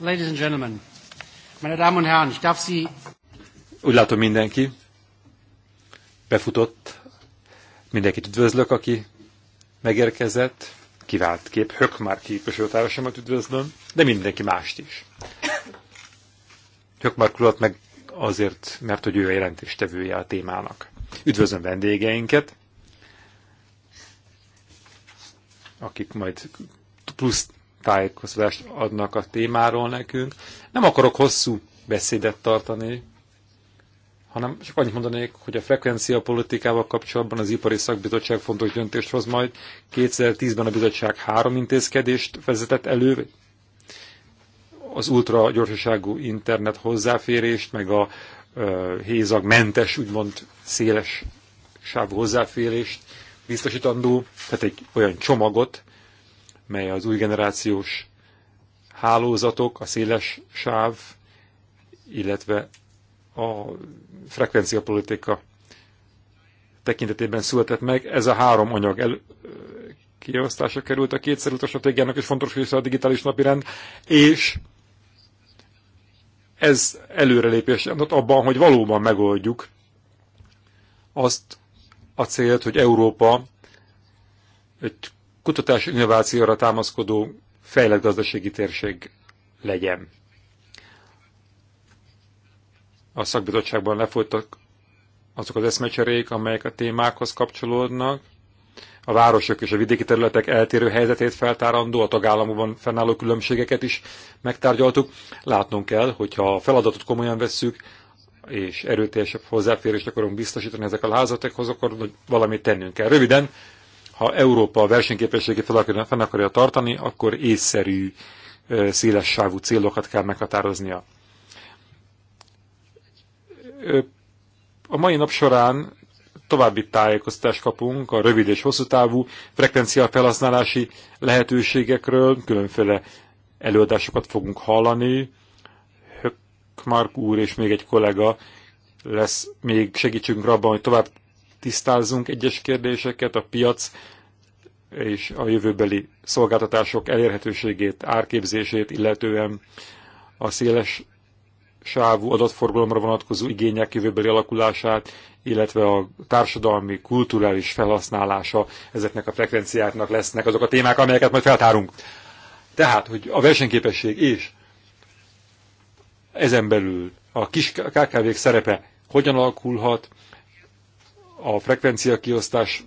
Ladies and Gentlemen, meine Damen und Herren, ich darf Sie... Úgy látom mindenki befutott. Mindenkit üdvözlök, aki megérkezett. Kivált kép, Hökmár képviselőtársamat üdvözlöm, de mindenki mást is. Hökmár urat meg azért, mert hogy ő a jelentéstevője a témának. Üdvözlöm vendégeinket, akik majd plusz tájékozást adnak a témáról nekünk. Nem akarok hosszú beszédet tartani, hanem csak annyit mondanék, hogy a frekvencia politikával kapcsolatban az Ipari Szakbizottság fontos döntést hoz majd. 2010-ben a bizottság három intézkedést vezetett elő, az ultra gyorsaságú internet hozzáférést, meg a hézag mentes, úgymond széles sávú hozzáférést biztosítandó, tehát egy olyan csomagot, mely az új generációs hálózatok, a széles sáv, illetve a frekvenciapolitika tekintetében született meg. Ez a három anyag el, kiosztása került a kétszer utas stratégiának, és fontos része a digitális napirend, és ez előrelépés hát abban, hogy valóban megoldjuk azt a célt, hogy Európa egy kutatás innovációra támaszkodó fejlett gazdasági térség legyen. A szakbizottságban lefolytak azok az eszmecserék, amelyek a témákhoz kapcsolódnak, a városok és a vidéki területek eltérő helyzetét feltárandó, a tagállamokban fennálló különbségeket is megtárgyaltuk. Látnunk kell, hogyha a feladatot komolyan vesszük, és erőteljesebb hozzáférést akarunk biztosítani ezek a házatekhoz, akkor valamit tennünk kell. Röviden, ha Európa a versenyképességét fel akarja, akarja tartani, akkor észszerű, széles sávú célokat kell meghatároznia. A mai nap során további tájékoztatást kapunk a rövid és hosszú távú frekvencia felhasználási lehetőségekről, különféle előadásokat fogunk hallani. Mark úr és még egy kollega lesz még segítségünk abban, hogy tovább tisztázzunk egyes kérdéseket, a piac és a jövőbeli szolgáltatások elérhetőségét, árképzését, illetően a széles sávú adatforgalomra vonatkozó igények jövőbeli alakulását, illetve a társadalmi, kulturális felhasználása ezeknek a frekvenciáknak lesznek azok a témák, amelyeket majd feltárunk. Tehát, hogy a versenyképesség és ezen belül a kis kkv szerepe hogyan alakulhat, a frekvencia kiosztás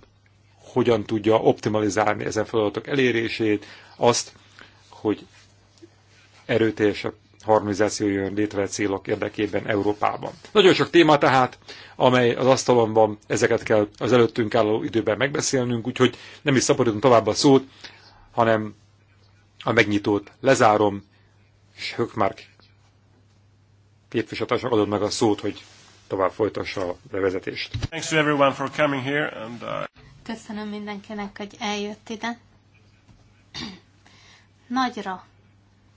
hogyan tudja optimalizálni ezen feladatok elérését, azt, hogy erőteljesebb harmonizáció jön létre célok érdekében Európában. Nagyon sok téma tehát, amely az asztalon van, ezeket kell az előttünk álló időben megbeszélnünk, úgyhogy nem is szaporítom tovább a szót, hanem a megnyitót lezárom, és Hökmark képviselőtársak adott meg a szót, hogy tovább folytassa a bevezetést. Thanks to everyone for coming here and, uh... Köszönöm mindenkinek, hogy eljött ide. Nagyra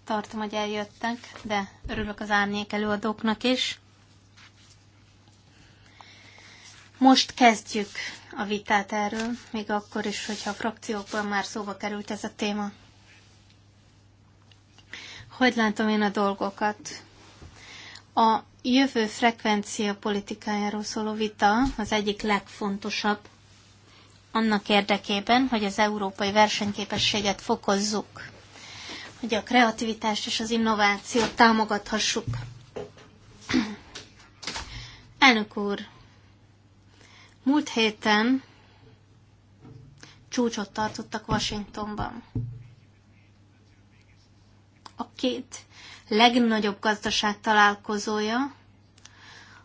tartom, hogy eljöttek, de örülök az árnyék előadóknak is. Most kezdjük a vitát erről, még akkor is, hogyha a frakciókban már szóba került ez a téma. Hogy látom én a dolgokat? A jövő frekvencia politikájáról szóló vita az egyik legfontosabb annak érdekében, hogy az európai versenyképességet fokozzuk, hogy a kreativitást és az innovációt támogathassuk. Elnök úr, múlt héten csúcsot tartottak Washingtonban. A két legnagyobb gazdaság találkozója,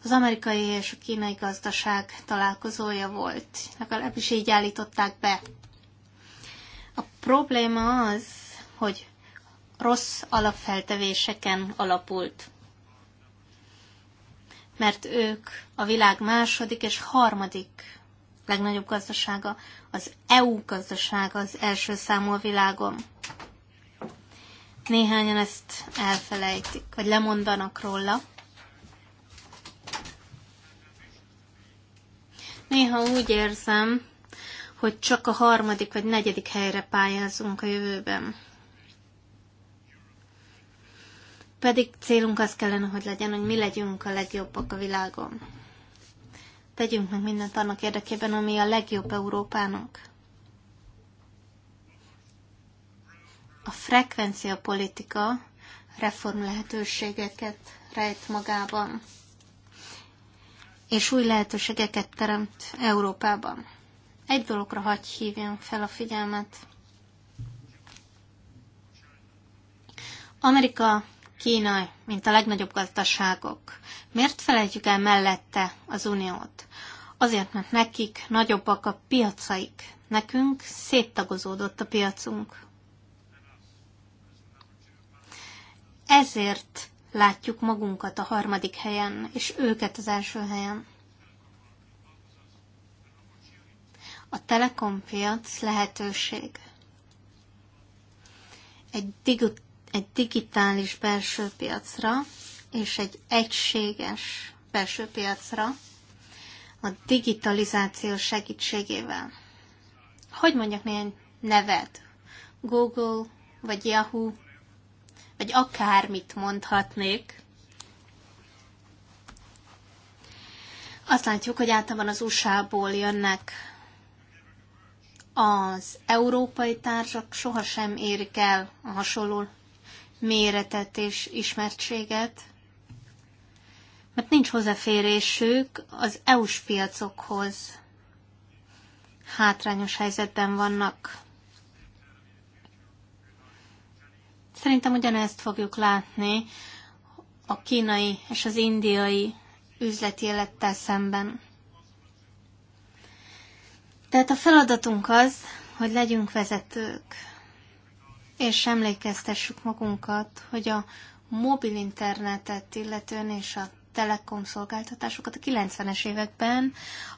az amerikai és a kínai gazdaság találkozója volt. Legalábbis így állították be. A probléma az, hogy rossz alapfeltevéseken alapult. Mert ők a világ második és harmadik legnagyobb gazdasága, az EU gazdasága az első számú a világon. Néhányan ezt elfelejtik, vagy lemondanak róla. Néha úgy érzem, hogy csak a harmadik vagy negyedik helyre pályázunk a jövőben. Pedig célunk az kellene, hogy legyen, hogy mi legyünk a legjobbak a világon. Tegyünk meg mindent annak érdekében, ami a legjobb Európának. A frekvencia politika reform lehetőségeket rejt magában, és új lehetőségeket teremt Európában. Egy dologra hagy hívjam fel a figyelmet. Amerika, Kína, mint a legnagyobb gazdaságok. Miért felejtjük el mellette az Uniót? Azért, mert nekik nagyobbak a piacaik, nekünk széttagozódott a piacunk. Ezért látjuk magunkat a harmadik helyen, és őket az első helyen. A telekompiac lehetőség. Egy, dig- egy digitális belső piacra és egy egységes belső piacra a digitalizáció segítségével. Hogy mondjak néhány nevet? Google vagy Yahoo vagy akármit mondhatnék, azt látjuk, hogy általában az USA-ból jönnek az európai társak sohasem érik el a hasonló méretet és ismertséget, mert nincs hozzáférésük az EU-s piacokhoz. Hátrányos helyzetben vannak. Szerintem ugyanezt fogjuk látni a kínai és az indiai üzleti élettel szemben. Tehát a feladatunk az, hogy legyünk vezetők, és emlékeztessük magunkat, hogy a mobil internetet illetően és a telekom szolgáltatásokat a 90-es években,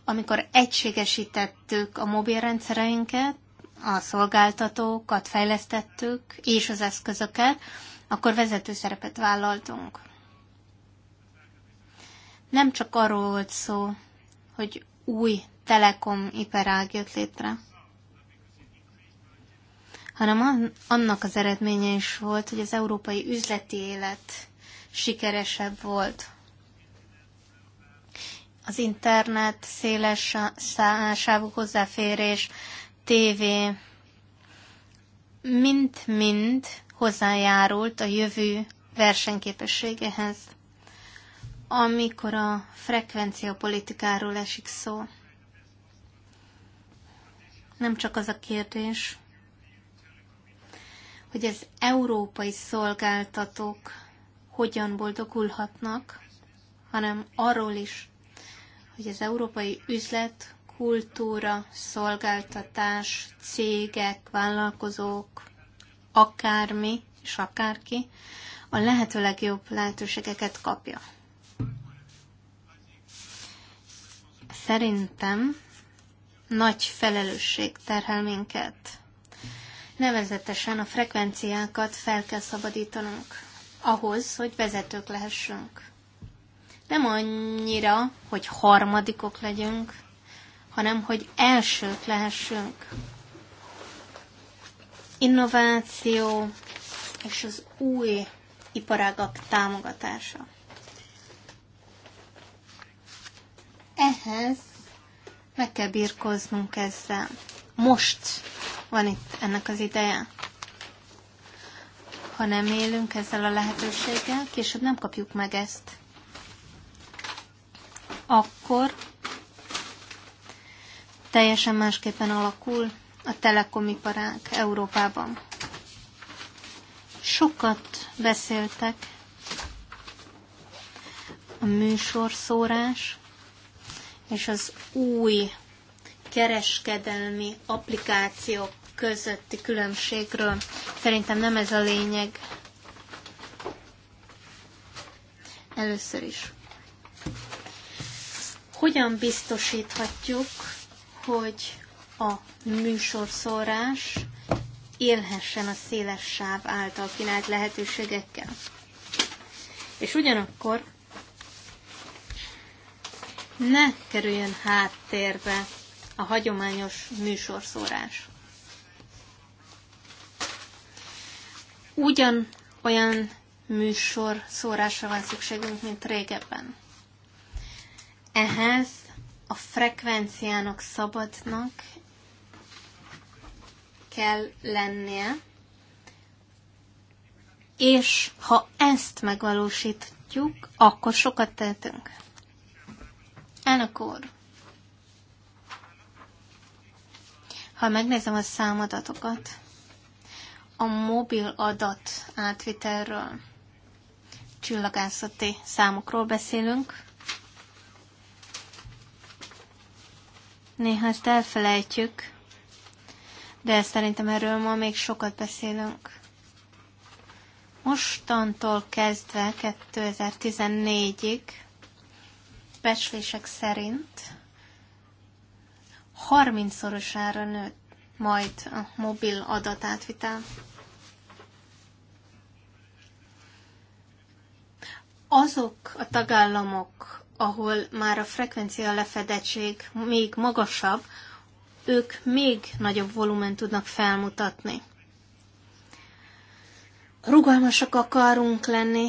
amikor egységesítettük a mobil rendszereinket, a szolgáltatókat fejlesztettük, és az eszközöket, akkor vezető szerepet vállaltunk. Nem csak arról volt szó, hogy új telekom iparág jött létre, hanem annak az eredménye is volt, hogy az európai üzleti élet sikeresebb volt. Az internet, széles sávú hozzáférés, tévé, mind-mind hozzájárult a jövő versenyképességehez, amikor a frekvencia politikáról esik szó. Nem csak az a kérdés, hogy az európai szolgáltatók hogyan boldogulhatnak, hanem arról is, hogy az európai üzlet kultúra, szolgáltatás, cégek, vállalkozók, akármi és akárki a lehető legjobb lehetőségeket kapja. Szerintem nagy felelősség terhel minket. Nevezetesen a frekvenciákat fel kell szabadítanunk ahhoz, hogy vezetők lehessünk. Nem annyira, hogy harmadikok legyünk, hanem hogy elsők lehessünk. Innováció és az új iparágak támogatása. Ehhez meg kell birkoznunk ezzel. Most van itt ennek az ideje. Ha nem élünk ezzel a lehetőséggel, később nem kapjuk meg ezt. Akkor teljesen másképpen alakul a telekomiparánk Európában. Sokat beszéltek a műsorszórás és az új kereskedelmi applikációk közötti különbségről. Szerintem nem ez a lényeg. Először is. Hogyan biztosíthatjuk hogy a műsorszórás élhessen a széles sáv által kínált lehetőségekkel. És ugyanakkor ne kerüljön háttérbe a hagyományos műsorszórás. Ugyan olyan műsorszórásra van szükségünk, mint régebben. Ehhez a frekvenciának szabadnak kell lennie, és ha ezt megvalósítjuk, akkor sokat tehetünk. Elnök úr, ha megnézem a számadatokat, a mobil adat átvitelről, csillagászati számokról beszélünk, Néha ezt elfelejtjük, de szerintem erről ma még sokat beszélünk. Mostantól kezdve 2014-ig becslések szerint 30-szorosára nőtt majd a mobil adatátvitel. Azok a tagállamok, ahol már a frekvencia lefedettség még magasabb, ők még nagyobb volumen tudnak felmutatni. Rugalmasak akarunk lenni,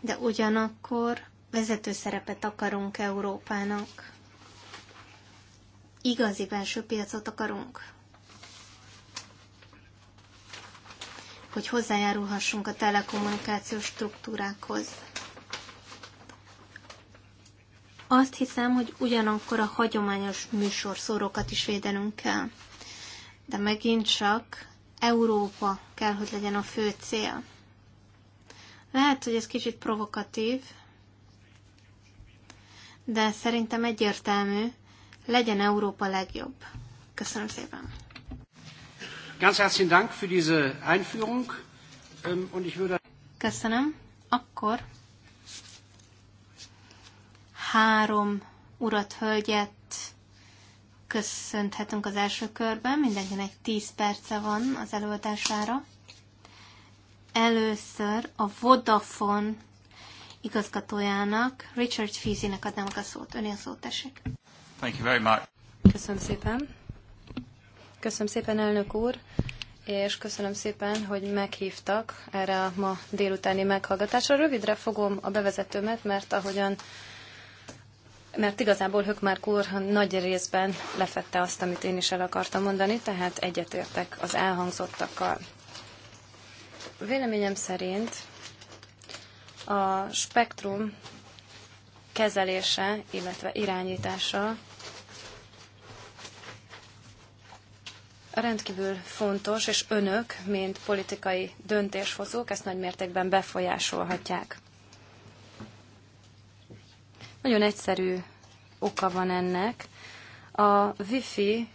de ugyanakkor vezető szerepet akarunk Európának. Igazi belső piacot akarunk. Hogy hozzájárulhassunk a telekommunikációs struktúrákhoz. Azt hiszem, hogy ugyanakkor a hagyományos műsorszórókat is védenünk kell. De megint csak Európa kell, hogy legyen a fő cél. Lehet, hogy ez kicsit provokatív, de szerintem egyértelmű, legyen Európa legjobb. Köszönöm szépen. Ganz herzlichen Dank für diese Einführung. Ähm, und ich würde... Köszönöm. Akkor három urat, hölgyet köszönthetünk az első körben. Mindenkinek 10 perce van az előadására. Először a Vodafone igazgatójának, Richard Fizinek adnám a szót. Önél szót tessék. Thank you very much. Köszönöm szépen. Köszönöm szépen, elnök úr, és köszönöm szépen, hogy meghívtak erre a ma délutáni meghallgatásra. Rövidre fogom a bevezetőmet, mert ahogyan mert igazából már úr nagy részben lefette azt, amit én is el akartam mondani, tehát egyetértek az elhangzottakkal. Véleményem szerint a spektrum kezelése, illetve irányítása rendkívül fontos, és önök, mint politikai döntéshozók, ezt nagy mértékben befolyásolhatják. Nagyon egyszerű oka van ennek. A wifi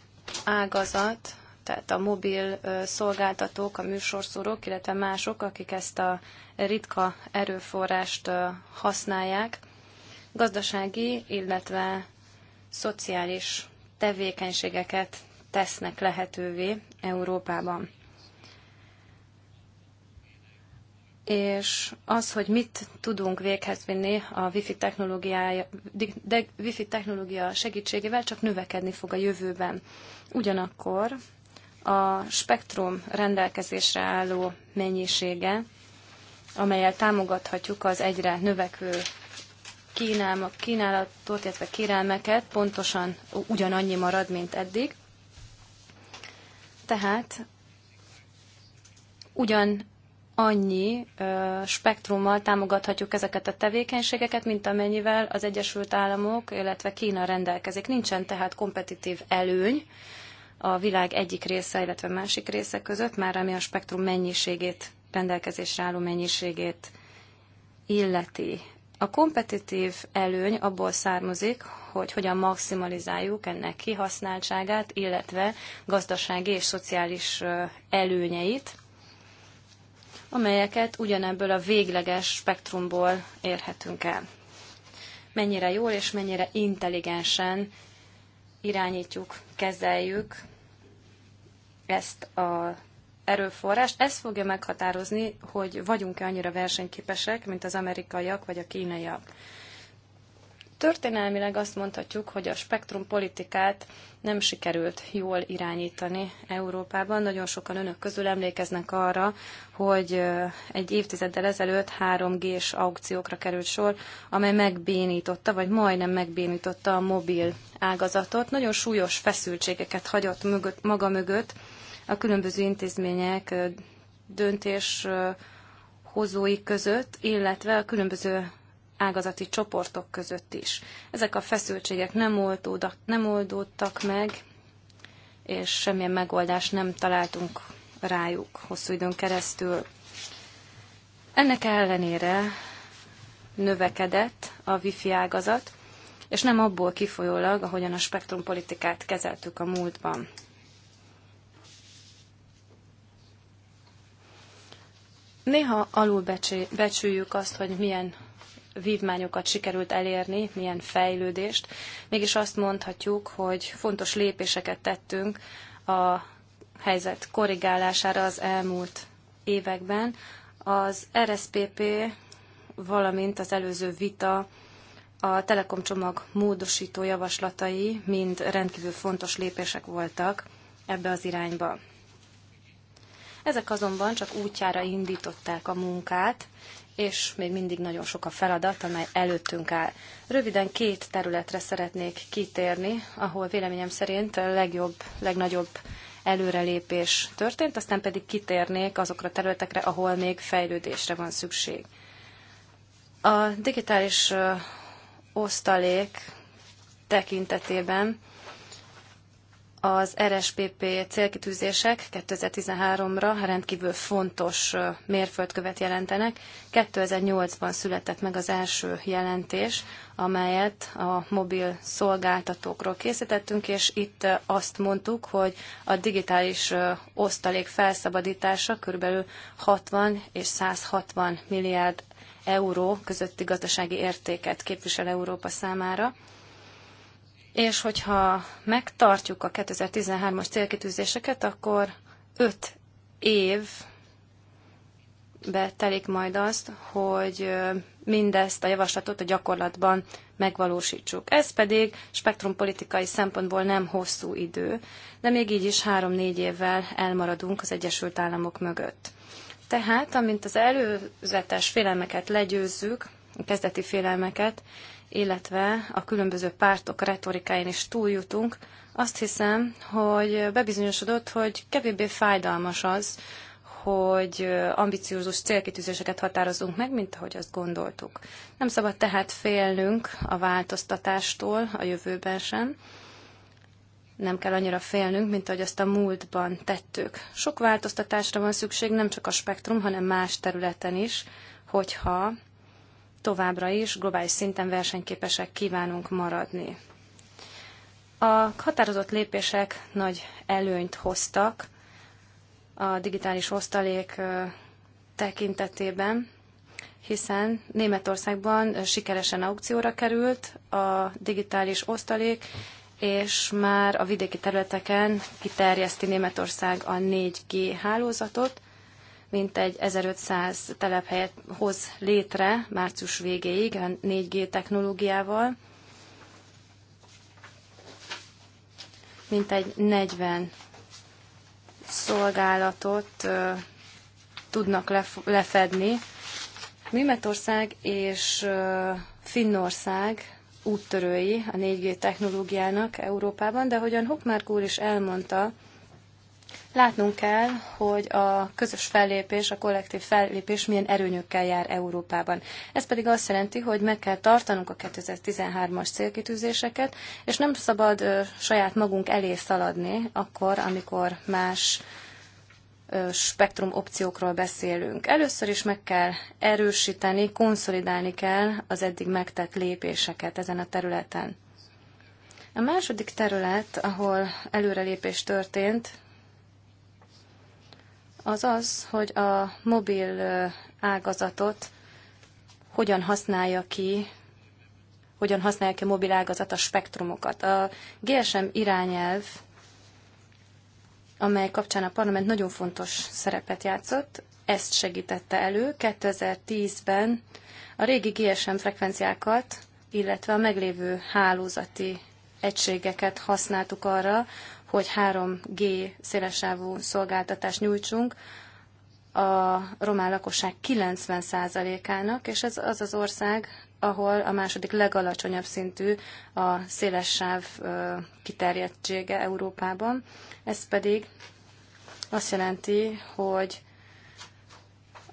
ágazat, tehát a mobil szolgáltatók, a műsorszórók, illetve mások, akik ezt a ritka erőforrást használják, gazdasági, illetve szociális tevékenységeket tesznek lehetővé Európában. és az, hogy mit tudunk véghez vinni a wifi, technológiája, de wifi technológia segítségével, csak növekedni fog a jövőben. Ugyanakkor a spektrum rendelkezésre álló mennyisége, amelyel támogathatjuk az egyre növekvő kínálma, kínálatot, illetve kérelmeket, pontosan ugyanannyi marad, mint eddig. Tehát ugyan annyi ö, spektrummal támogathatjuk ezeket a tevékenységeket, mint amennyivel az Egyesült Államok, illetve Kína rendelkezik. Nincsen tehát kompetitív előny a világ egyik része, illetve másik része között, már ami a spektrum mennyiségét, rendelkezésre álló mennyiségét illeti. A kompetitív előny abból származik, hogy hogyan maximalizáljuk ennek kihasználtságát, illetve gazdasági és szociális előnyeit – amelyeket ugyanebből a végleges spektrumból érhetünk el. Mennyire jól és mennyire intelligensen irányítjuk, kezeljük ezt a erőforrást. Ez fogja meghatározni, hogy vagyunk-e annyira versenyképesek, mint az amerikaiak vagy a kínaiak. Történelmileg azt mondhatjuk, hogy a spektrum politikát nem sikerült jól irányítani Európában. Nagyon sokan önök közül emlékeznek arra, hogy egy évtizeddel ezelőtt 3G-s aukciókra került sor, amely megbénította, vagy majdnem megbénította a mobil ágazatot. Nagyon súlyos feszültségeket hagyott mögött, maga mögött a különböző intézmények döntés hozói között, illetve a különböző ágazati csoportok között is. Ezek a feszültségek nem, oldódak, nem oldódtak meg, és semmilyen megoldást nem találtunk rájuk hosszú időn keresztül. Ennek ellenére növekedett a wifi ágazat, és nem abból kifolyólag, ahogyan a spektrumpolitikát kezeltük a múltban. Néha alulbecsüljük azt, hogy milyen vívmányokat sikerült elérni, milyen fejlődést. Mégis azt mondhatjuk, hogy fontos lépéseket tettünk a helyzet korrigálására az elmúlt években. Az RSPP, valamint az előző vita a Telekom csomag módosító javaslatai mind rendkívül fontos lépések voltak ebbe az irányba. Ezek azonban csak útjára indították a munkát, és még mindig nagyon sok a feladat, amely előttünk áll. Röviden két területre szeretnék kitérni, ahol véleményem szerint a legjobb, legnagyobb előrelépés történt, aztán pedig kitérnék azokra a területekre, ahol még fejlődésre van szükség. A digitális osztalék tekintetében az RSPP célkitűzések 2013-ra rendkívül fontos mérföldkövet jelentenek. 2008-ban született meg az első jelentés, amelyet a mobil szolgáltatókról készítettünk, és itt azt mondtuk, hogy a digitális osztalék felszabadítása kb. 60 és 160 milliárd euró közötti gazdasági értéket képvisel Európa számára és hogyha megtartjuk a 2013-as célkitűzéseket, akkor 5 év telik majd azt, hogy mindezt a javaslatot a gyakorlatban megvalósítsuk. Ez pedig spektrumpolitikai szempontból nem hosszú idő, de még így is három-négy évvel elmaradunk az Egyesült Államok mögött. Tehát, amint az előzetes félelmeket legyőzzük, a kezdeti félelmeket, illetve a különböző pártok retorikáin is túljutunk, azt hiszem, hogy bebizonyosodott, hogy kevésbé fájdalmas az, hogy ambiciózus célkitűzéseket határozunk meg, mint ahogy azt gondoltuk. Nem szabad tehát félnünk a változtatástól a jövőben sem. Nem kell annyira félnünk, mint ahogy azt a múltban tettük. Sok változtatásra van szükség, nem csak a spektrum, hanem más területen is, hogyha továbbra is globális szinten versenyképesek kívánunk maradni. A határozott lépések nagy előnyt hoztak a digitális osztalék tekintetében, hiszen Németországban sikeresen aukcióra került a digitális osztalék, és már a vidéki területeken kiterjeszti Németország a 4G hálózatot, mintegy 1500 telephelyet hoz létre március végéig a 4G technológiával. Mintegy 40 szolgálatot ö, tudnak lef lefedni. Németország és ö, Finnország úttörői a 4G technológiának Európában, de ahogyan Hockmark úr is elmondta, Látnunk kell, hogy a közös fellépés, a kollektív fellépés milyen erőnyökkel jár Európában. Ez pedig azt jelenti, hogy meg kell tartanunk a 2013-as célkitűzéseket, és nem szabad ö, saját magunk elé szaladni akkor, amikor más ö, spektrum opciókról beszélünk. Először is meg kell erősíteni, konszolidálni kell az eddig megtett lépéseket ezen a területen. A második terület, ahol előrelépés történt, az az, hogy a mobil ágazatot hogyan használja ki, hogyan használja ki a mobil ágazat a spektrumokat. A GSM irányelv, amely kapcsán a parlament nagyon fontos szerepet játszott, ezt segítette elő. 2010-ben a régi GSM frekvenciákat, illetve a meglévő hálózati egységeket használtuk arra, hogy 3G szélesávú szolgáltatást nyújtsunk a román lakosság 90%-ának, és ez az az ország, ahol a második legalacsonyabb szintű a széles sáv kiterjedtsége Európában. Ez pedig azt jelenti, hogy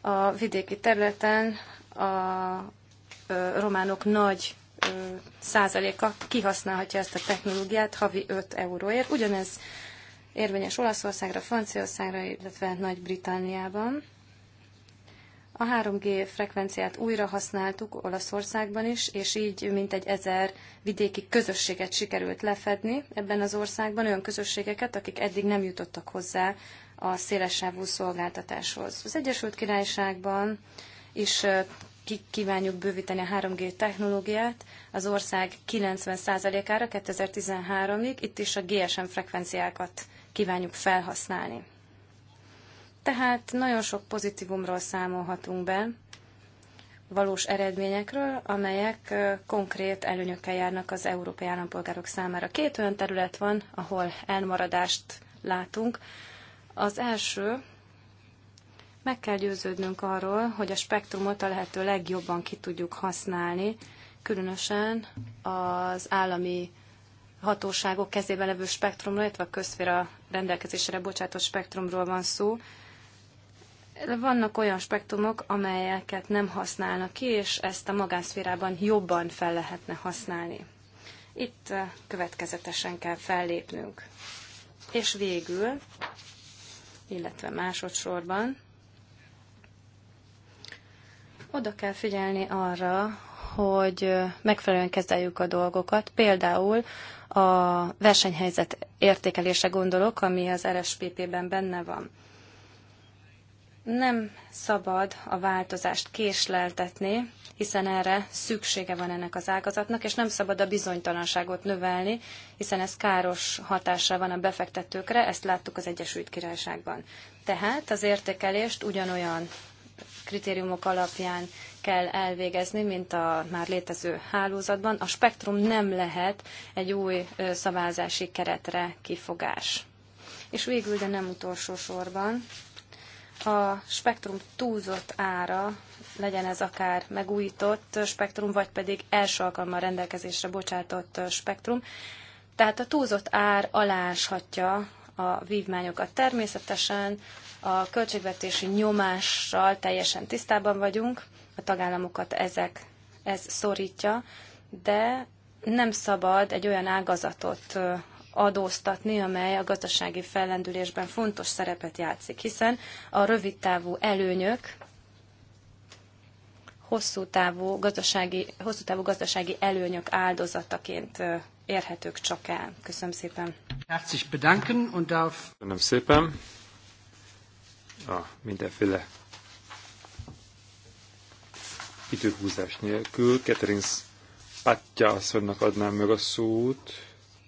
a vidéki területen a románok nagy százaléka kihasználhatja ezt a technológiát havi 5 euróért. Ugyanez érvényes Olaszországra, Franciaországra, illetve Nagy-Britanniában. A 3G frekvenciát újra használtuk Olaszországban is, és így mintegy ezer vidéki közösséget sikerült lefedni ebben az országban, olyan közösségeket, akik eddig nem jutottak hozzá a szélesávú szolgáltatáshoz. Az Egyesült Királyságban is kívánjuk bővíteni a 3G technológiát az ország 90%-ára 2013-ig, itt is a GSM frekvenciákat kívánjuk felhasználni. Tehát nagyon sok pozitívumról számolhatunk be, valós eredményekről, amelyek konkrét előnyökkel járnak az európai állampolgárok számára. Két olyan terület van, ahol elmaradást látunk. Az első meg kell győződnünk arról, hogy a spektrumot a lehető legjobban ki tudjuk használni, különösen az állami hatóságok kezében levő spektrumról, illetve a közféra rendelkezésre bocsátott spektrumról van szó. Vannak olyan spektrumok, amelyeket nem használnak ki, és ezt a magánszférában jobban fel lehetne használni. Itt eh, következetesen kell fellépnünk. És végül, illetve másodszorban, oda kell figyelni arra, hogy megfelelően kezeljük a dolgokat. Például a versenyhelyzet értékelése gondolok, ami az RSPP-ben benne van. Nem szabad a változást késleltetni, hiszen erre szüksége van ennek az ágazatnak, és nem szabad a bizonytalanságot növelni, hiszen ez káros hatással van a befektetőkre, ezt láttuk az Egyesült Királyságban. Tehát az értékelést ugyanolyan kritériumok alapján kell elvégezni, mint a már létező hálózatban. A spektrum nem lehet egy új szabályzási keretre kifogás. És végül, de nem utolsó sorban, a spektrum túlzott ára, legyen ez akár megújított spektrum, vagy pedig első alkalommal rendelkezésre bocsátott spektrum, tehát a túlzott ár aláshatja a vívmányokat. Természetesen a költségvetési nyomással teljesen tisztában vagyunk, a tagállamokat ezek, ez szorítja, de nem szabad egy olyan ágazatot adóztatni, amely a gazdasági fellendülésben fontos szerepet játszik, hiszen a rövidtávú előnyök hosszú távú gazdasági, hosszú távú gazdasági előnyök áldozataként érhetők csak el. Köszönöm szépen. Köszönöm szépen a mindenféle időhúzás nélkül. Catherine Patya asszonynak adnám meg a szót,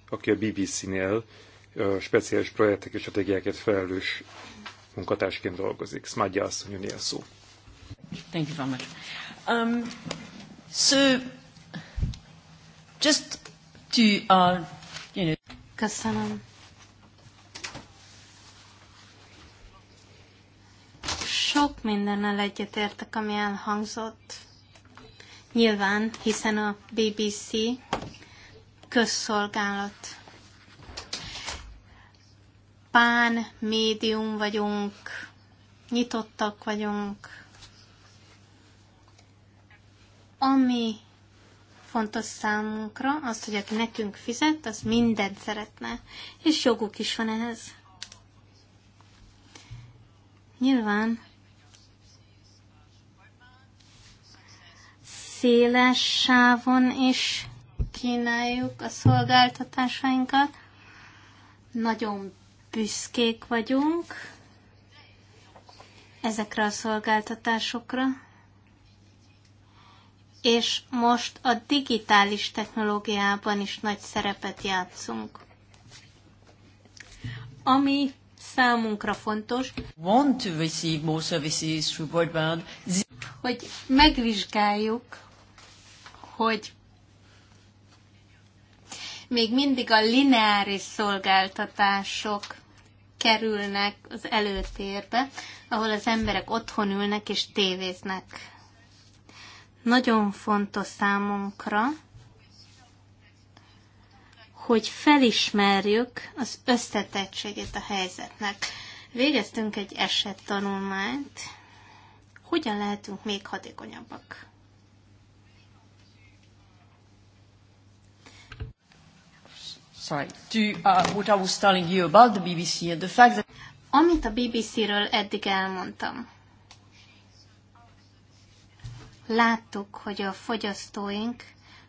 aki a BBC-nél speciális projektek és stratégiákért felelős munkatársként dolgozik. Smadja asszony, a szó. Thank you very much. Um, so, just to, uh, you know... Köszönöm. Sok mindennel egyetértek, ami elhangzott. Nyilván, hiszen a BBC közszolgálat. Pán médium vagyunk, nyitottak vagyunk. Ami fontos számunkra, az, hogy aki nekünk fizet, az mindent szeretne, és joguk is van ehhez. Nyilván széles sávon is kínáljuk a szolgáltatásainkat. Nagyon büszkék vagyunk ezekre a szolgáltatásokra, és most a digitális technológiában is nagy szerepet játszunk. Ami számunkra fontos, want to receive more services through broadband, hogy megvizsgáljuk hogy még mindig a lineáris szolgáltatások kerülnek az előtérbe, ahol az emberek otthon ülnek és tévéznek. Nagyon fontos számunkra, hogy felismerjük az összetettségét a helyzetnek. Végeztünk egy esettanulmányt, hogyan lehetünk még hatékonyabbak. sorry, to uh, what I was telling you about the BBC and the fact that... Amit a BBC-ről eddig elmondtam, láttuk, hogy a fogyasztóink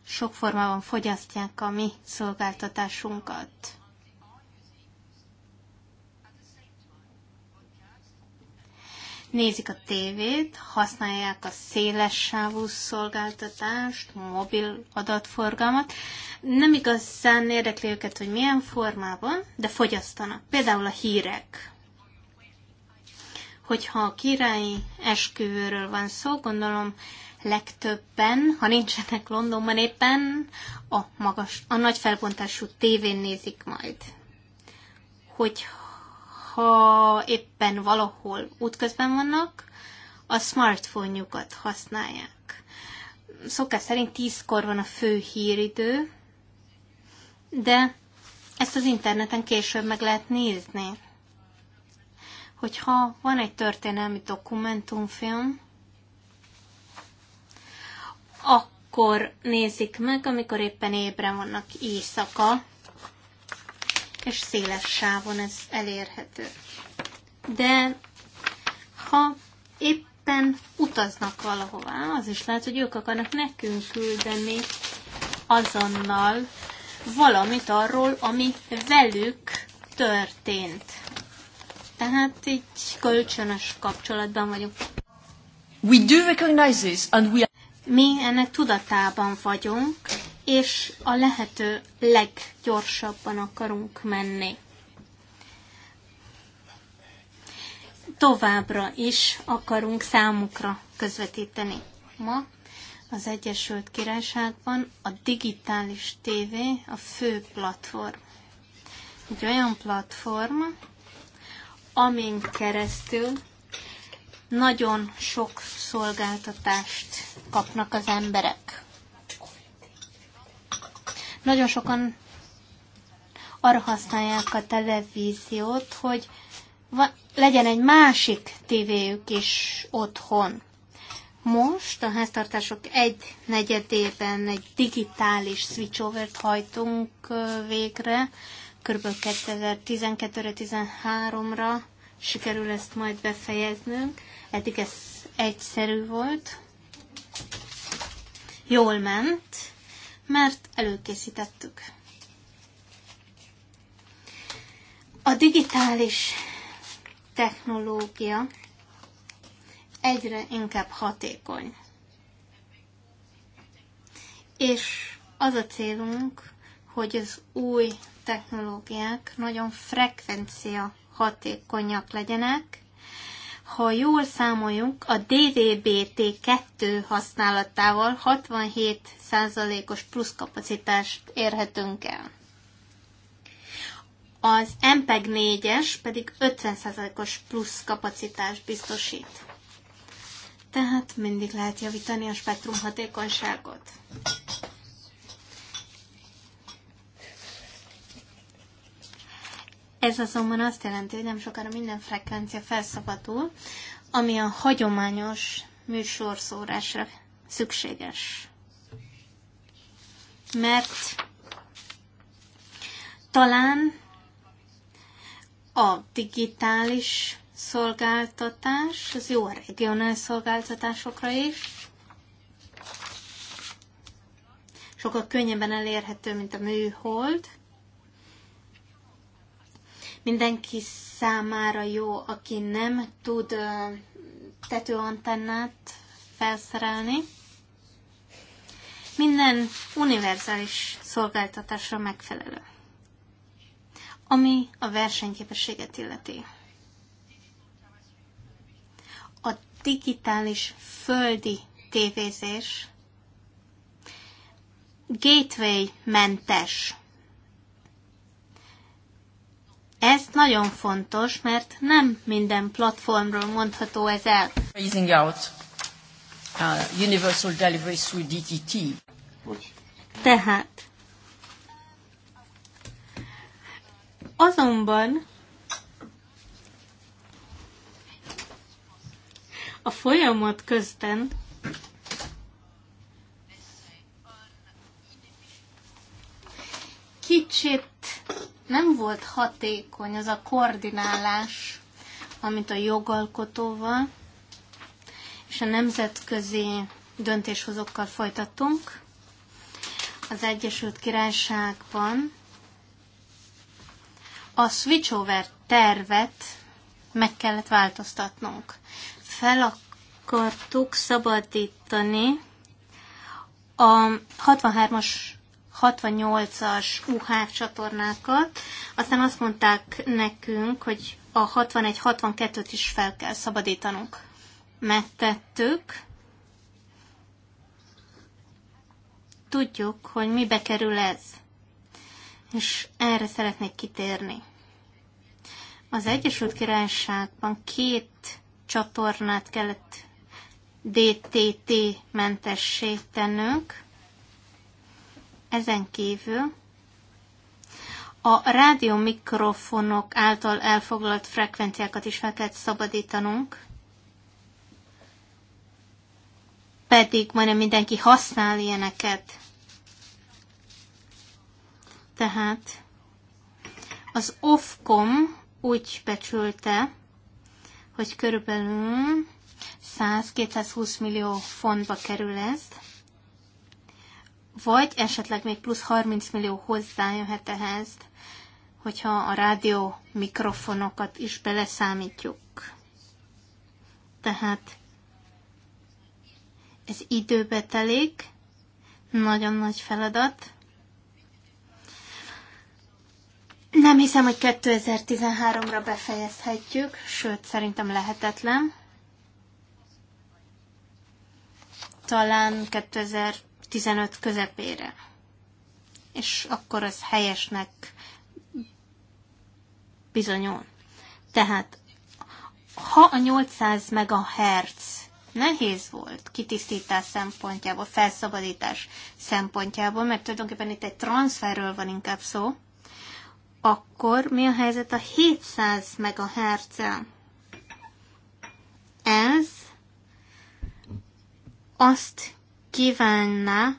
sok formában fogyasztják a mi szolgáltatásunkat. nézik a tévét, használják a széles sávú szolgáltatást, mobil adatforgalmat. Nem igazán érdekli őket, hogy milyen formában, de fogyasztanak. Például a hírek. Hogyha a királyi esküvőről van szó, gondolom legtöbben, ha nincsenek Londonban éppen, a, magas, a nagy felbontású tévén nézik majd. Hogyha ha éppen valahol útközben vannak, a smartphone-jukat használják. Szokás szerint tízkor van a fő híridő, de ezt az interneten később meg lehet nézni. Hogyha van egy történelmi dokumentumfilm, akkor nézik meg, amikor éppen ébre vannak éjszaka, és széles sávon ez elérhető. De ha éppen utaznak valahová, az is lehet, hogy ők akarnak nekünk küldeni azonnal valamit arról, ami velük történt. Tehát így kölcsönös kapcsolatban vagyunk. We do recognize this and we are... Mi ennek tudatában vagyunk, és a lehető leggyorsabban akarunk menni. Továbbra is akarunk számukra közvetíteni. Ma az Egyesült Királyságban a digitális tévé a fő platform. Egy olyan platform, amin keresztül nagyon sok szolgáltatást kapnak az emberek. Nagyon sokan arra használják a televíziót, hogy legyen egy másik tévéjük is otthon. Most a háztartások egy negyedében egy digitális switchovert hajtunk végre, kb. 2012 13-ra sikerül ezt majd befejeznünk. Eddig ez egyszerű volt, jól ment, mert előkészítettük. A digitális technológia egyre inkább hatékony. És az a célunk, hogy az új technológiák nagyon frekvencia hatékonyak legyenek, ha jól számoljunk, a t 2 használatával 67%-os pluszkapacitást érhetünk el. Az MPEG 4-es pedig 50%-os plusz kapacitást biztosít. Tehát mindig lehet javítani a spektrum hatékonyságot. Ez azonban azt jelenti, hogy nem sokára minden frekvencia felszabadul, ami a hagyományos műsorszórásra szükséges. Mert talán a digitális szolgáltatás, az jó a regionális szolgáltatásokra is, sokkal könnyebben elérhető, mint a műhold, mindenki számára jó, aki nem tud tetőantennát felszerelni. Minden univerzális szolgáltatásra megfelelő, ami a versenyképességet illeti. A digitális földi tévézés gateway mentes ez nagyon fontos, mert nem minden platformról mondható ez el. Easing out uh, universal delivery through DTT. Tehát azonban a folyamat közben kicsit nem volt hatékony az a koordinálás, amit a jogalkotóval és a nemzetközi döntéshozókkal folytattunk. Az Egyesült Királyságban a switchover tervet meg kellett változtatnunk. Fel akartuk szabadítani a 63-as 68-as UHF csatornákat, aztán azt mondták nekünk, hogy a 61-62-t is fel kell szabadítanunk. Megtettük. Tudjuk, hogy mibe kerül ez. És erre szeretnék kitérni. Az Egyesült Királyságban két csatornát kellett DTT mentessé tennünk, ezen kívül a rádiomikrofonok által elfoglalt frekvenciákat is fel kellett szabadítanunk, pedig majdnem mindenki használ ilyeneket. Tehát az Ofcom úgy becsülte, hogy körülbelül 100-220 millió fontba kerül ez, vagy esetleg még plusz 30 millió hozzájöhet ehhez, hogyha a rádió mikrofonokat is beleszámítjuk. Tehát ez időbe telik, nagyon nagy feladat. Nem hiszem, hogy 2013-ra befejezhetjük, sőt, szerintem lehetetlen. Talán 2000 15 közepére. És akkor az helyesnek bizonyul. Tehát, ha a 800 MHz nehéz volt kitisztítás szempontjából, felszabadítás szempontjából, mert tulajdonképpen itt egy transferről van inkább szó, akkor mi a helyzet a 700 mhz -en? Ez azt kívánná,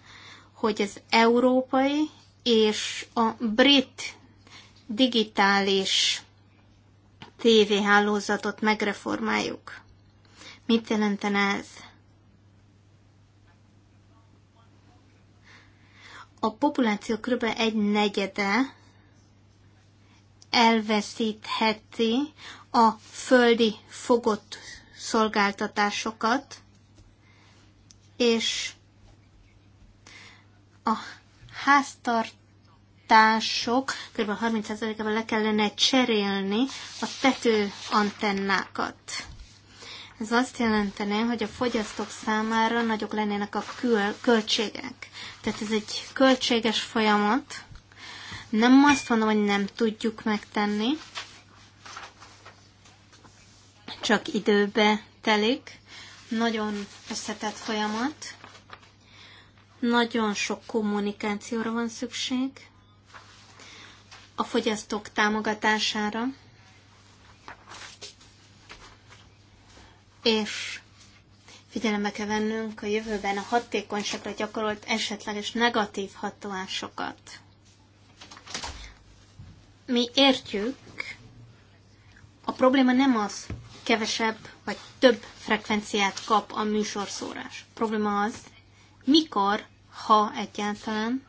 hogy az európai és a brit digitális tévéhálózatot megreformáljuk. Mit jelentene ez? A populáció kb. egy negyede elveszítheti a földi fogott szolgáltatásokat, és a háztartások kb. 30%-ával le kellene cserélni a tető antennákat. Ez azt jelentene, hogy a fogyasztók számára nagyok lennének a kül- költségek. Tehát ez egy költséges folyamat. Nem azt mondom, hogy nem tudjuk megtenni, csak időbe telik. Nagyon összetett folyamat. Nagyon sok kommunikációra van szükség, a fogyasztók támogatására, és figyelembe kell vennünk a jövőben a hatékonyságra gyakorolt esetleges negatív hatásokat. Mi értjük, a probléma nem az, kevesebb vagy több frekvenciát kap a műsorszórás. A probléma az, mikor, ha egyáltalán,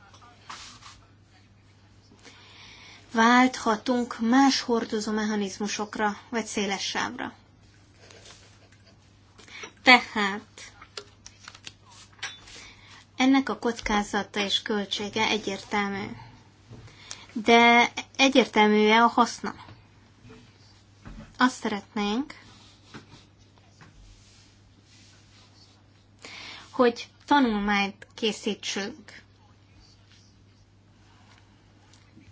válthatunk más hordozó mechanizmusokra, vagy széles sávra. Tehát ennek a kockázata és költsége egyértelmű. De -e a haszna. Azt szeretnénk, hogy tanulmányt készítsünk.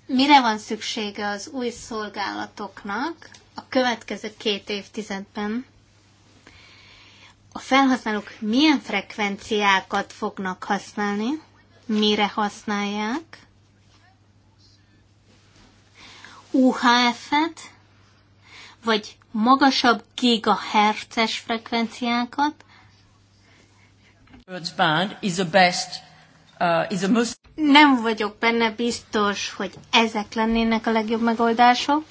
Mire van szüksége az új szolgálatoknak a következő két évtizedben? A felhasználók milyen frekvenciákat fognak használni? Mire használják? UHF-et? Vagy magasabb gigahertzes frekvenciákat? Uh, Nem vagyok benne biztos, hogy ezek lennének a legjobb megoldások.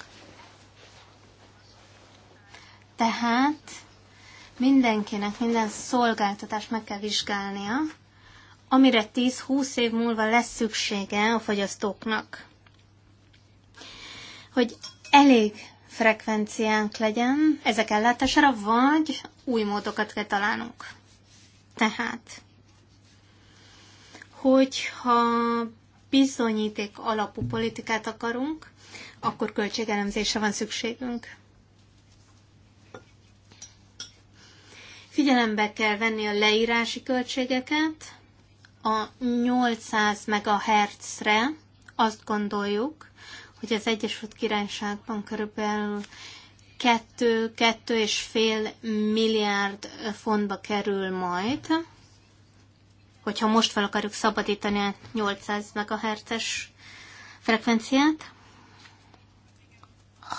Tehát mindenkinek minden szolgáltatást meg kell vizsgálnia, amire 10-20 év múlva lesz szüksége a fogyasztóknak. Hogy elég frekvenciánk legyen ezek ellátására, vagy új módokat kell találnunk. Tehát, hogyha bizonyíték alapú politikát akarunk, akkor költségelemzésre van szükségünk. Figyelembe kell venni a leírási költségeket, a 800 MHz-re azt gondoljuk, hogy az Egyesült Királyságban körülbelül kettő, kettő és fél milliárd fontba kerül majd, hogyha most fel akarjuk szabadítani a 800 MHz-es frekvenciát.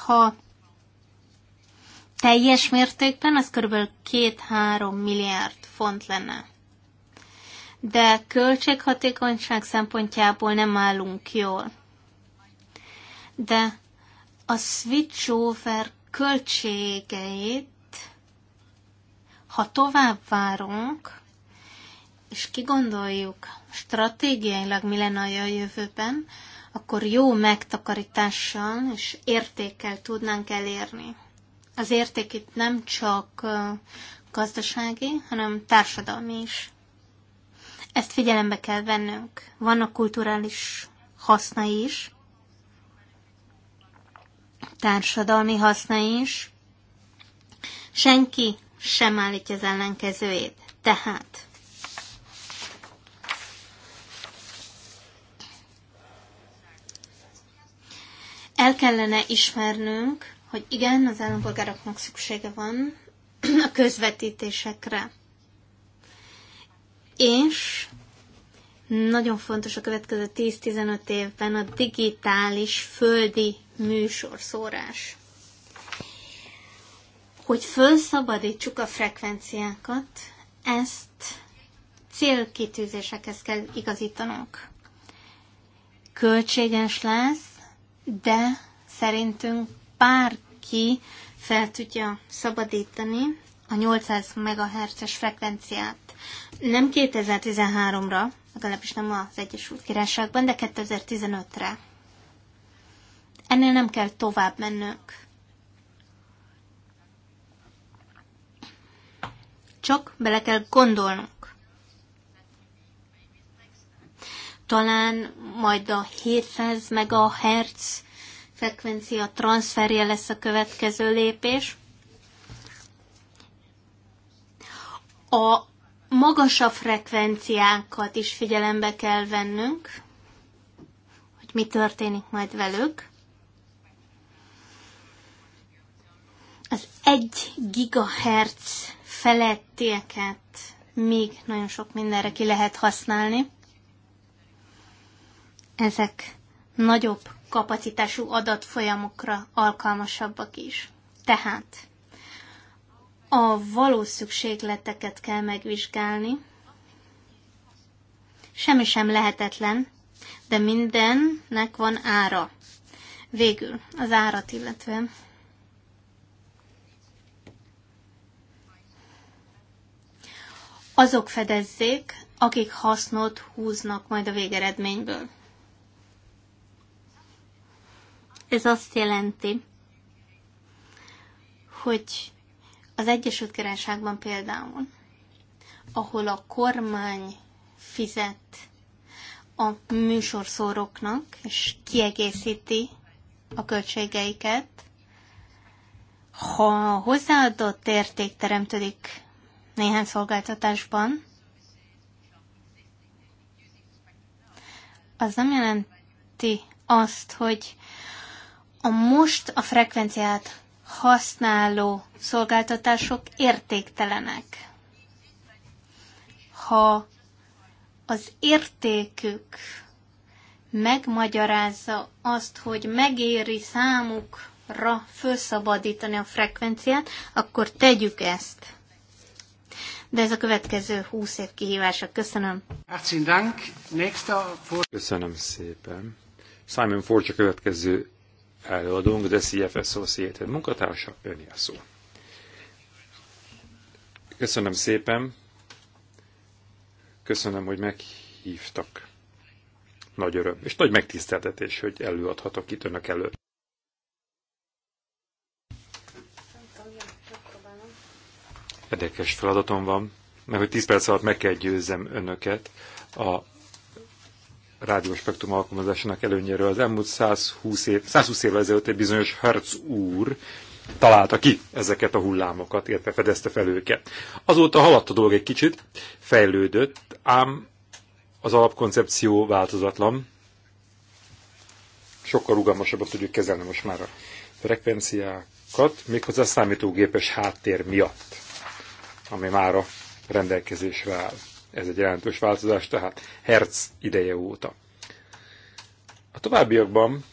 Ha teljes mértékben, az kb. 2-3 milliárd font lenne. De költséghatékonyság szempontjából nem állunk jól. De a switchover költségeit, ha tovább várunk, és kigondoljuk stratégiailag, mi lenne a jövőben, akkor jó megtakarítással és értékkel tudnánk elérni. Az érték itt nem csak gazdasági, hanem társadalmi is. Ezt figyelembe kell vennünk. Vannak kulturális hasznai is, társadalmi haszna is. Senki sem állítja az ellenkezőjét. Tehát el kellene ismernünk, hogy igen, az állampolgároknak szüksége van a közvetítésekre. És nagyon fontos a következő 10-15 évben a digitális földi műsorszórás. Hogy felszabadítsuk a frekvenciákat, ezt célkitűzésekhez kell igazítanunk. Költséges lesz, de szerintünk bárki fel tudja szabadítani a 800 MHz-es frekvenciát. Nem 2013-ra, legalábbis nem az Egyesült Királyságban, de 2015-re. Ennél nem kell tovább mennünk. Csak bele kell gondolnunk. Talán majd a 700 MHz frekvencia transferje lesz a következő lépés. A magasabb frekvenciákat is figyelembe kell vennünk, hogy mi történik majd velük. Az 1 gigahertz felettieket még nagyon sok mindenre ki lehet használni. Ezek nagyobb kapacitású adatfolyamokra alkalmasabbak is. Tehát a valós szükségleteket kell megvizsgálni. Semmi sem lehetetlen, de mindennek van ára. Végül az árat illetően. azok fedezzék, akik hasznot húznak majd a végeredményből. Ez azt jelenti, hogy az Egyesült Királyságban például, ahol a kormány fizet a műsorszóroknak, és kiegészíti a költségeiket, ha hozzáadott érték teremtődik néhány szolgáltatásban, az nem jelenti azt, hogy a most a frekvenciát használó szolgáltatások értéktelenek. Ha az értékük megmagyarázza azt, hogy megéri számukra felszabadítani a frekvenciát, akkor tegyük ezt de ez a következő 20 év kihívása. Köszönöm. Köszönöm szépen. Simon Forge a következő előadónk, de CF Associated munkatársa, öné a szó. Köszönöm szépen. Köszönöm, hogy meghívtak. Nagy öröm, és nagy megtiszteltetés, hogy előadhatok itt önök előtt. Érdekes feladatom van, mert hogy 10 perc alatt meg kell győzzem önöket a rádióspektrum alkalmazásának előnyéről. Az elmúlt 120 év, 120 évvel ezelőtt egy bizonyos Hertz úr találta ki ezeket a hullámokat, illetve fedezte fel őket. Azóta haladt a dolog egy kicsit, fejlődött, ám az alapkoncepció változatlan. Sokkal rugalmasabban tudjuk kezelni most már a frekvenciákat, méghozzá a számítógépes háttér miatt ami a rendelkezésre áll. Ez egy jelentős változás, tehát hertz ideje óta. A továbbiakban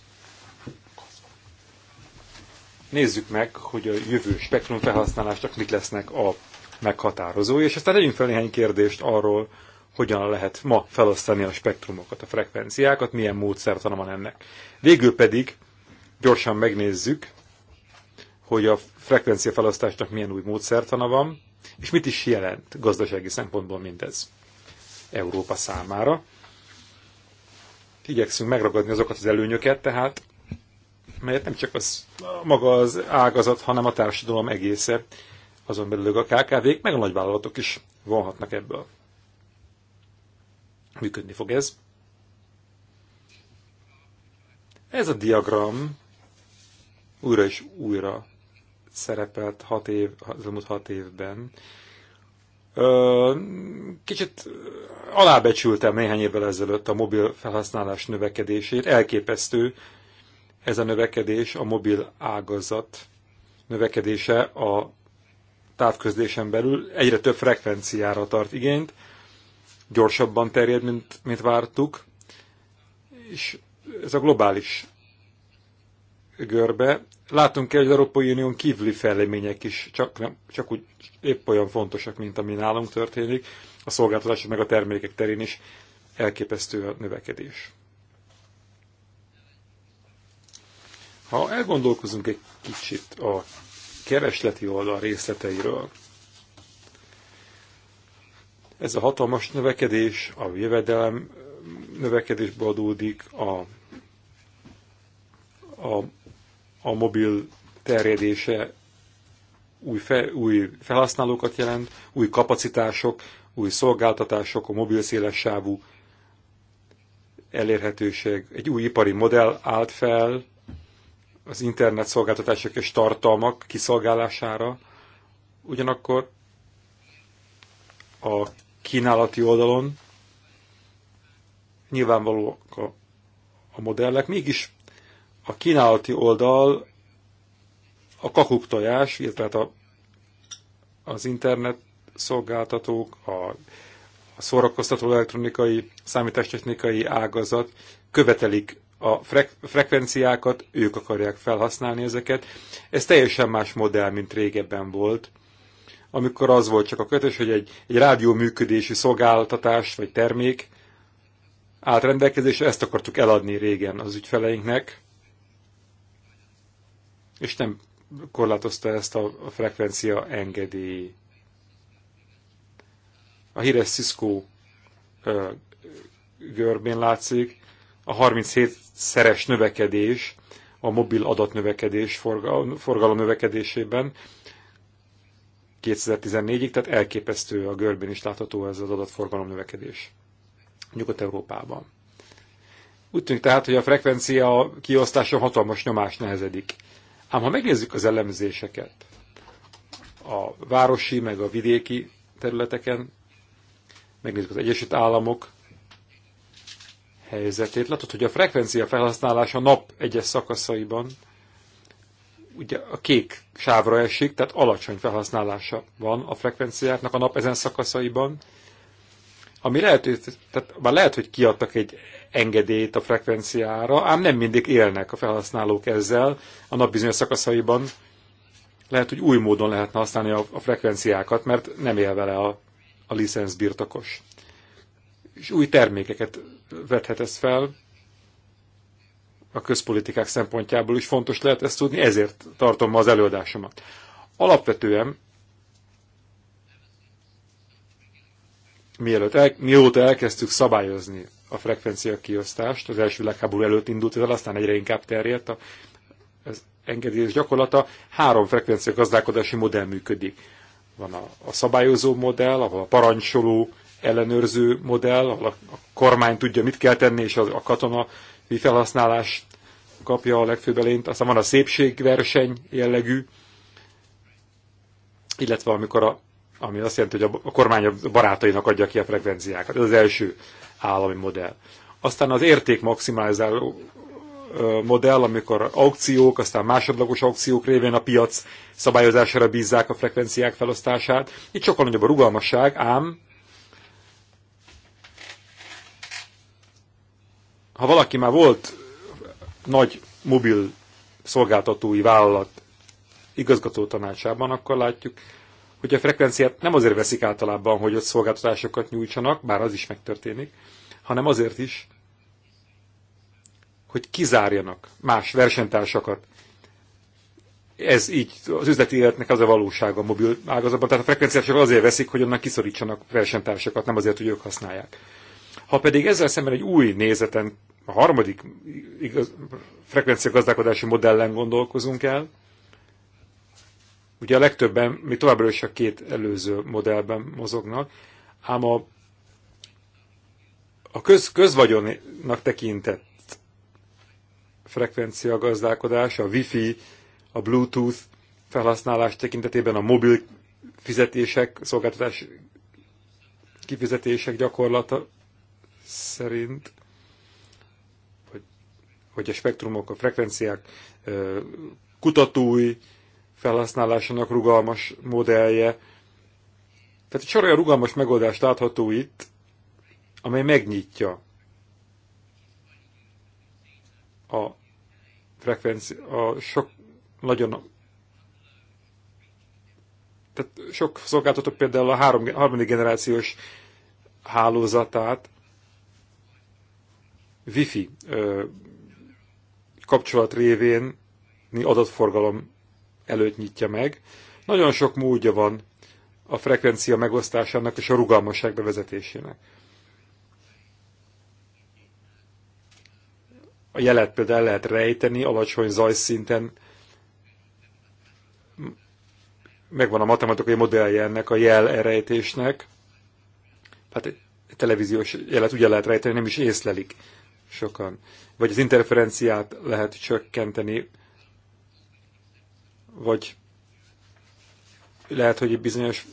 nézzük meg, hogy a jövő spektrum felhasználásnak mit lesznek a meghatározó, és aztán tegyünk fel néhány kérdést arról, hogyan lehet ma felosztani a spektrumokat, a frekvenciákat, milyen módszertana van ennek. Végül pedig gyorsan megnézzük, hogy a frekvencia felosztásnak milyen új módszertana van, és mit is jelent gazdasági szempontból mindez Európa számára? Igyekszünk megragadni azokat az előnyöket, tehát melyet nem csak az, maga az ágazat, hanem a társadalom egésze, azon belül a KKV-k, meg a nagyvállalatok is vonhatnak ebből. Működni fog ez. Ez a diagram újra és újra szerepelt hat év, az elmúlt hat évben. Kicsit alábecsültem néhány évvel ezelőtt a mobil felhasználás növekedését. Elképesztő ez a növekedés, a mobil ágazat növekedése a távközlésen belül egyre több frekvenciára tart igényt, gyorsabban terjed, mint, mint vártuk, és ez a globális görbe. Látunk kell, hogy az Európai Unión kívüli fejlemények is csak, nem, csak úgy épp olyan fontosak, mint ami nálunk történik. A szolgáltatások meg a termékek terén is elképesztő a növekedés. Ha elgondolkozunk egy kicsit a keresleti oldal részleteiről, ez a hatalmas növekedés, a jövedelem növekedésből adódik, a, a a mobil terjedése új, fe, új felhasználókat jelent, új kapacitások, új szolgáltatások, a mobil szélessávú elérhetőség. Egy új ipari modell állt fel az internet szolgáltatások és tartalmak kiszolgálására, ugyanakkor a kínálati oldalon nyilvánvalóak a, a modellek, mégis a kínálati oldal a kakuk tojás, hát a, az internet szolgáltatók, a, a szórakoztató elektronikai, számítástechnikai ágazat követelik a frek frekvenciákat, ők akarják felhasználni ezeket. Ez teljesen más modell, mint régebben volt, amikor az volt csak a kötés, hogy egy, egy rádió működési szolgáltatás vagy termék állt rendelkezésre, ezt akartuk eladni régen az ügyfeleinknek, és nem korlátozta ezt a frekvencia engedély. A híres Cisco görbén látszik, a 37 szeres növekedés, a mobil adatnövekedés, forgalom növekedésében 2014-ig, tehát elképesztő a görbén is látható ez az adatforgalom növekedés Nyugat-Európában. Úgy tűnik tehát, hogy a frekvencia kiosztása hatalmas nyomás nehezedik Ám ha megnézzük az elemzéseket a városi meg a vidéki területeken, megnézzük az Egyesült Államok helyzetét, látod, hogy a frekvencia felhasználása nap egyes szakaszaiban ugye a kék sávra esik, tehát alacsony felhasználása van a frekvenciáknak a nap ezen szakaszaiban, ami lehet, hogy, tehát már lehet, hogy kiadtak egy engedélyt a frekvenciára, ám nem mindig élnek a felhasználók ezzel a nap bizonyos szakaszaiban. Lehet, hogy új módon lehetne használni a, a frekvenciákat, mert nem él vele a, a licensz birtokos. És új termékeket vethet ez fel, a közpolitikák szempontjából is fontos lehet ezt tudni, ezért tartom ma az előadásomat. Alapvetően mielőtt el, mióta elkezdtük szabályozni a frekvencia kiosztást, az első világháború előtt indult ez aztán egyre inkább terjedt a, az engedélyes gyakorlata, három frekvencia gazdálkodási modell működik. Van a, a szabályozó modell, ahol a parancsoló ellenőrző modell, ahol a, a kormány tudja, mit kell tenni, és a, a katona felhasználást kapja a legfőbb elényt. Aztán van a szépségverseny jellegű, illetve amikor a ami azt jelenti, hogy a kormány a barátainak adja ki a frekvenciákat. Ez az első állami modell. Aztán az érték maximalizáló modell, amikor aukciók, aztán másodlagos aukciók révén a piac szabályozására bízzák a frekvenciák felosztását. Itt sokkal nagyobb a rugalmasság, ám ha valaki már volt nagy mobil szolgáltatói vállalat igazgató tanácsában, akkor látjuk, hogy a frekvenciát nem azért veszik általában, hogy ott szolgáltatásokat nyújtsanak, bár az is megtörténik, hanem azért is, hogy kizárjanak más versenytársakat. Ez így az üzleti életnek az a valósága a mobil ágazatban, tehát a frekvenciát csak azért veszik, hogy onnan kiszorítsanak versenytársakat, nem azért, hogy ők használják. Ha pedig ezzel szemben egy új nézeten, a harmadik igaz, frekvencia gazdálkodási modellen gondolkozunk el, Ugye a legtöbben mi továbbra is a két előző modellben mozognak, ám a, a köz, közvagyonnak tekintett frekvencia gazdálkodás, a wifi, a bluetooth felhasználás tekintetében a mobil fizetések, szolgáltatás kifizetések gyakorlata szerint, hogy, hogy a spektrumok, a frekvenciák kutatói felhasználásának rugalmas modellje. Tehát egy sor olyan rugalmas megoldást látható itt, amely megnyitja a frekvenci, a sok nagyon tehát sok szolgáltató például a három, harmadik generációs hálózatát wifi ö, kapcsolat révén adatforgalom előtt nyitja meg. Nagyon sok módja van a frekvencia megosztásának és a rugalmasság bevezetésének. A jelet például el lehet rejteni alacsony zajszinten, megvan a matematikai modellje ennek a jel elrejtésnek, hát egy televíziós jelet ugye lehet rejteni, nem is észlelik sokan. Vagy az interferenciát lehet csökkenteni vagy lehet, hogy egy bizonyos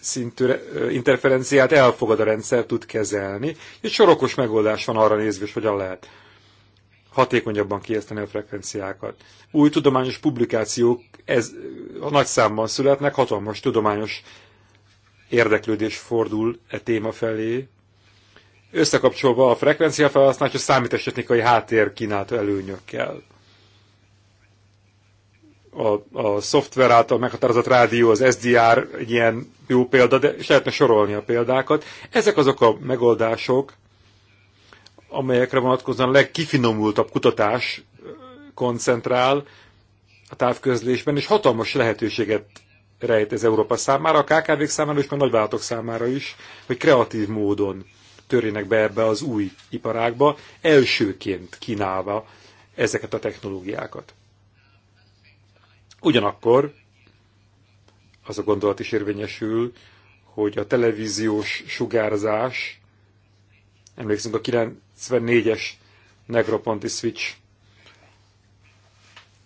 szintű interferenciát elfogad a rendszer, tud kezelni. Egy sorokos megoldás van arra nézve, hogy hogyan lehet hatékonyabban kiérteni a frekvenciákat. Új tudományos publikációk ez, a nagy számban születnek, hatalmas tudományos érdeklődés fordul e téma felé, összekapcsolva a frekvencia felhasználás a számítástechnikai háttér kínált előnyökkel a, a szoftver által meghatározott rádió, az SDR egy ilyen jó példa, de és lehetne sorolni a példákat. Ezek azok a megoldások, amelyekre vonatkozóan a legkifinomultabb kutatás koncentrál a távközlésben, és hatalmas lehetőséget rejt ez Európa számára, a kkv számára és a nagyvállalatok számára is, hogy kreatív módon törjenek be ebbe az új iparágba, elsőként kínálva ezeket a technológiákat. Ugyanakkor az a gondolat is érvényesül, hogy a televíziós sugárzás, emlékszünk a 94-es Negroponti Switch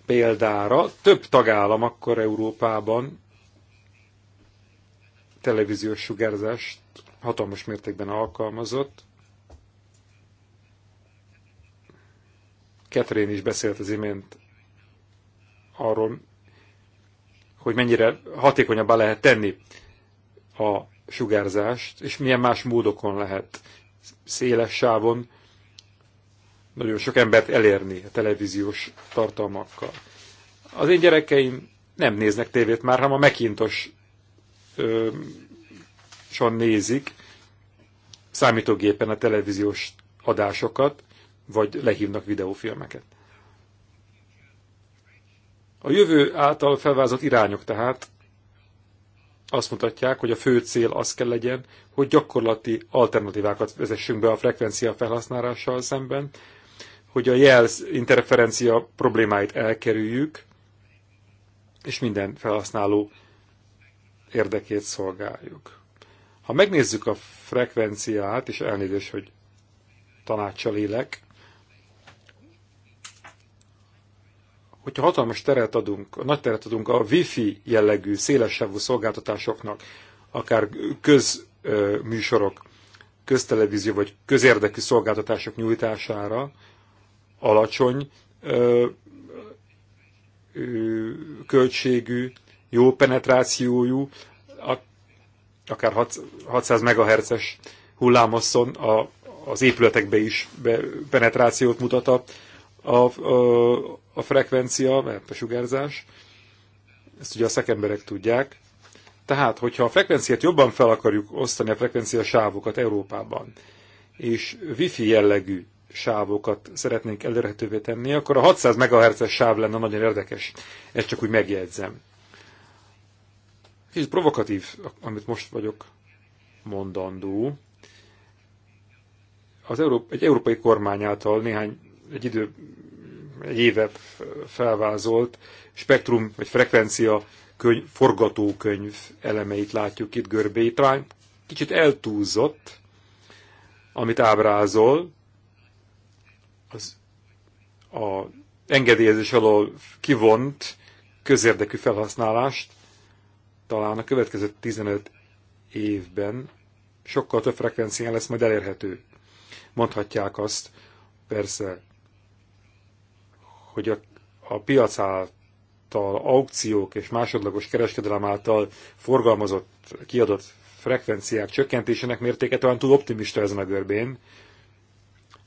példára, több tagállam akkor Európában televíziós sugárzást hatalmas mértékben alkalmazott. Catherine is beszélt az imént arról, hogy mennyire hatékonyabbá lehet tenni a sugárzást, és milyen más módokon lehet széles sávon nagyon sok embert elérni a televíziós tartalmakkal. Az én gyerekeim nem néznek tévét már, hanem a mekintos son nézik számítógépen a televíziós adásokat, vagy lehívnak videófilmeket. A jövő által felvázott irányok tehát azt mutatják, hogy a fő cél az kell legyen, hogy gyakorlati alternatívákat vezessünk be a frekvencia felhasználással szemben, hogy a jelz interferencia problémáit elkerüljük, és minden felhasználó érdekét szolgáljuk. Ha megnézzük a frekvenciát, és elnézést, hogy tanácsal élek, hogyha hatalmas teret adunk, nagy teret adunk a wifi jellegű, szélesávú szolgáltatásoknak, akár közműsorok, köztelevízió vagy közérdekű szolgáltatások nyújtására, alacsony ö, ö, költségű, jó penetrációjú, akár 600 MHz-es hullámosszon a, az épületekbe is be, penetrációt mutat a a, a, a frekvencia, mert a sugárzás, ezt ugye a szakemberek tudják. Tehát, hogyha a frekvenciát jobban fel akarjuk osztani, a frekvencia sávokat Európában, és wifi jellegű sávokat szeretnénk elérhetővé tenni, akkor a 600 MHz-es sáv lenne nagyon érdekes. Ezt csak úgy megjegyzem. Kicsit provokatív, amit most vagyok mondandó. Az Európa, egy európai kormány által néhány egy idő, egy éve felvázolt spektrum vagy frekvencia könyv, forgatókönyv elemeit látjuk itt görbéit. Talán kicsit eltúlzott, amit ábrázol, az a engedélyezés alól kivont közérdekű felhasználást, talán a következő 15 évben sokkal több frekvencián lesz majd elérhető. Mondhatják azt, persze hogy a, a piac által, aukciók és másodlagos kereskedelem által forgalmazott, kiadott frekvenciák csökkentésének mértéke talán túl optimista ezen a görbén,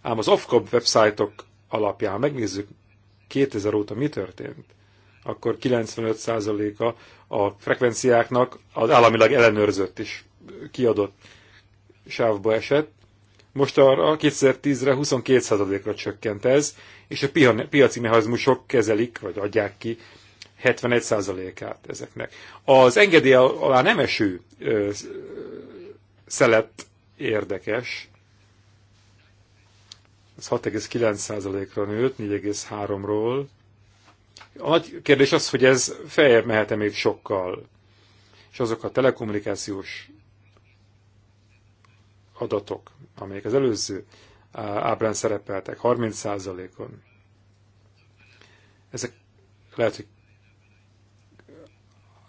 ám az Ofcom websájtok alapján megnézzük 2000 óta mi történt, akkor 95%-a a frekvenciáknak az államilag ellenőrzött és kiadott sávba esett, most arra 2010-re 22%-ra csökkent ez, és a piaci mechanizmusok kezelik, vagy adják ki 71%-át ezeknek. Az engedély alá nem eső ö, szelet érdekes. Ez 6,9%-ra nőtt, 4,3-ról. A nagy kérdés az, hogy ez feljebb mehet-e még sokkal. És azok a telekommunikációs adatok, amelyek az előző ábrán szerepeltek, 30%-on. Ezek lehet, hogy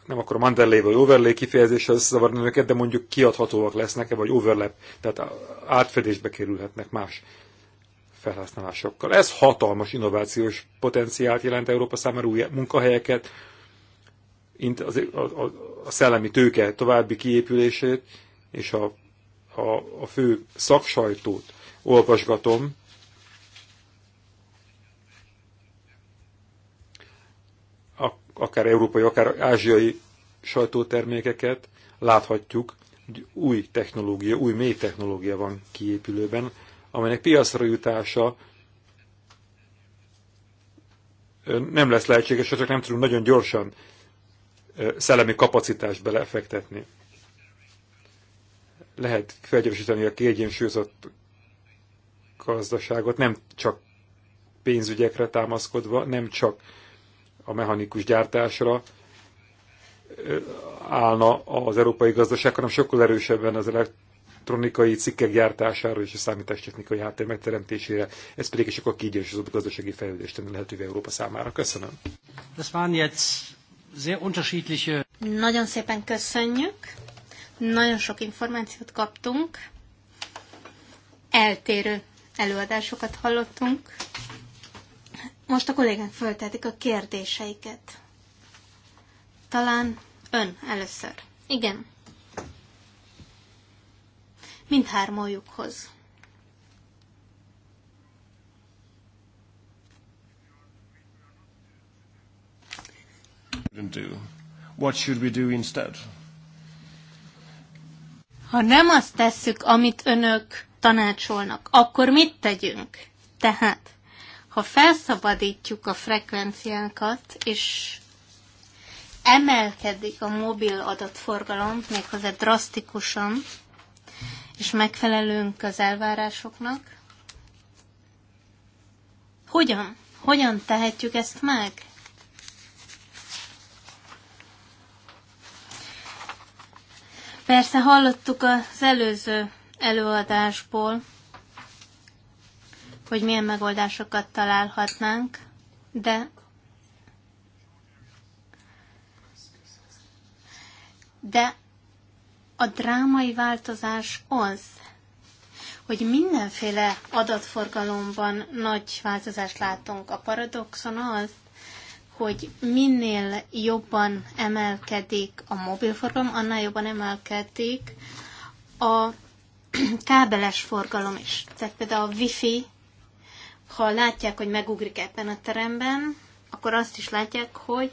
nem akkor a Manderley vagy overlay kifejezéssel összezavarni őket, de mondjuk kiadhatóak lesznek-e, vagy overlap, tehát átfedésbe kerülhetnek más felhasználásokkal. Ez hatalmas innovációs potenciált jelent Európa számára új munkahelyeket, a szellemi tőke további kiépülését és a a, a fő szaksajtót olvasgatom, akár európai, akár ázsiai sajtótermékeket, láthatjuk, hogy új technológia, új mély technológia van kiépülőben, amelynek piacra jutása nem lesz lehetséges, csak nem tudunk nagyon gyorsan szellemi kapacitást belefektetni lehet felgyorsítani a kiegyensúlyozott gazdaságot, nem csak pénzügyekre támaszkodva, nem csak a mechanikus gyártásra állna az európai gazdaság, hanem sokkal erősebben az elektronikai cikkek gyártására és a számítástechnikai háttér megteremtésére. Ez pedig is sokkal kiegyensúlyozott gazdasági fejlődést tenni lehetővé Európa számára. Köszönöm. Das waren jetzt sehr unterschiedliche... Nagyon szépen köszönjük nagyon sok információt kaptunk, eltérő előadásokat hallottunk. Most a kollégák föltetik a kérdéseiket. Talán ön először. Igen. Mindhármójukhoz. What should we do instead? Ha nem azt tesszük, amit önök tanácsolnak, akkor mit tegyünk? Tehát, ha felszabadítjuk a frekvenciánkat, és emelkedik a mobil adatforgalom, méghozzá drasztikusan, és megfelelünk az elvárásoknak, hogyan? Hogyan tehetjük ezt meg? Persze hallottuk az előző előadásból, hogy milyen megoldásokat találhatnánk, de de a drámai változás az, hogy mindenféle adatforgalomban nagy változást látunk. A paradoxon az, hogy minél jobban emelkedik a mobilforgalom, annál jobban emelkedik a kábeles forgalom is. Tehát például a wifi, ha látják, hogy megugrik ebben a teremben, akkor azt is látják, hogy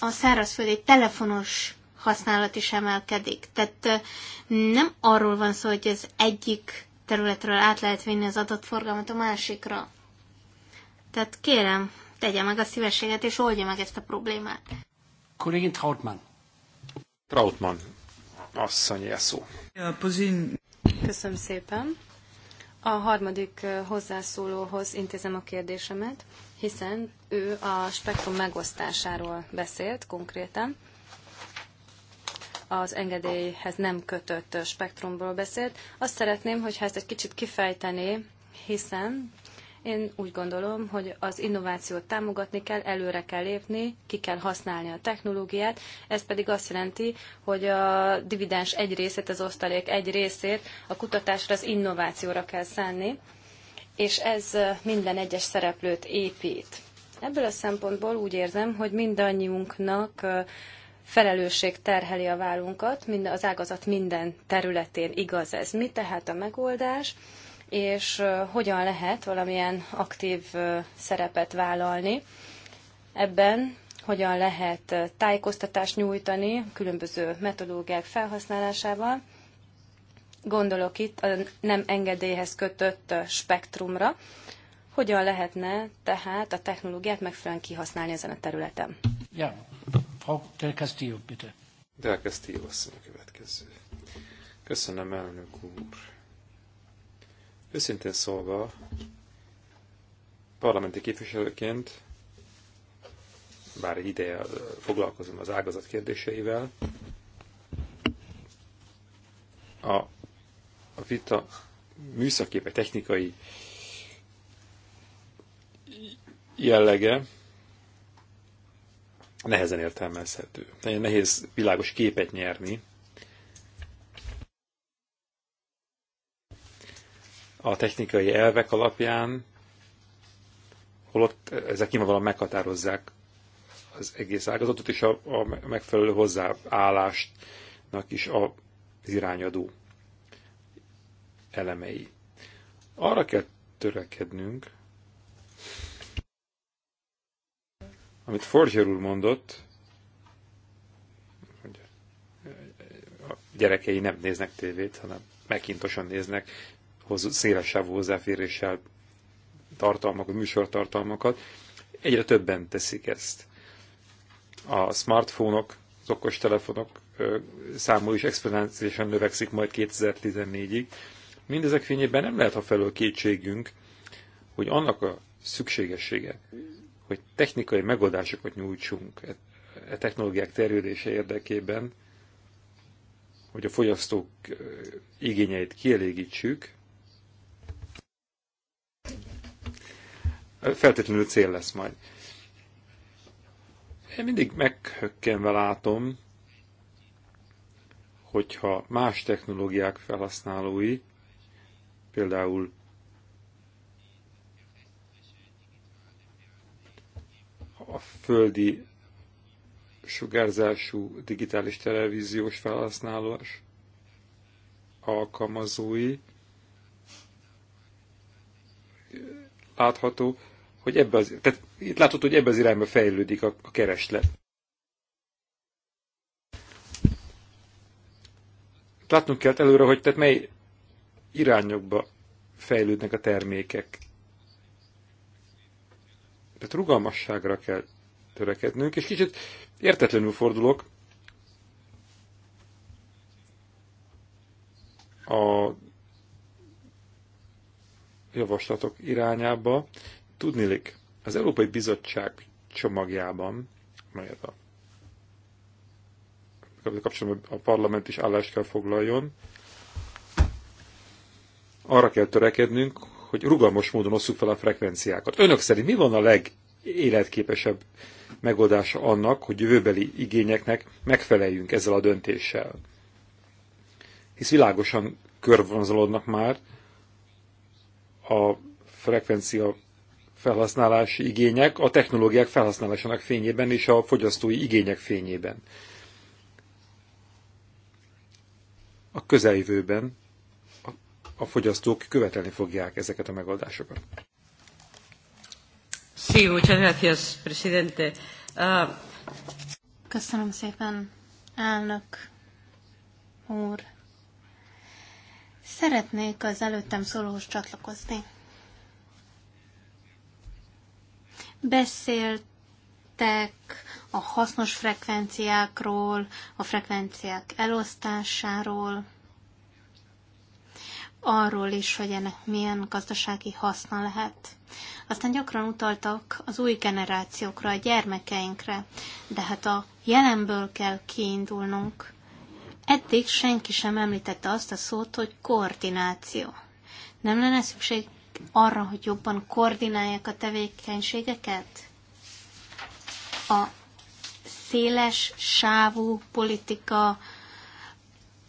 a szárazföldi telefonos használat is emelkedik. Tehát nem arról van szó, hogy az egyik területről át lehet vinni az adatforgalmat a másikra. Tehát kérem, tegye meg a szívességet, és oldja meg ezt a problémát. Kollégin Trautmann. Trautmann. Asszony, szó. Köszönöm szépen. A harmadik hozzászólóhoz intézem a kérdésemet, hiszen ő a spektrum megosztásáról beszélt konkrétan. Az engedélyhez nem kötött spektrumról beszélt. Azt szeretném, hogyha ezt egy kicsit kifejtené, hiszen én úgy gondolom, hogy az innovációt támogatni kell, előre kell lépni, ki kell használni a technológiát, ez pedig azt jelenti, hogy a dividens egy részét, az osztalék egy részét a kutatásra, az innovációra kell szánni, és ez minden egyes szereplőt épít. Ebből a szempontból úgy érzem, hogy mindannyiunknak felelősség terheli a vállunkat, mind az ágazat minden területén igaz ez. Mi tehát a megoldás? és hogyan lehet valamilyen aktív szerepet vállalni. Ebben hogyan lehet tájékoztatást nyújtani különböző metodológiák felhasználásával. Gondolok itt a nem engedélyhez kötött spektrumra. Hogyan lehetne tehát a technológiát megfelelően kihasználni ezen a területen? Ja, Frau Del Castillo, bitte. Del Castillo asszony a következő. Köszönöm, elnök úr. Őszintén szólva, parlamenti képviselőként, bár egy ideje foglalkozom az ágazat kérdéseivel, a, a vita műszaki vagy technikai jellege nehezen értelmezhető. Nagyon nehéz világos képet nyerni a technikai elvek alapján, holott ezek nyilvánvalóan meghatározzák az egész ágazatot, és a, a megfelelő hozzáállásnak is a, az irányadó elemei. Arra kell törekednünk, amit Forger úr mondott, hogy a gyerekei nem néznek tévét, hanem megkintosan néznek szélesebb hozzáféréssel tartalmak, műsortartalmakat. Egyre többen teszik ezt. A smartphone-ok, az okostelefonok száma is exponenciálisan növekszik majd 2014-ig. Mindezek fényében nem lehet ha felől kétségünk, hogy annak a szükségessége, hogy technikai megoldásokat nyújtsunk e, e technológiák terjedése érdekében, hogy a fogyasztók igényeit kielégítsük, feltétlenül cél lesz majd. Én mindig meghökkenve látom, hogyha más technológiák felhasználói, például a földi sugárzású digitális televíziós felhasználós alkalmazói látható, hogy ebbe az, tehát itt látod, hogy ebbe az irányba fejlődik a, a kereslet. Látnunk kell előre, hogy tehát mely irányokba fejlődnek a termékek. Tehát rugalmasságra kell törekednünk, és kicsit értetlenül fordulok a javaslatok irányába, tudnilik, az Európai Bizottság csomagjában, melyet a kapcsolatban a parlament is állást kell foglaljon, arra kell törekednünk, hogy rugalmas módon osszuk fel a frekvenciákat. Önök szerint mi van a legéletképesebb megoldása annak, hogy jövőbeli igényeknek megfeleljünk ezzel a döntéssel? Hisz világosan körvonzolódnak már a frekvencia felhasználási igények a technológiák felhasználásának fényében és a fogyasztói igények fényében. A közeljövőben a fogyasztók követelni fogják ezeket a megoldásokat. Sí, muchas gracias, presidente. Uh... Köszönöm szépen, elnök úr. Szeretnék az előttem szólóhoz csatlakozni. Beszéltek a hasznos frekvenciákról, a frekvenciák elosztásáról, arról is, hogy ennek milyen gazdasági haszna lehet. Aztán gyakran utaltak az új generációkra, a gyermekeinkre, de hát a jelenből kell kiindulnunk. Eddig senki sem említette azt a szót, hogy koordináció. Nem lenne szükség arra, hogy jobban koordinálják a tevékenységeket? A széles sávú politika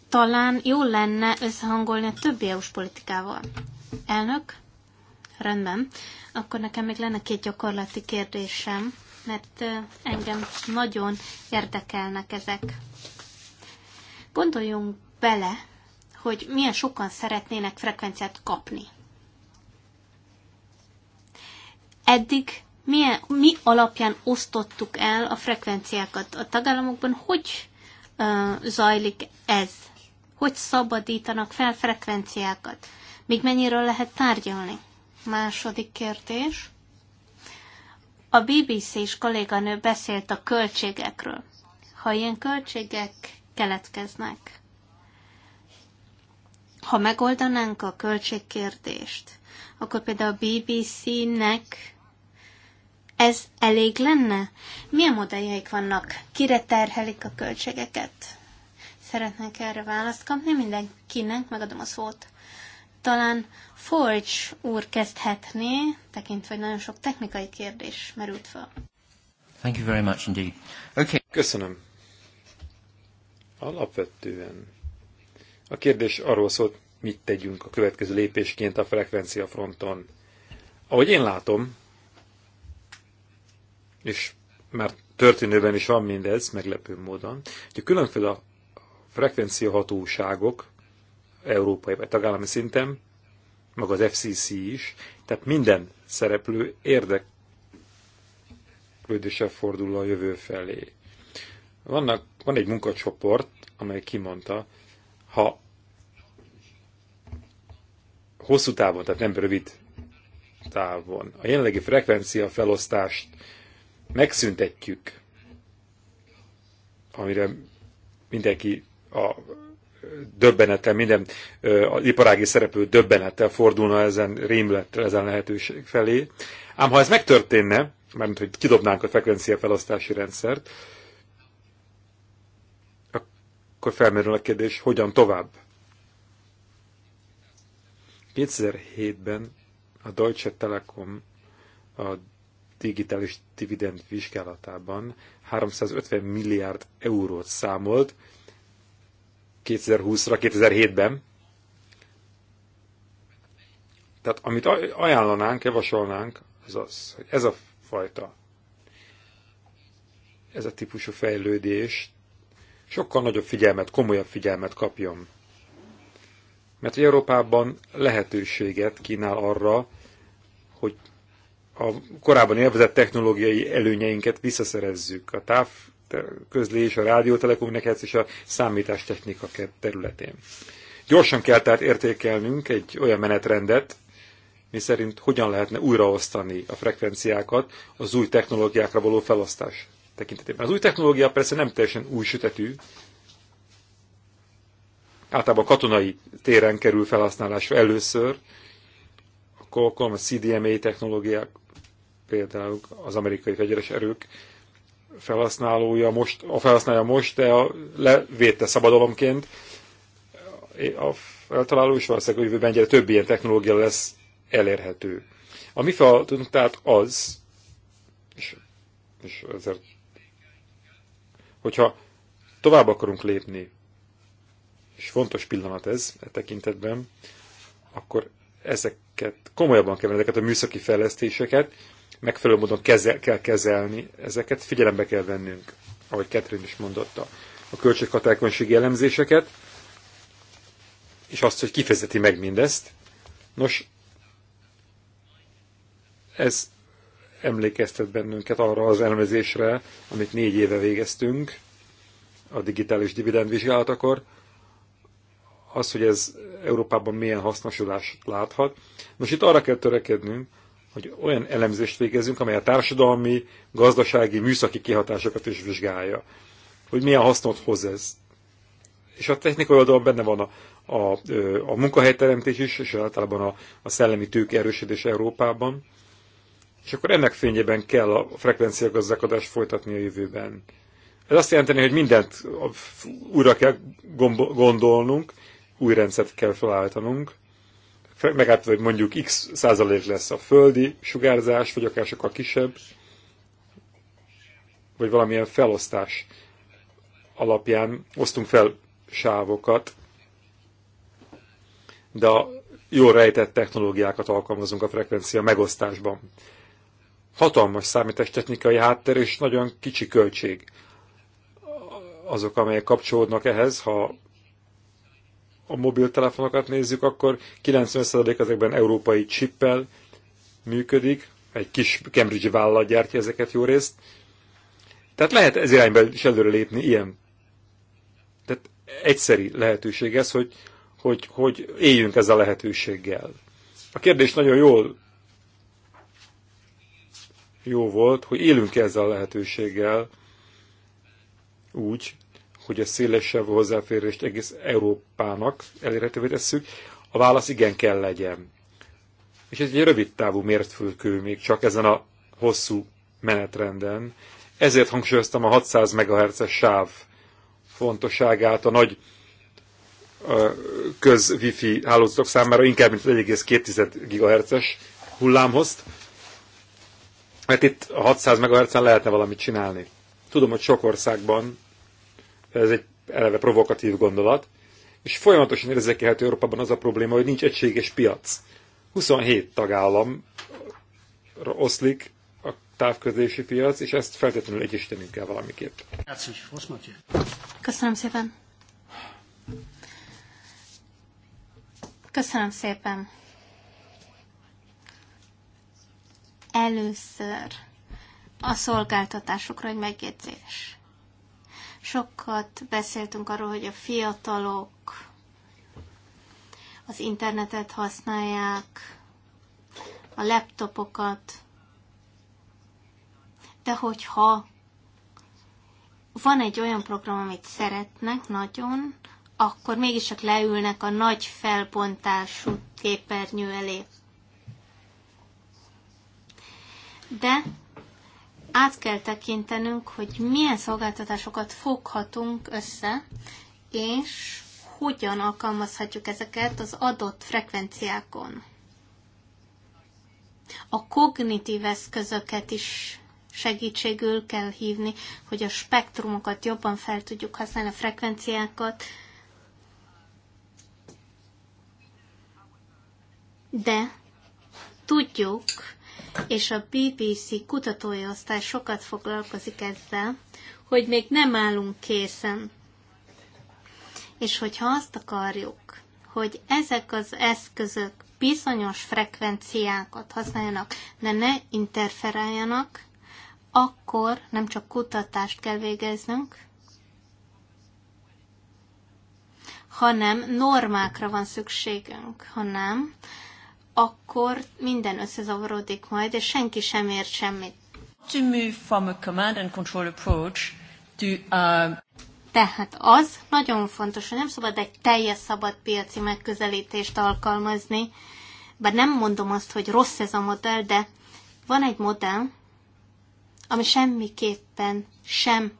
talán jó lenne összehangolni a többi EU-s politikával. Elnök? Rendben. Akkor nekem még lenne két gyakorlati kérdésem, mert engem nagyon érdekelnek ezek. Gondoljunk bele, hogy milyen sokan szeretnének frekvenciát kapni. eddig milyen, mi alapján osztottuk el a frekvenciákat a tagállamokban, hogy uh, zajlik ez, hogy szabadítanak fel frekvenciákat, még mennyiről lehet tárgyalni. Második kérdés. A bbc és kolléganő beszélt a költségekről. Ha ilyen költségek keletkeznek, ha megoldanánk a költségkérdést, akkor például a BBC-nek ez elég lenne? Milyen modelljeik vannak? Kire terhelik a költségeket? Szeretnék erre választ kapni mindenkinek, megadom a szót. Talán Forge úr kezdhetné, tekintve, hogy nagyon sok technikai kérdés merült fel. Thank you very much indeed. Okay. Köszönöm. Alapvetően a kérdés arról szólt, mit tegyünk a következő lépésként a frekvencia fronton. Ahogy én látom, és már történőben is van mindez, meglepő módon, hogy a különféle frekvenciahatóságok európai vagy tagállami szinten, maga az FCC is, tehát minden szereplő érdeklődése fordul a jövő felé. Vannak, van egy munkacsoport, amely kimondta, ha hosszú távon, tehát nem rövid távon a jelenlegi frekvencia felosztást megszüntetjük, amire mindenki a döbbenettel, minden az iparági szereplő döbbenettel fordulna ezen rémülettel, ezen lehetőség felé. Ám ha ez megtörténne, mert hogy kidobnánk a frekvenciafelosztási rendszert, akkor felmerül a kérdés, hogyan tovább. 2007-ben a Deutsche Telekom a digitális dividend vizsgálatában 350 milliárd eurót számolt 2020-ra, 2007-ben. Tehát amit ajánlanánk, javasolnánk, az az, hogy ez a fajta, ez a típusú fejlődés sokkal nagyobb figyelmet, komolyabb figyelmet kapjon. Mert Európában lehetőséget kínál arra, hogy a korábban élvezett technológiai előnyeinket visszaszerezzük a távközlés, a rádiótelekommunikáció és a számítástechnika területén. Gyorsan kell tehát értékelnünk egy olyan menetrendet, mi szerint hogyan lehetne újraosztani a frekvenciákat az új technológiákra való felosztás tekintetében. Az új technológia persze nem teljesen új sütetű, általában katonai téren kerül felhasználásra először, a a CDMA technológiák például az amerikai fegyveres erők felhasználója most, a felhasználja most, de a, levédte szabadalomként. A feltaláló is valószínűleg a jövőben egyre több ilyen technológia lesz elérhető. A mi feladatunk tehát az, és, és ezért, hogyha tovább akarunk lépni, és fontos pillanat ez e tekintetben, akkor ezeket komolyabban kell ezeket a műszaki fejlesztéseket, megfelelő módon kezel, kell kezelni ezeket, figyelembe kell vennünk, ahogy Catherine is mondotta, a költséghatékonysági elemzéseket, és azt, hogy kifejezeti meg mindezt. Nos, ez emlékeztet bennünket arra az elemzésre, amit négy éve végeztünk a digitális akkor, az, hogy ez Európában milyen hasznosulást láthat. Most itt arra kell törekednünk, hogy olyan elemzést végezzünk, amely a társadalmi, gazdasági, műszaki kihatásokat is vizsgálja. Hogy milyen hasznot hoz ez. És a technikai oldalon benne van a, a, a munkahelyteremtés is, és általában a, a szellemi tőke erősödés Európában. És akkor ennek fényében kell a frekvenciagazdálkodást folytatni a jövőben. Ez azt jelenti, hogy mindent újra kell gondolnunk, új rendszert kell felállítanunk, megállapítani, hogy mondjuk x százalék lesz a földi sugárzás, vagy akár sokkal kisebb, vagy valamilyen felosztás alapján osztunk fel sávokat, de a jól rejtett technológiákat alkalmazunk a frekvencia megosztásban. Hatalmas technikai háttér és nagyon kicsi költség azok, amelyek kapcsolódnak ehhez, ha a mobiltelefonokat nézzük, akkor 90% ezekben európai csippel működik, egy kis Cambridge vállalat gyártja ezeket jó részt. Tehát lehet ez irányba is lépni, ilyen. Tehát egyszerű lehetőség ez, hogy, hogy, hogy éljünk ezzel a lehetőséggel. A kérdés nagyon jól jó volt, hogy élünk -e ezzel a lehetőséggel úgy, hogy a szélesebb hozzáférést egész Európának elérhetővé tesszük, a válasz igen kell legyen. És ez egy rövid távú mértfőkő még csak ezen a hosszú menetrenden. Ezért hangsúlyoztam a 600 MHz-es sáv fontosságát a nagy köz wifi hálózatok számára, inkább mint 1,2 GHz-es hullámhozt, mert itt a 600 MHz-en lehetne valamit csinálni. Tudom, hogy sok országban ez egy eleve provokatív gondolat, és folyamatosan érzékelhető Európában az a probléma, hogy nincs egységes piac. 27 tagállam oszlik a távközlési piac, és ezt feltétlenül egyesítenünk kell valamiképp. Köszönöm szépen. Köszönöm szépen. Először a szolgáltatásokra egy megjegyzés. Sokat beszéltünk arról, hogy a fiatalok az internetet használják, a laptopokat, de hogyha van egy olyan program, amit szeretnek nagyon, akkor mégiscsak leülnek a nagy felbontású képernyő elé. De át kell tekintenünk, hogy milyen szolgáltatásokat foghatunk össze, és hogyan alkalmazhatjuk ezeket az adott frekvenciákon. A kognitív eszközöket is segítségül kell hívni, hogy a spektrumokat jobban fel tudjuk használni, a frekvenciákat, de tudjuk, és a BBC kutatói osztály sokat foglalkozik ezzel, hogy még nem állunk készen. És hogyha azt akarjuk, hogy ezek az eszközök bizonyos frekvenciákat használjanak, de ne interferáljanak, akkor nem csak kutatást kell végeznünk, hanem normákra van szükségünk, hanem akkor minden összezavarodik majd, és senki sem ért semmit. To move from a command and control approach to, uh... Tehát az nagyon fontos, hogy nem szabad egy teljes szabad piaci megközelítést alkalmazni, bár nem mondom azt, hogy rossz ez a modell, de van egy modell, ami semmiképpen sem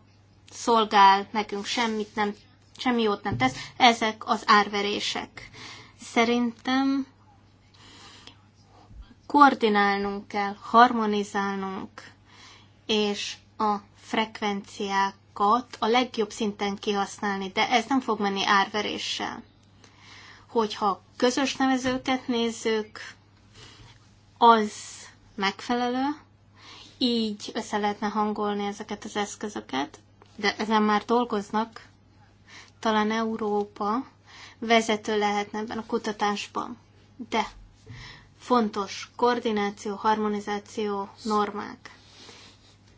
szolgál nekünk, semmit nem, semmi jót nem tesz, ezek az árverések. Szerintem koordinálnunk kell, harmonizálnunk, és a frekvenciákat a legjobb szinten kihasználni, de ez nem fog menni árveréssel. Hogyha közös nevezőket nézzük, az megfelelő, így össze lehetne hangolni ezeket az eszközöket, de ezen már dolgoznak, talán Európa vezető lehetne ebben a kutatásban. De Fontos koordináció, harmonizáció, normák.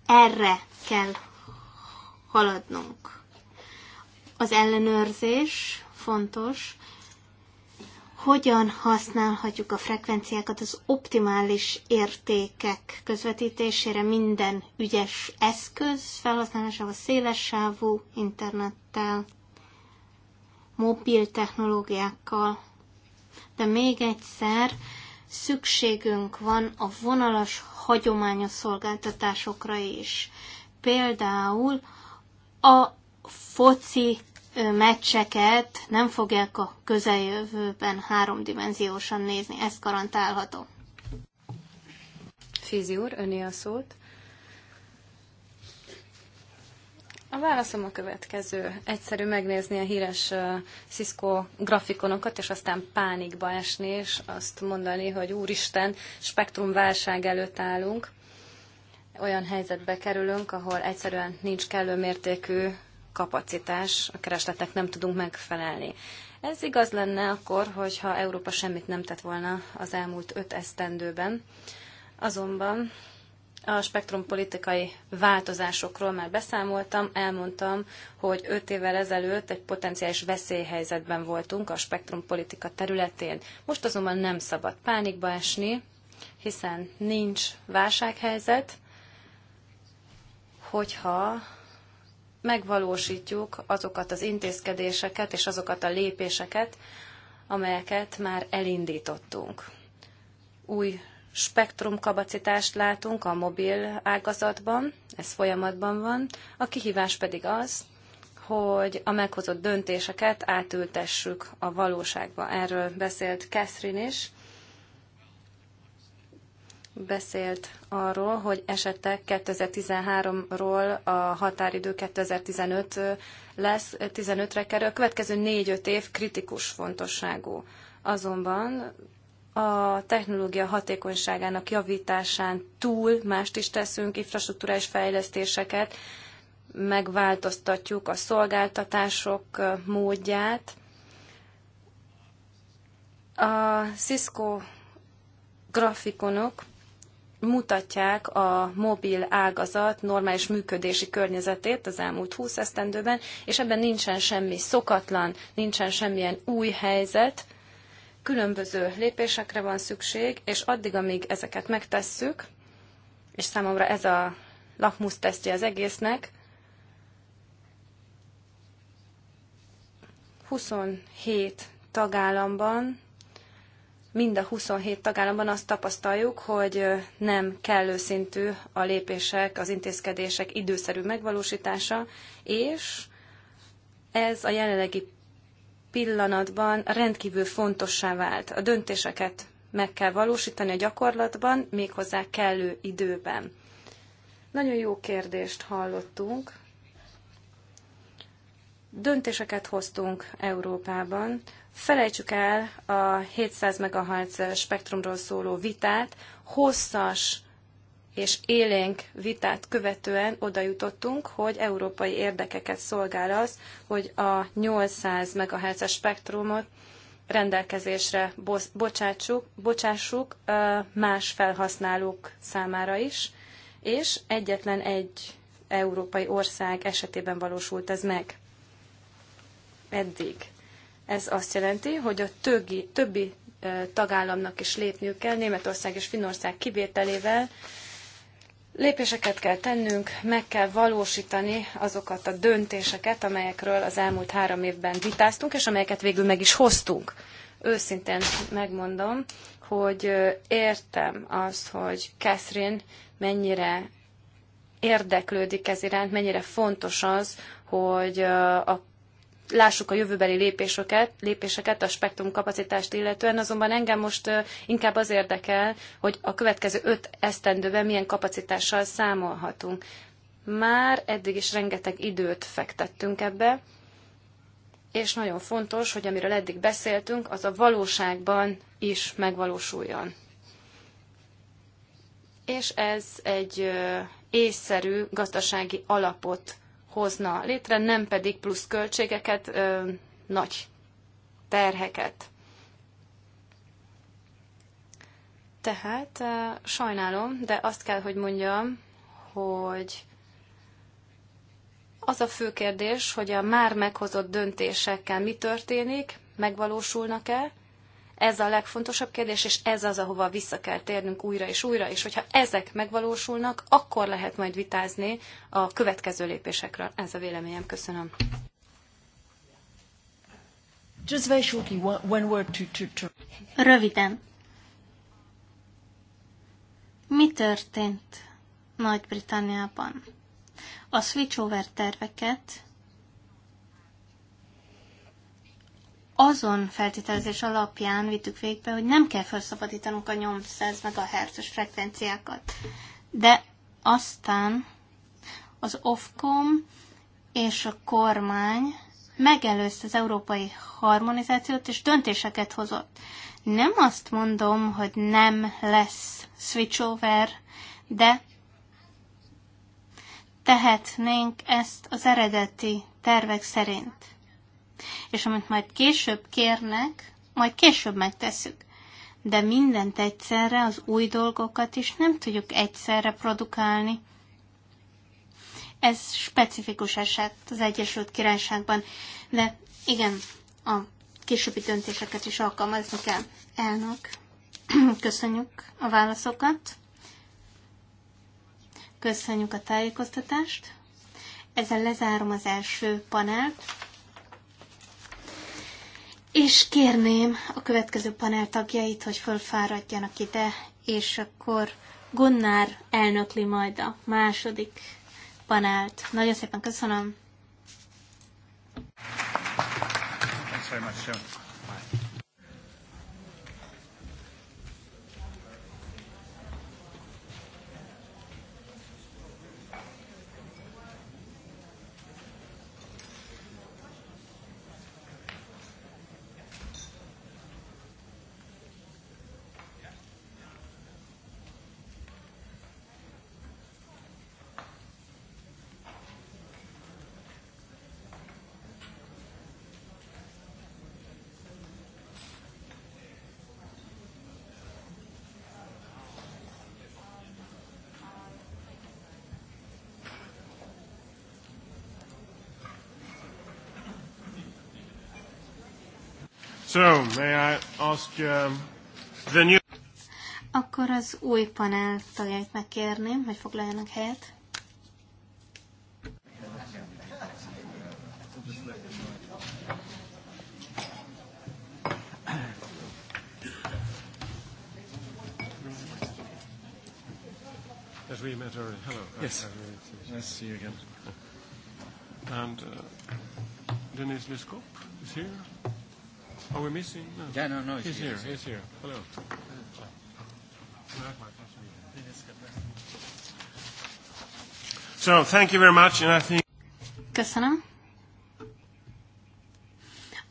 Erre kell haladnunk. Az ellenőrzés fontos, hogyan használhatjuk a frekvenciákat az optimális értékek közvetítésére minden ügyes eszköz felhasználásával, széles sávú internettel, mobil technológiákkal. De még egyszer, szükségünk van a vonalas hagyományos szolgáltatásokra is. Például a foci meccseket nem fogják a közeljövőben háromdimenziósan nézni, ez garantálható. Fézi úr, öné a szót. A válaszom a következő. Egyszerű megnézni a híres uh, Cisco grafikonokat, és aztán pánikba esni, és azt mondani, hogy úristen, spektrum válság előtt állunk. Olyan helyzetbe kerülünk, ahol egyszerűen nincs kellő mértékű kapacitás, a keresletek nem tudunk megfelelni. Ez igaz lenne akkor, hogyha Európa semmit nem tett volna az elmúlt öt esztendőben. Azonban a spektrum politikai változásokról már beszámoltam, elmondtam, hogy öt évvel ezelőtt egy potenciális veszélyhelyzetben voltunk a spektrum politika területén. Most azonban nem szabad pánikba esni, hiszen nincs válsághelyzet, hogyha megvalósítjuk azokat az intézkedéseket és azokat a lépéseket, amelyeket már elindítottunk. Új spektrumkapacitást látunk a mobil ágazatban, ez folyamatban van. A kihívás pedig az, hogy a meghozott döntéseket átültessük a valóságba. Erről beszélt Catherine is. Beszélt arról, hogy esetek 2013-ról a határidő 2015 lesz, 15-re kerül. A következő 4-5 év kritikus fontosságú. Azonban a technológia hatékonyságának javításán túl mást is teszünk, infrastruktúrális fejlesztéseket, megváltoztatjuk a szolgáltatások módját. A Cisco grafikonok mutatják a mobil ágazat normális működési környezetét az elmúlt 20 esztendőben, és ebben nincsen semmi szokatlan, nincsen semmilyen új helyzet, Különböző lépésekre van szükség, és addig, amíg ezeket megtesszük, és számomra ez a tesztje az egésznek, 27 tagállamban, mind a 27 tagállamban azt tapasztaljuk, hogy nem kellő szintű a lépések, az intézkedések időszerű megvalósítása, és ez a jelenlegi pillanatban rendkívül fontossá vált. A döntéseket meg kell valósítani a gyakorlatban, méghozzá kellő időben. Nagyon jó kérdést hallottunk. Döntéseket hoztunk Európában. Felejtsük el a 700 MHz spektrumról szóló vitát, hosszas és élénk vitát követően oda jutottunk, hogy európai érdekeket szolgál az, hogy a 800 MHz spektrumot rendelkezésre bocsátsuk, bocsássuk más felhasználók számára is, és egyetlen egy európai ország esetében valósult ez meg eddig. Ez azt jelenti, hogy a többi tagállamnak is lépniük kell, Németország és Finnország kivételével, Lépéseket kell tennünk, meg kell valósítani azokat a döntéseket, amelyekről az elmúlt három évben vitáztunk, és amelyeket végül meg is hoztunk. Őszintén megmondom, hogy értem azt, hogy Catherine mennyire érdeklődik ez iránt, mennyire fontos az, hogy a lássuk a jövőbeli lépéseket, lépéseket a spektrum kapacitást illetően, azonban engem most inkább az érdekel, hogy a következő öt esztendőben milyen kapacitással számolhatunk. Már eddig is rengeteg időt fektettünk ebbe, és nagyon fontos, hogy amiről eddig beszéltünk, az a valóságban is megvalósuljon. És ez egy észszerű gazdasági alapot hozna létre, nem pedig plusz költségeket, ö, nagy terheket. Tehát ö, sajnálom, de azt kell, hogy mondjam, hogy az a fő kérdés, hogy a már meghozott döntésekkel mi történik, megvalósulnak-e, ez a legfontosabb kérdés, és ez az, ahova vissza kell térnünk újra és újra, és hogyha ezek megvalósulnak, akkor lehet majd vitázni a következő lépésekről. Ez a véleményem. Köszönöm. Just very shortly, one word to, to, to... Röviden. Mi történt Nagy-Britanniában? A switchover terveket azon feltételezés alapján vittük végbe, hogy nem kell felszabadítanunk a 800 mhz os frekvenciákat. De aztán az Ofcom és a kormány megelőzte az európai harmonizációt, és döntéseket hozott. Nem azt mondom, hogy nem lesz switchover, de tehetnénk ezt az eredeti tervek szerint és amit majd később kérnek, majd később megteszük, De mindent egyszerre, az új dolgokat is nem tudjuk egyszerre produkálni. Ez specifikus eset az Egyesült Királyságban, de igen, a későbbi döntéseket is alkalmazni kell. Elnök, köszönjük a válaszokat, köszönjük a tájékoztatást. Ezzel lezárom az első panelt. És kérném a következő panel tagjait, hogy fölfáradjanak ide, és akkor Gunnár elnökli majd a második panelt. Nagyon szépen köszönöm. you very much, So, may I ask um, the new... Akkor az új panel tagjait megkérném, hogy foglaljanak helyet. As we met already. Hello. Yes. Nice to see you again. And uh, Denise Liskop is here. Are we missing? No. Yeah, no, no. He's, he's here. here. He's here. Hello. So, thank you very much, and I think... Köszönöm.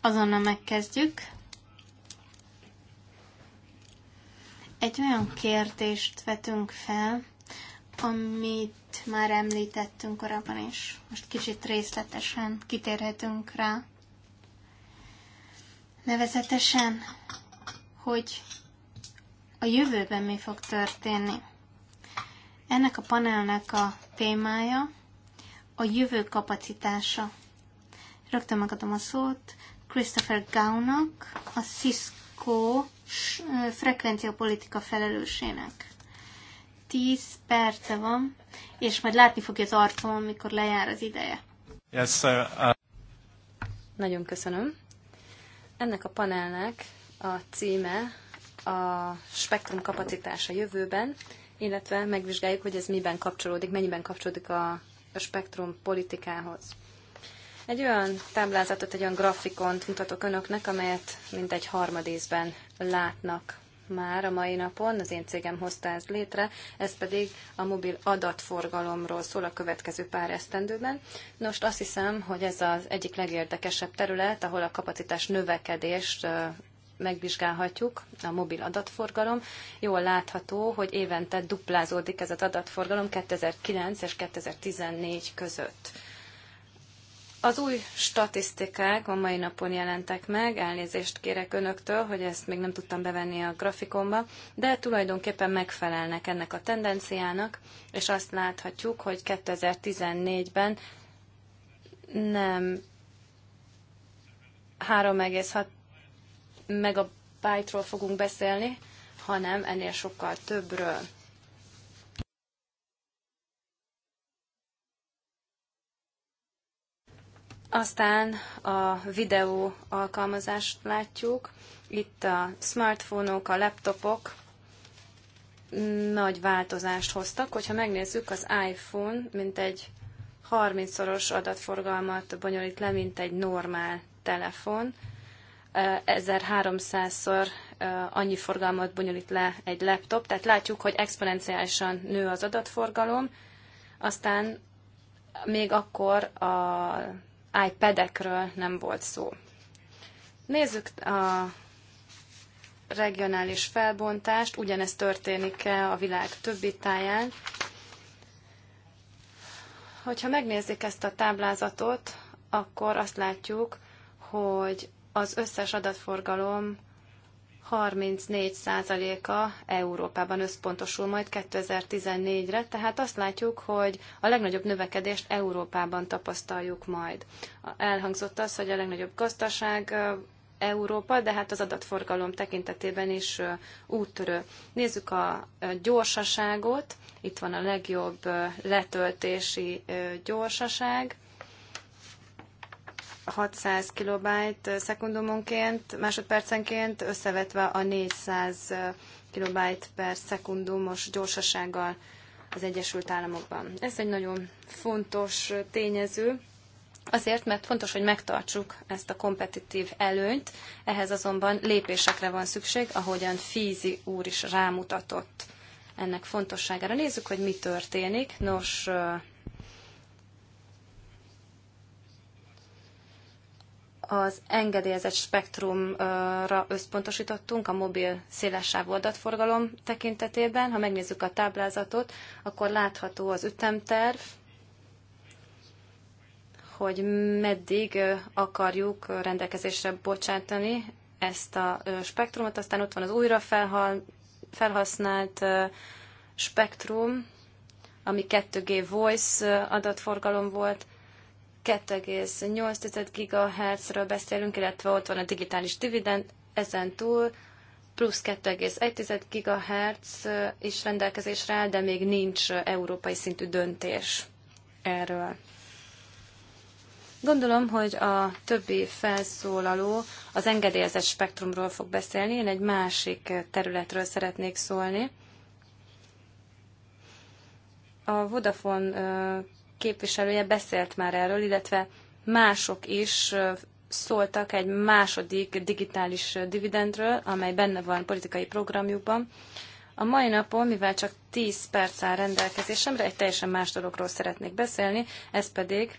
Azonnal megkezdjük. Egy olyan kérdést vetünk fel, amit már említettünk korábban is. Most kicsit részletesen kitérhetünk rá. Nevezetesen, hogy a jövőben mi fog történni. Ennek a panelnek a témája a jövő kapacitása. Rögtön megadom a szót Christopher Gaunak, a Cisco frekvenciapolitika felelősének. 10 perce van, és majd látni fogja az arcom, amikor lejár az ideje. Yes, sir. Uh... Nagyon köszönöm. Ennek a panelnek a címe a spektrum kapacitása jövőben, illetve megvizsgáljuk, hogy ez miben kapcsolódik, mennyiben kapcsolódik a, a spektrum politikához. Egy olyan táblázatot, egy olyan grafikont mutatok önöknek, amelyet mindegy harmadészben látnak már a mai napon, az én cégem hozta ezt létre, ez pedig a mobil adatforgalomról szól a következő pár esztendőben. Nos, azt hiszem, hogy ez az egyik legérdekesebb terület, ahol a kapacitás növekedést megvizsgálhatjuk, a mobil adatforgalom. Jól látható, hogy évente duplázódik ez az adatforgalom 2009 és 2014 között. Az új statisztikák a mai napon jelentek meg, elnézést kérek önöktől, hogy ezt még nem tudtam bevenni a grafikonba, de tulajdonképpen megfelelnek ennek a tendenciának, és azt láthatjuk, hogy 2014-ben nem 3,6 megabájtról fogunk beszélni, hanem ennél sokkal többről. Aztán a videó alkalmazást látjuk. Itt a smartphoneok a laptopok nagy változást hoztak. Hogyha megnézzük, az iPhone mint egy 30-szoros adatforgalmat bonyolít le, mint egy normál telefon. 1300-szor annyi forgalmat bonyolít le egy laptop, tehát látjuk, hogy exponenciálisan nő az adatforgalom, aztán még akkor a iPad-ekről nem volt szó. Nézzük a regionális felbontást, ugyanezt történik-e a világ többi táján. Hogyha megnézzük ezt a táblázatot, akkor azt látjuk, hogy az összes adatforgalom 34%-a Európában összpontosul majd 2014-re, tehát azt látjuk, hogy a legnagyobb növekedést Európában tapasztaljuk majd. Elhangzott az, hogy a legnagyobb gazdaság Európa, de hát az adatforgalom tekintetében is úttörő. Nézzük a gyorsaságot, itt van a legjobb letöltési gyorsaság, 600 kilobájt szekundumonként, másodpercenként, összevetve a 400 kilobájt per szekundumos gyorsasággal az Egyesült Államokban. Ez egy nagyon fontos tényező, azért, mert fontos, hogy megtartsuk ezt a kompetitív előnyt, ehhez azonban lépésekre van szükség, ahogyan Fízi úr is rámutatott ennek fontosságára. Nézzük, hogy mi történik. Nos, az engedélyezett spektrumra összpontosítottunk a mobil szélessávú adatforgalom tekintetében. Ha megnézzük a táblázatot, akkor látható az ütemterv, hogy meddig akarjuk rendelkezésre bocsátani ezt a spektrumot. Aztán ott van az újra felhasznált spektrum, ami 2G voice adatforgalom volt, 2,8 GHz-ről beszélünk, illetve ott van a digitális dividend, ezen túl plusz 2,1 GHz is rendelkezésre áll, de még nincs európai szintű döntés erről. Gondolom, hogy a többi felszólaló az engedélyezett spektrumról fog beszélni, én egy másik területről szeretnék szólni. A Vodafone képviselője beszélt már erről, illetve mások is szóltak egy második digitális dividendről, amely benne van politikai programjukban. A mai napon, mivel csak 10 perc áll rendelkezésemre, egy teljesen más dologról szeretnék beszélni, ez pedig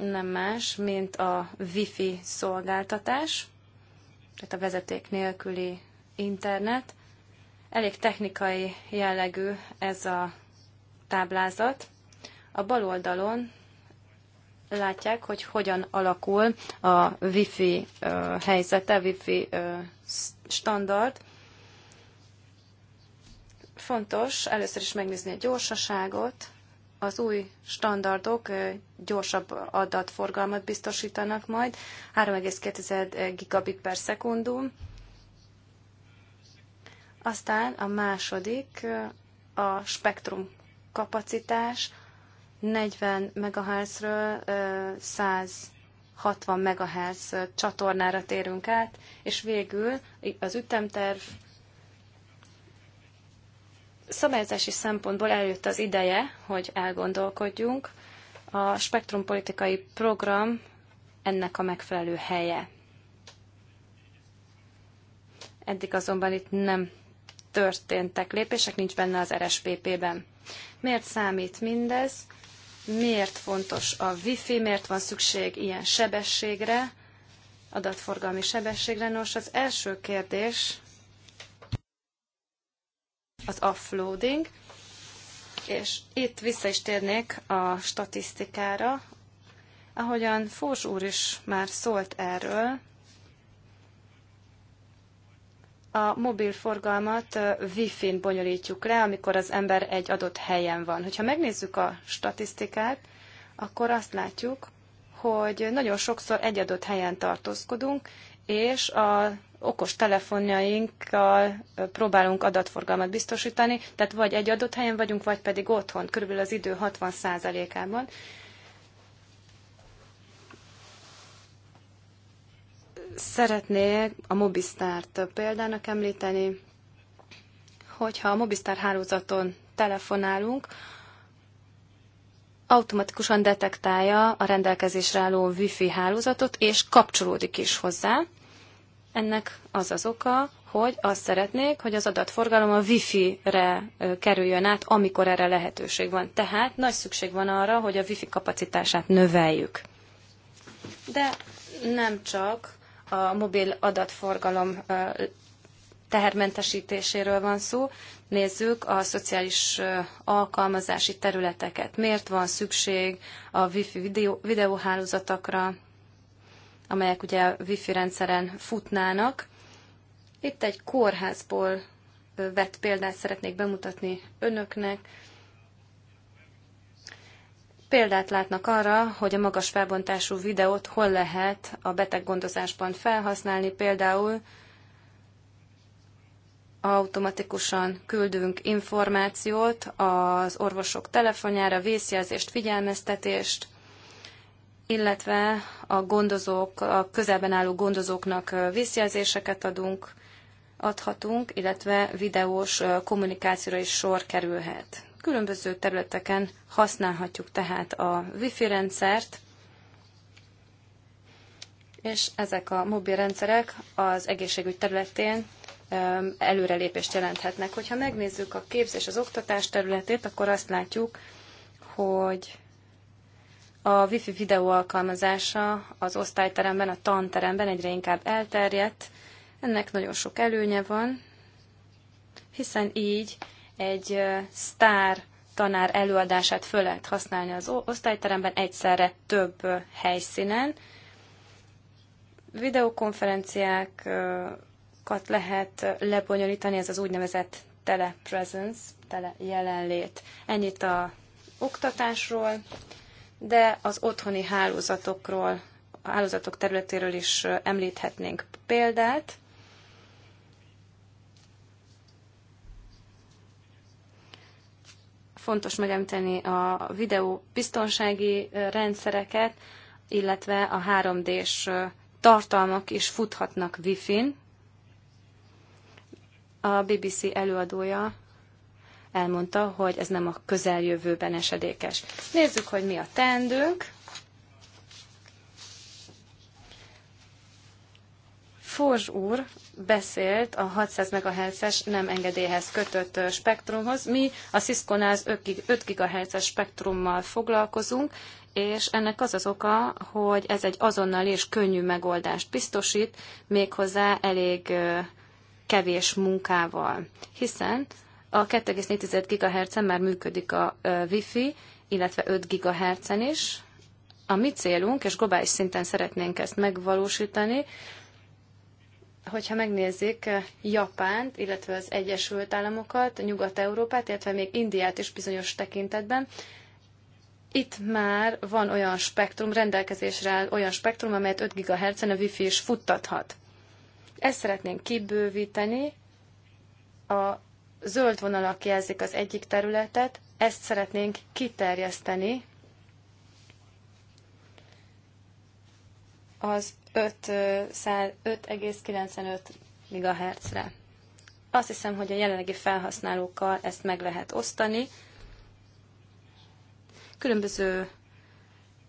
nem más, mint a wifi szolgáltatás, tehát a vezeték nélküli internet. Elég technikai jellegű ez a táblázat. A bal oldalon látják, hogy hogyan alakul a wifi helyzete, wifi standard. Fontos először is megnézni a gyorsaságot. Az új standardok gyorsabb adatforgalmat biztosítanak majd, 3,2 gigabit per szekundum. Aztán a második a spektrum kapacitás, 40 MHz-ről 160 MHz csatornára térünk át, és végül az ütemterv szabályozási szempontból eljött az ideje, hogy elgondolkodjunk. A spektrumpolitikai program ennek a megfelelő helye. Eddig azonban itt nem történtek lépések, nincs benne az RSPP-ben. Miért számít mindez? miért fontos a wifi, miért van szükség ilyen sebességre, adatforgalmi sebességre. Nos, az első kérdés az offloading, és itt vissza is térnék a statisztikára. Ahogyan Fós úr is már szólt erről, a mobil forgalmat wifi-n bonyolítjuk le, amikor az ember egy adott helyen van. Hogyha megnézzük a statisztikát, akkor azt látjuk, hogy nagyon sokszor egy adott helyen tartózkodunk, és a okos telefonjainkkal próbálunk adatforgalmat biztosítani, tehát vagy egy adott helyen vagyunk, vagy pedig otthon, körülbelül az idő 60%-ában. Szeretnék a Mobistárt példának említeni, hogyha a Mobistar hálózaton telefonálunk, automatikusan detektálja a rendelkezésre álló wifi hálózatot, és kapcsolódik is hozzá. Ennek az az oka, hogy azt szeretnék, hogy az adatforgalom a Wi-Fi-re kerüljön át, amikor erre lehetőség van. Tehát nagy szükség van arra, hogy a Wi-Fi kapacitását növeljük. De nem csak a mobil adatforgalom tehermentesítéséről van szó. Nézzük a szociális alkalmazási területeket. Miért van szükség a wifi videó, videóhálózatokra, amelyek ugye wifi rendszeren futnának. Itt egy kórházból vett példát szeretnék bemutatni önöknek. Példát látnak arra, hogy a magas felbontású videót hol lehet a beteggondozásban felhasználni, például automatikusan küldünk információt az orvosok telefonjára, vészjelzést, figyelmeztetést, illetve a gondozók, a közelben álló gondozóknak vészjelzéseket adunk, adhatunk, illetve videós kommunikációra is sor kerülhet. Különböző területeken használhatjuk tehát a wifi rendszert, és ezek a mobil rendszerek az egészségügy területén előrelépést jelenthetnek. Hogyha megnézzük a képzés az oktatás területét, akkor azt látjuk, hogy a wifi videó alkalmazása az osztályteremben, a tanteremben egyre inkább elterjedt. Ennek nagyon sok előnye van, hiszen így egy sztár tanár előadását föl lehet használni az osztályteremben egyszerre több helyszínen. Videokonferenciákat lehet lebonyolítani, ez az úgynevezett telepresence, tele jelenlét. Ennyit a oktatásról, de az otthoni hálózatokról, a hálózatok területéről is említhetnénk példát. Fontos megemlíteni a videó biztonsági rendszereket, illetve a 3D-s tartalmak is futhatnak Wi-Fi-n. A BBC előadója elmondta, hogy ez nem a közeljövőben esedékes. Nézzük, hogy mi a teendőnk. Forzs úr beszélt a 600 MHz-es nem engedélyhez kötött spektrumhoz. Mi a Cisco-nál az 5 GHz-es spektrummal foglalkozunk, és ennek az az oka, hogy ez egy azonnali és könnyű megoldást biztosít, méghozzá elég kevés munkával, hiszen a 2,4 GHz-en már működik a Wi-Fi, illetve 5 GHz-en is. A mi célunk, és globális szinten szeretnénk ezt megvalósítani, hogyha megnézik eh, Japánt, illetve az Egyesült Államokat, Nyugat-Európát, illetve még Indiát is bizonyos tekintetben, itt már van olyan spektrum, rendelkezésre áll olyan spektrum, amelyet 5 GHz-en a Wi-Fi is futtathat. Ezt szeretnénk kibővíteni. A zöld vonalak jelzik az egyik területet, ezt szeretnénk kiterjeszteni az 5,95 MHz-re. Azt hiszem, hogy a jelenlegi felhasználókkal ezt meg lehet osztani. Különböző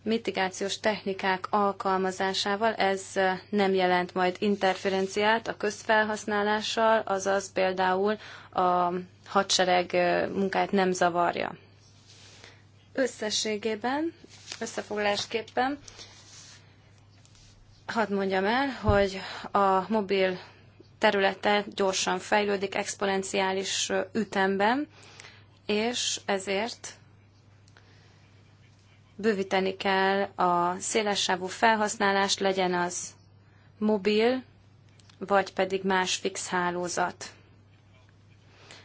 mitigációs technikák alkalmazásával ez nem jelent majd interferenciát a közfelhasználással, azaz például a hadsereg munkáját nem zavarja. Összességében, összefoglalásképpen hadd mondjam el, hogy a mobil területe gyorsan fejlődik, exponenciális ütemben, és ezért bővíteni kell a szélessávú felhasználást, legyen az mobil, vagy pedig más fix hálózat.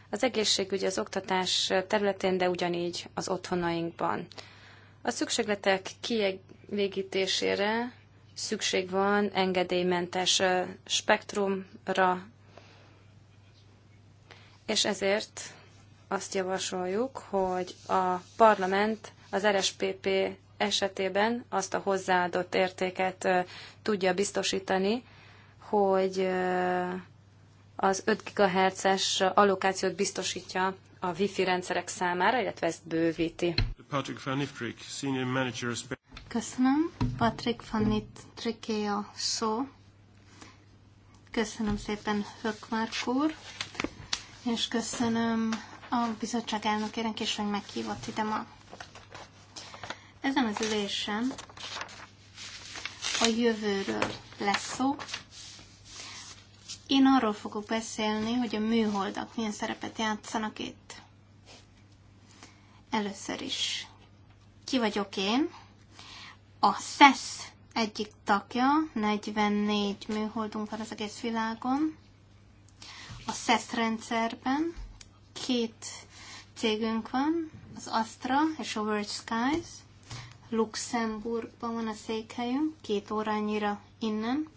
Az egészségügy az oktatás területén, de ugyanígy az otthonainkban. A szükségletek kielégítésére szükség van engedélymentes spektrumra, és ezért azt javasoljuk, hogy a parlament az RSPP esetében azt a hozzáadott értéket tudja biztosítani, hogy az 5 GHz-es allokációt biztosítja a Wi-Fi rendszerek számára, illetve ezt bővíti. Patrick Van Ifrik, Senior Manager Köszönöm. Patrik van Triké a szó. Köszönöm szépen Hökmark úr, és köszönöm a bizottság elnökének is, hogy meghívott ide ma. Ezen az ülésen a jövőről lesz szó. Én arról fogok beszélni, hogy a műholdak milyen szerepet játszanak itt. Először is. Ki vagyok én? a SESZ egyik tagja, 44 műholdunk van az egész világon, a SESZ rendszerben két cégünk van, az Astra és a World Skies, Luxemburgban van a székhelyünk, két órányira innen.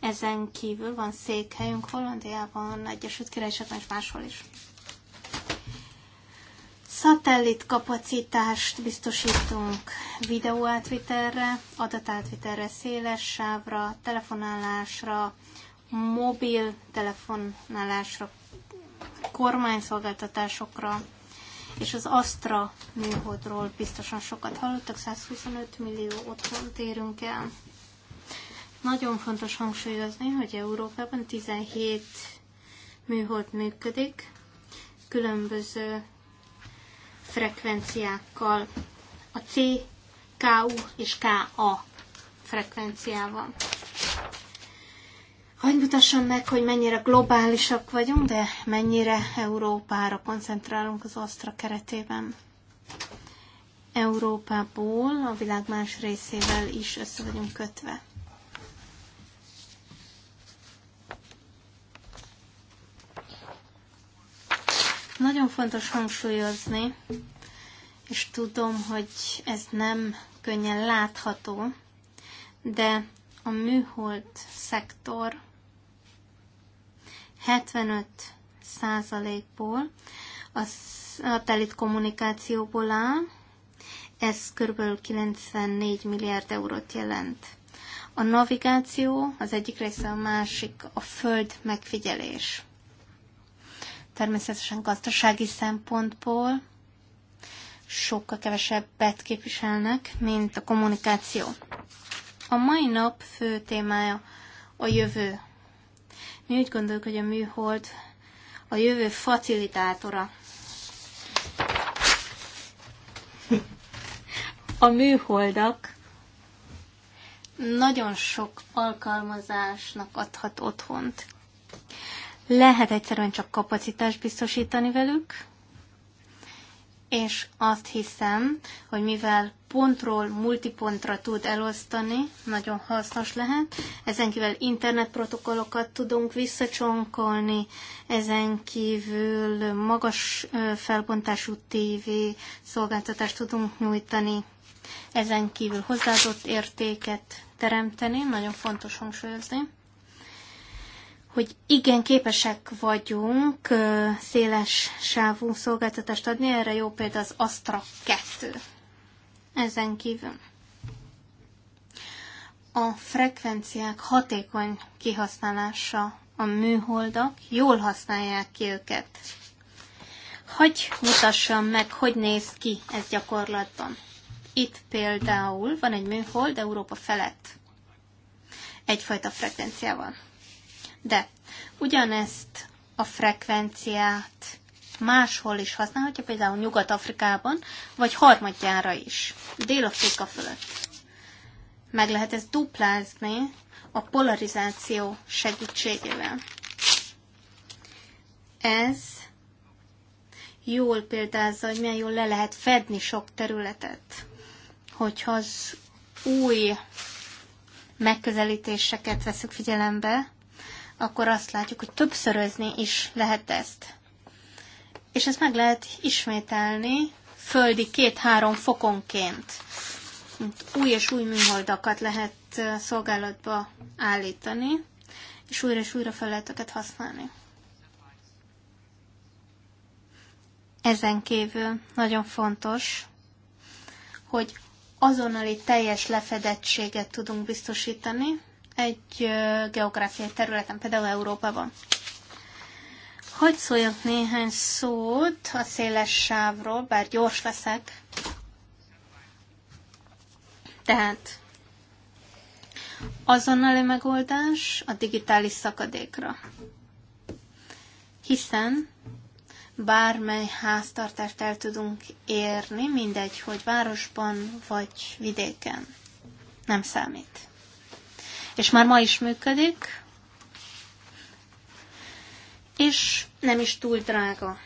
Ezen kívül van székhelyünk Hollandiában, Egyesült Királyságban és máshol is. Szatellit kapacitást biztosítunk videóátvitelre, adatátvitelre, széles sávra, telefonálásra, mobil telefonálásra, kormányszolgáltatásokra, és az Astra műholdról biztosan sokat hallottak, 125 millió otthon térünk el. Nagyon fontos hangsúlyozni, hogy Európában 17 műhold működik, különböző frekvenciákkal, a C, KU és KA frekvenciával. Hogy mutassam meg, hogy mennyire globálisak vagyunk, de mennyire Európára koncentrálunk az Astra keretében. Európából a világ más részével is össze vagyunk kötve. Nagyon fontos hangsúlyozni, és tudom, hogy ez nem könnyen látható, de a műhold szektor 75%-ból a szatellit kommunikációból áll, ez kb. 94 milliárd eurót jelent. A navigáció az egyik része, a másik a föld megfigyelés természetesen gazdasági szempontból sokkal kevesebbet képviselnek, mint a kommunikáció. A mai nap fő témája a jövő. Mi úgy gondoljuk, hogy a műhold a jövő facilitátora. A műholdak nagyon sok alkalmazásnak adhat otthont. Lehet egyszerűen csak kapacitást biztosítani velük, és azt hiszem, hogy mivel pontról multipontra tud elosztani, nagyon hasznos lehet. Ezen kívül internetprotokollokat tudunk visszacsonkolni, ezen kívül magas felbontású TV szolgáltatást tudunk nyújtani, ezen kívül hozzáadott értéket teremteni, nagyon fontos hangsúlyozni hogy igen, képesek vagyunk széles sávú szolgáltatást adni, erre jó példa az Astra 2. Ezen kívül a frekvenciák hatékony kihasználása a műholdak, jól használják ki őket. Hogy mutassam meg, hogy néz ki ez gyakorlatban? Itt például van egy műhold Európa felett egyfajta frekvenciával. De ugyanezt a frekvenciát máshol is használhatja, például Nyugat-Afrikában, vagy harmadjára is, Dél-Afrika fölött. Meg lehet ezt duplázni a polarizáció segítségével. Ez jól példázza, hogy milyen jól le lehet fedni sok területet, hogyha az új megközelítéseket veszük figyelembe, akkor azt látjuk, hogy többszörözni is lehet ezt. És ezt meg lehet ismételni földi két-három fokonként. Új és új műholdakat lehet szolgálatba állítani, és újra és újra fel lehet őket használni. Ezen kívül nagyon fontos, hogy azonnali teljes lefedettséget tudunk biztosítani, egy geográfiai területen, például Európában. Hogy szóljak néhány szót a széles sávról, bár gyors leszek. Tehát azonnali megoldás a digitális szakadékra. Hiszen bármely háztartást el tudunk érni, mindegy, hogy városban vagy vidéken. Nem számít és már ma is működik, és nem is túl drága.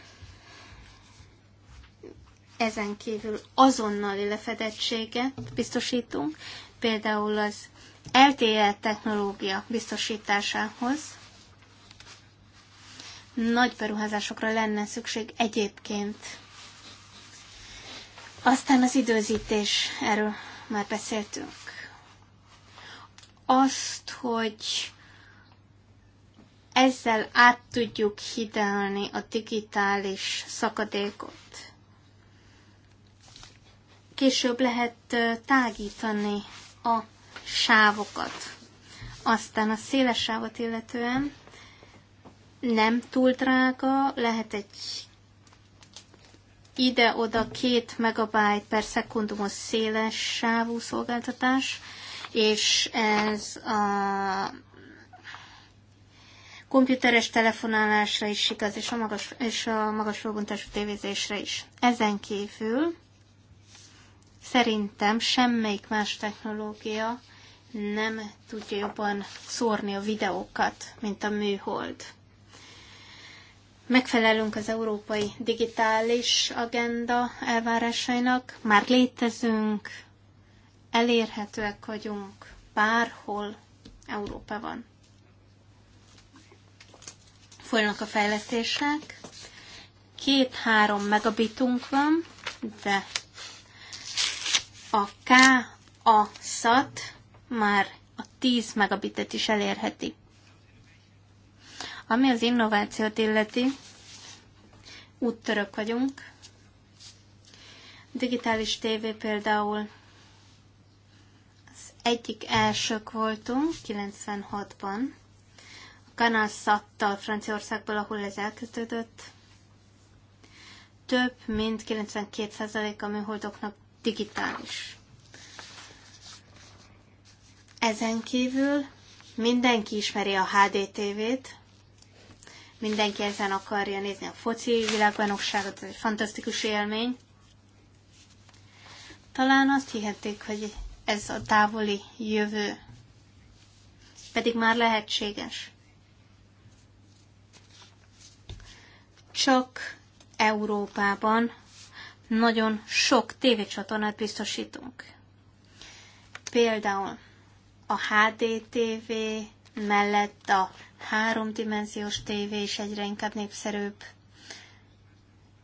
Ezen kívül azonnali lefedettséget biztosítunk, például az LTE technológia biztosításához, nagy beruházásokra lenne szükség egyébként. Aztán az időzítés, erről már beszéltünk azt, hogy ezzel át tudjuk hidelni a digitális szakadékot. Később lehet tágítani a sávokat. Aztán a széles sávot illetően nem túl drága, lehet egy ide-oda két megabájt per szekundumos széles sávú szolgáltatás, és ez a komputeres telefonálásra is igaz, és a magas, és a magas fogontású tévézésre is. Ezen kívül szerintem semmelyik más technológia nem tudja jobban szórni a videókat, mint a műhold. Megfelelünk az európai digitális agenda elvárásainak, már létezünk, elérhetőek vagyunk bárhol Európában. Folynak a fejlesztések, két-három megabitunk van, de a K, a SAT már a 10 megabitet is elérheti. Ami az innovációt illeti, úttörök vagyunk. Digitális tévé például egyik elsők voltunk 96-ban. A Canal Sattal Franciaországból, ahol ez elkezdődött, több mint 92% a műholdoknak digitális. Ezen kívül mindenki ismeri a HDTV-t, mindenki ezen akarja nézni a foci világbajnokságot, ez egy fantasztikus élmény. Talán azt hihették, hogy ez a távoli jövő. Pedig már lehetséges. Csak Európában nagyon sok tévécsatornát biztosítunk. Például a HDTV mellett a háromdimenziós tévé is egyre inkább népszerűbb.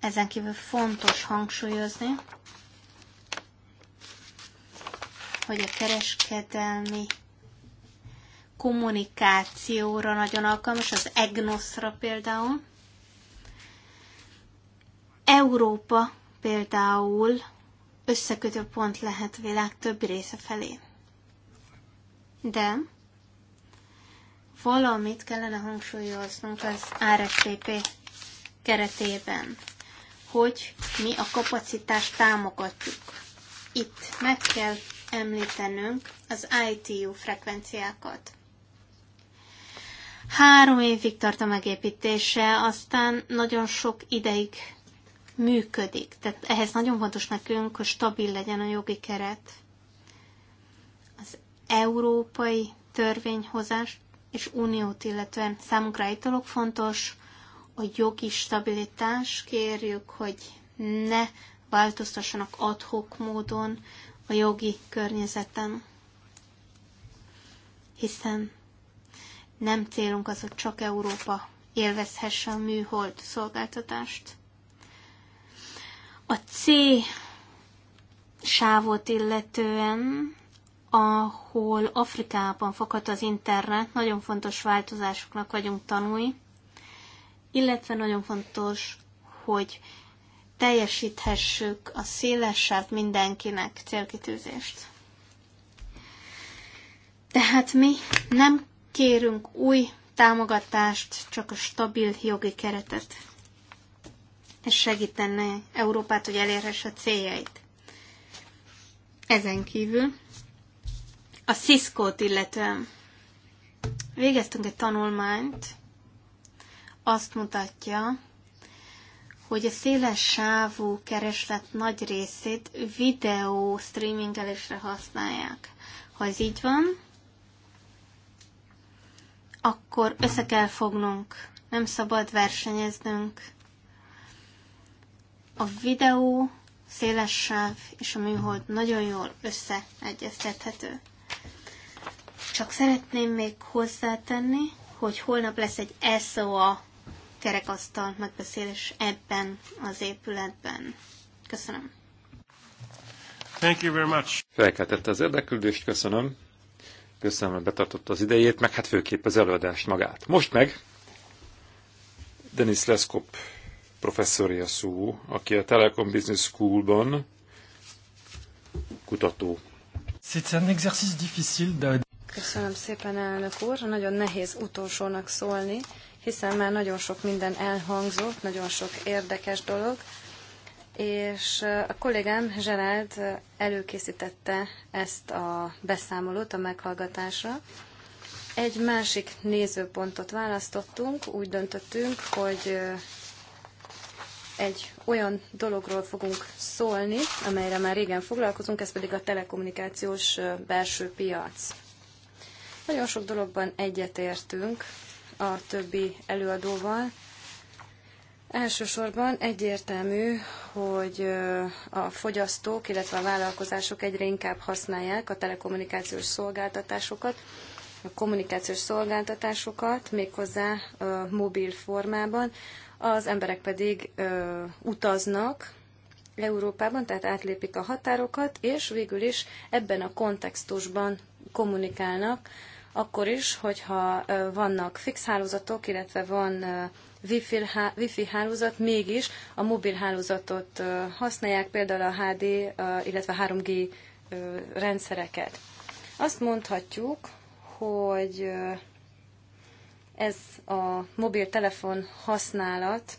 Ezen kívül fontos hangsúlyozni, vagy a kereskedelmi kommunikációra nagyon alkalmas, az EGNOS-ra például. Európa például összekötő pont lehet világ több része felé. De valamit kellene hangsúlyoznunk az RSCP keretében, hogy mi a kapacitást támogatjuk. Itt meg kell említenünk az ITU frekvenciákat. Három évig tart a megépítése, aztán nagyon sok ideig működik. Tehát ehhez nagyon fontos nekünk, hogy stabil legyen a jogi keret. Az európai törvényhozás és uniót illetően számunkra egy dolog fontos, a jogi stabilitás, kérjük, hogy ne változtassanak adhok módon a jogi környezetem, hiszen nem célunk az, hogy csak Európa élvezhesse a műhold szolgáltatást. A C sávot illetően, ahol Afrikában fakad az internet, nagyon fontos változásoknak vagyunk tanulni, illetve nagyon fontos, hogy teljesíthessük a szélesebb mindenkinek célkitűzést. Tehát mi nem kérünk új támogatást, csak a stabil jogi keretet. Ez segítene Európát, hogy elérhesse céljait. Ezen kívül a Cisco-t illetően végeztünk egy tanulmányt, azt mutatja, hogy a széles sávú kereslet nagy részét videó streamingelésre használják. Ha ez így van, akkor össze kell fognunk, nem szabad versenyeznünk. A videó, széles sáv és a műhold nagyon jól összeegyeztethető. Csak szeretném még hozzátenni, hogy holnap lesz egy SOA kerekasztal megbeszélés ebben az épületben. Köszönöm. Thank you very much. Felkeltette az érdeklődést, köszönöm. Köszönöm, hogy betartotta az idejét, meg hát főképp az előadást magát. Most meg Denis Leszkop professzori a szó, aki a Telekom Business School-ban kutató. Köszönöm szépen, elnök úr. Nagyon nehéz utolsónak szólni, hiszen már nagyon sok minden elhangzott, nagyon sok érdekes dolog, és a kollégám Zseráld előkészítette ezt a beszámolót a meghallgatásra. Egy másik nézőpontot választottunk, úgy döntöttünk, hogy egy olyan dologról fogunk szólni, amelyre már régen foglalkozunk, ez pedig a telekommunikációs belső piac. Nagyon sok dologban egyetértünk, a többi előadóval. Elsősorban egyértelmű, hogy a fogyasztók, illetve a vállalkozások egyre inkább használják a telekommunikációs szolgáltatásokat, a kommunikációs szolgáltatásokat, méghozzá mobil formában, az emberek pedig utaznak Európában, tehát átlépik a határokat, és végül is ebben a kontextusban kommunikálnak akkor is, hogyha vannak fix hálózatok, illetve van wifi, wifi hálózat, mégis a mobil hálózatot használják, például a HD, illetve 3G rendszereket. Azt mondhatjuk, hogy ez a mobiltelefon használat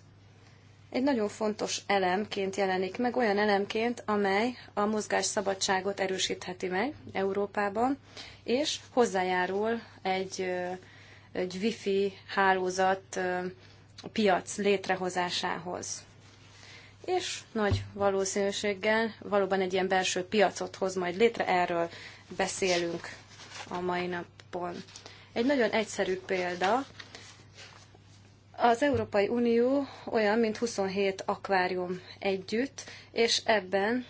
egy nagyon fontos elemként jelenik meg, olyan elemként, amely a mozgásszabadságot erősítheti meg Európában, és hozzájárul egy, egy wifi hálózat piac létrehozásához. És nagy valószínűséggel valóban egy ilyen belső piacot hoz majd létre, erről beszélünk a mai napon. Egy nagyon egyszerű példa, az Európai Unió olyan, mint 27 akvárium együtt, és ebben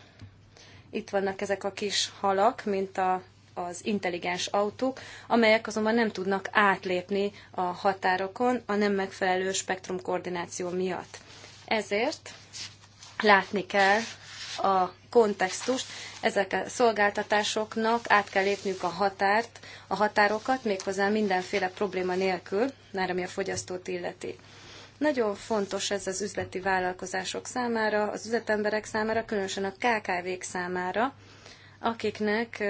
itt vannak ezek a kis halak, mint a, az intelligens autók, amelyek azonban nem tudnak átlépni a határokon a nem megfelelő spektrumkoordináció miatt. Ezért látni kell a kontextust, ezek a szolgáltatásoknak át kell lépniük a határt, a határokat, méghozzá mindenféle probléma nélkül, már ami a fogyasztót illeti. Nagyon fontos ez az üzleti vállalkozások számára, az üzletemberek számára, különösen a KKV-k számára, akiknek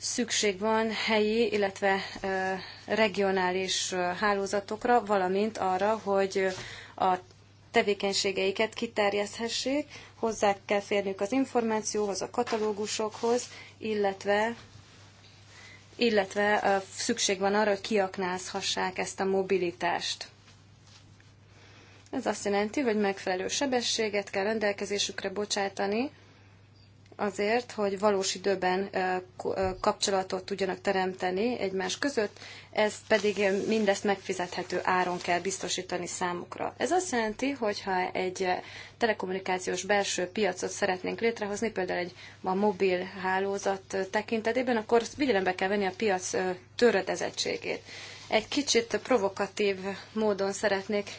szükség van helyi, illetve regionális hálózatokra, valamint arra, hogy a tevékenységeiket kiterjeszthessék, hozzá kell férniük az információhoz, a katalógusokhoz, illetve illetve szükség van arra, hogy kiaknázhassák ezt a mobilitást. Ez azt jelenti, hogy megfelelő sebességet kell rendelkezésükre bocsátani, azért, hogy valós időben kapcsolatot tudjanak teremteni egymás között, ez pedig mindezt megfizethető áron kell biztosítani számukra. Ez azt jelenti, hogy ha egy telekommunikációs belső piacot szeretnénk létrehozni, például egy ma mobil hálózat tekintetében, akkor figyelembe kell venni a piac töredezettségét. Egy kicsit provokatív módon szeretnék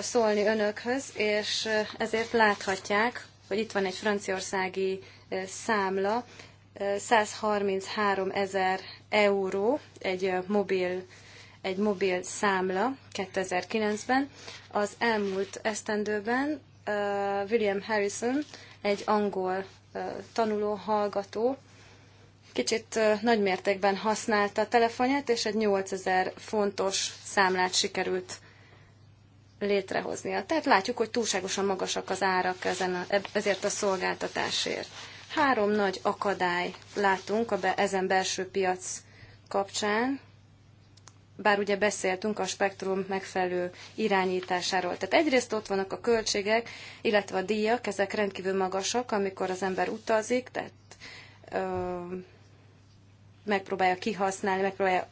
szólni önökhöz, és ezért láthatják, hogy itt van egy franciaországi számla, 133 ezer euró egy mobil, egy mobil számla 2009-ben. Az elmúlt esztendőben William Harrison, egy angol tanuló, hallgató, kicsit nagymértékben használta a telefonját, és egy 8000 fontos számlát sikerült létrehoznia. Tehát látjuk, hogy túlságosan magasak az árak ezen a, ezért a szolgáltatásért. Három nagy akadály látunk a be, ezen belső piac kapcsán, bár ugye beszéltünk a spektrum megfelelő irányításáról. Tehát egyrészt ott vannak a költségek, illetve a díjak, ezek rendkívül magasak, amikor az ember utazik, tehát ö, megpróbálja kihasználni, megpróbálja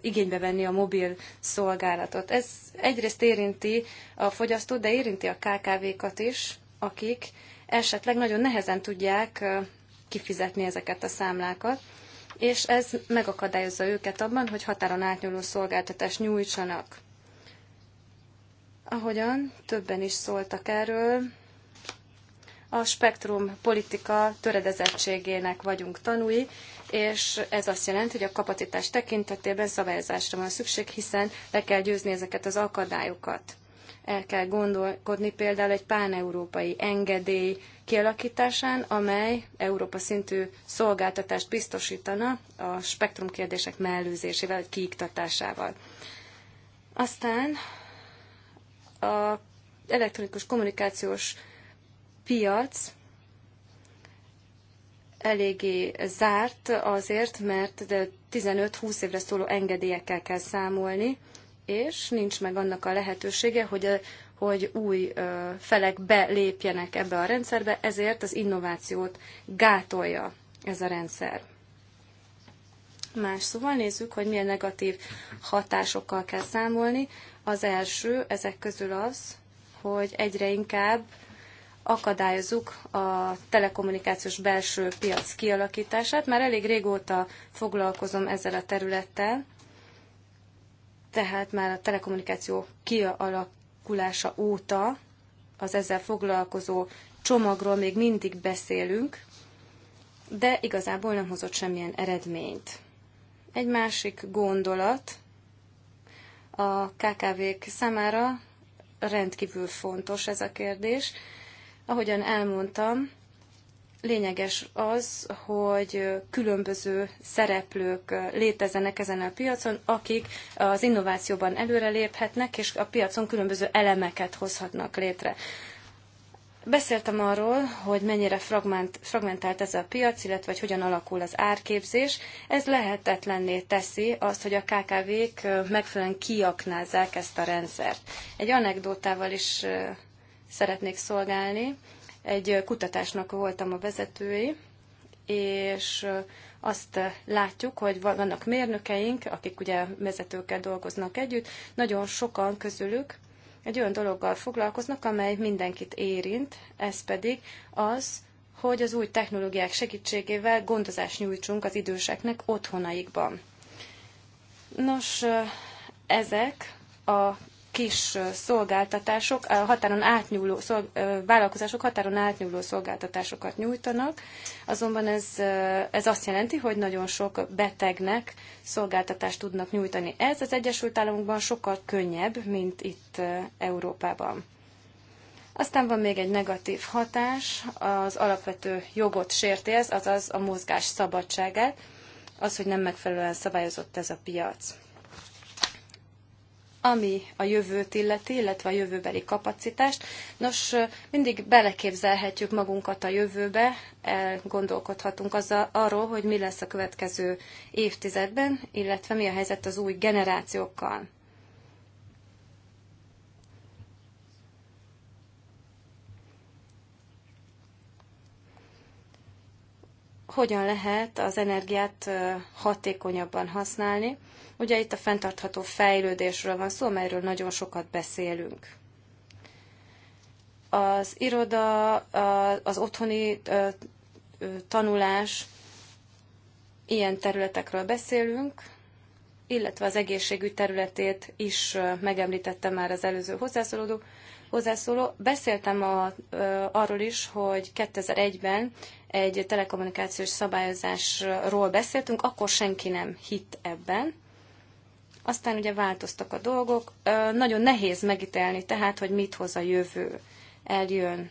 igénybe venni a mobil szolgálatot. Ez egyrészt érinti a fogyasztót, de érinti a KKV-kat is, akik esetleg nagyon nehezen tudják kifizetni ezeket a számlákat, és ez megakadályozza őket abban, hogy határon átnyúló szolgáltatást nyújtsanak. Ahogyan többen is szóltak erről, a spektrum politika töredezettségének vagyunk tanúi, és ez azt jelenti, hogy a kapacitás tekintetében szabályozásra van szükség, hiszen le kell győzni ezeket az akadályokat. El kell gondolkodni például egy páneurópai engedély kialakításán, amely Európa szintű szolgáltatást biztosítana a spektrum kérdések mellőzésével, vagy kiiktatásával. Aztán a elektronikus kommunikációs piac eléggé zárt azért, mert 15-20 évre szóló engedélyekkel kell számolni, és nincs meg annak a lehetősége, hogy, a, hogy új felek belépjenek ebbe a rendszerbe, ezért az innovációt gátolja ez a rendszer. Más szóval nézzük, hogy milyen negatív hatásokkal kell számolni. Az első ezek közül az, hogy egyre inkább akadályozzuk a telekommunikációs belső piac kialakítását. Már elég régóta foglalkozom ezzel a területtel, tehát már a telekommunikáció kialakulása óta az ezzel foglalkozó csomagról még mindig beszélünk, de igazából nem hozott semmilyen eredményt. Egy másik gondolat a KKV-k számára rendkívül fontos ez a kérdés. Ahogyan elmondtam, lényeges az, hogy különböző szereplők létezzenek ezen a piacon, akik az innovációban előreléphetnek, és a piacon különböző elemeket hozhatnak létre. Beszéltem arról, hogy mennyire fragment, fragmentált ez a piac, illetve hogy hogyan alakul az árképzés. Ez lehetetlenné teszi azt, hogy a KKV-k megfelelően kiaknázzák ezt a rendszert. Egy anekdótával is szeretnék szolgálni. Egy kutatásnak voltam a vezetői, és azt látjuk, hogy vannak mérnökeink, akik ugye vezetőkkel dolgoznak együtt, nagyon sokan közülük egy olyan dologgal foglalkoznak, amely mindenkit érint, ez pedig az, hogy az új technológiák segítségével gondozást nyújtsunk az időseknek otthonaikban. Nos, ezek a kis szolgáltatások, határon átnyúló szolg, vállalkozások határon átnyúló szolgáltatásokat nyújtanak, azonban ez, ez azt jelenti, hogy nagyon sok betegnek szolgáltatást tudnak nyújtani. Ez az Egyesült Államokban sokkal könnyebb, mint itt Európában. Aztán van még egy negatív hatás, az alapvető jogot sérti ez, azaz a mozgás szabadságát, az, hogy nem megfelelően szabályozott ez a piac ami a jövőt illeti, illetve a jövőbeli kapacitást. Nos, mindig beleképzelhetjük magunkat a jövőbe, gondolkodhatunk azzal, arról, hogy mi lesz a következő évtizedben, illetve mi a helyzet az új generációkkal. Hogyan lehet az energiát hatékonyabban használni? Ugye itt a fenntartható fejlődésről van szó, amelyről nagyon sokat beszélünk. Az iroda, az otthoni tanulás, ilyen területekről beszélünk, illetve az egészségügy területét is megemlítette már az előző hozzászóló. hozzászóló. Beszéltem a, arról is, hogy 2001-ben egy telekommunikációs szabályozásról beszéltünk, akkor senki nem hitt ebben. Aztán ugye változtak a dolgok. Nagyon nehéz megítelni tehát, hogy mit hoz a jövő. Eljön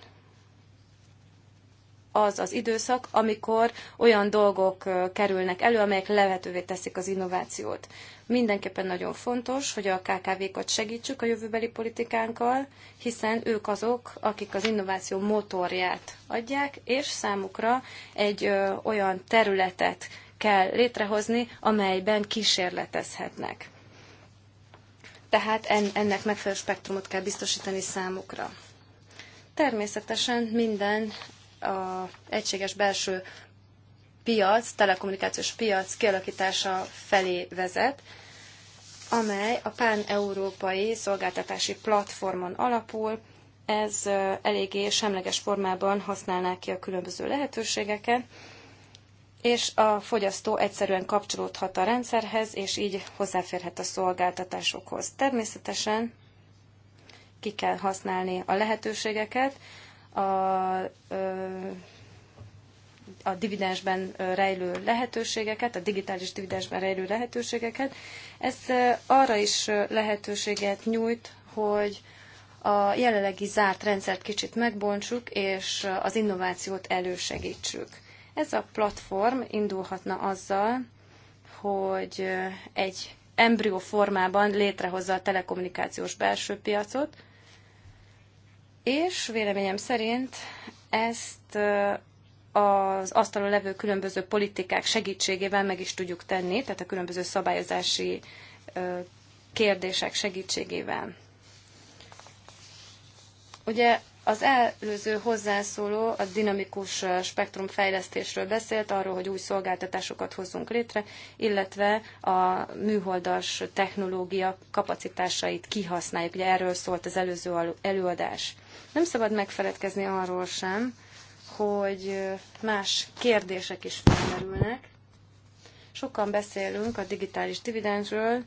az az időszak, amikor olyan dolgok kerülnek elő, amelyek lehetővé teszik az innovációt. Mindenképpen nagyon fontos, hogy a KKV-kat segítsük a jövőbeli politikánkkal, hiszen ők azok, akik az innováció motorját adják, és számukra egy olyan területet kell létrehozni, amelyben kísérletezhetnek tehát ennek megfelelő spektrumot kell biztosítani számukra. Természetesen minden a egységes belső piac, telekommunikációs piac kialakítása felé vezet, amely a pán-európai szolgáltatási platformon alapul, ez eléggé semleges formában használná ki a különböző lehetőségeket, és a fogyasztó egyszerűen kapcsolódhat a rendszerhez, és így hozzáférhet a szolgáltatásokhoz. Természetesen ki kell használni a lehetőségeket, a, a dividensben rejlő lehetőségeket, a digitális dividensben rejlő lehetőségeket. Ez arra is lehetőséget nyújt, hogy a jelenlegi zárt rendszert kicsit megbontsuk, és az innovációt elősegítsük. Ez a platform indulhatna azzal, hogy egy embrió formában létrehozza a telekommunikációs belső piacot, és véleményem szerint ezt az asztalon levő különböző politikák segítségével meg is tudjuk tenni, tehát a különböző szabályozási kérdések segítségével. Ugye az előző hozzászóló a dinamikus spektrumfejlesztésről beszélt, arról, hogy új szolgáltatásokat hozzunk létre, illetve a műholdas technológia kapacitásait kihasználjuk. Ugye erről szólt az előző előadás. Nem szabad megfeledkezni arról sem, hogy más kérdések is felmerülnek. Sokan beszélünk a digitális dividendről,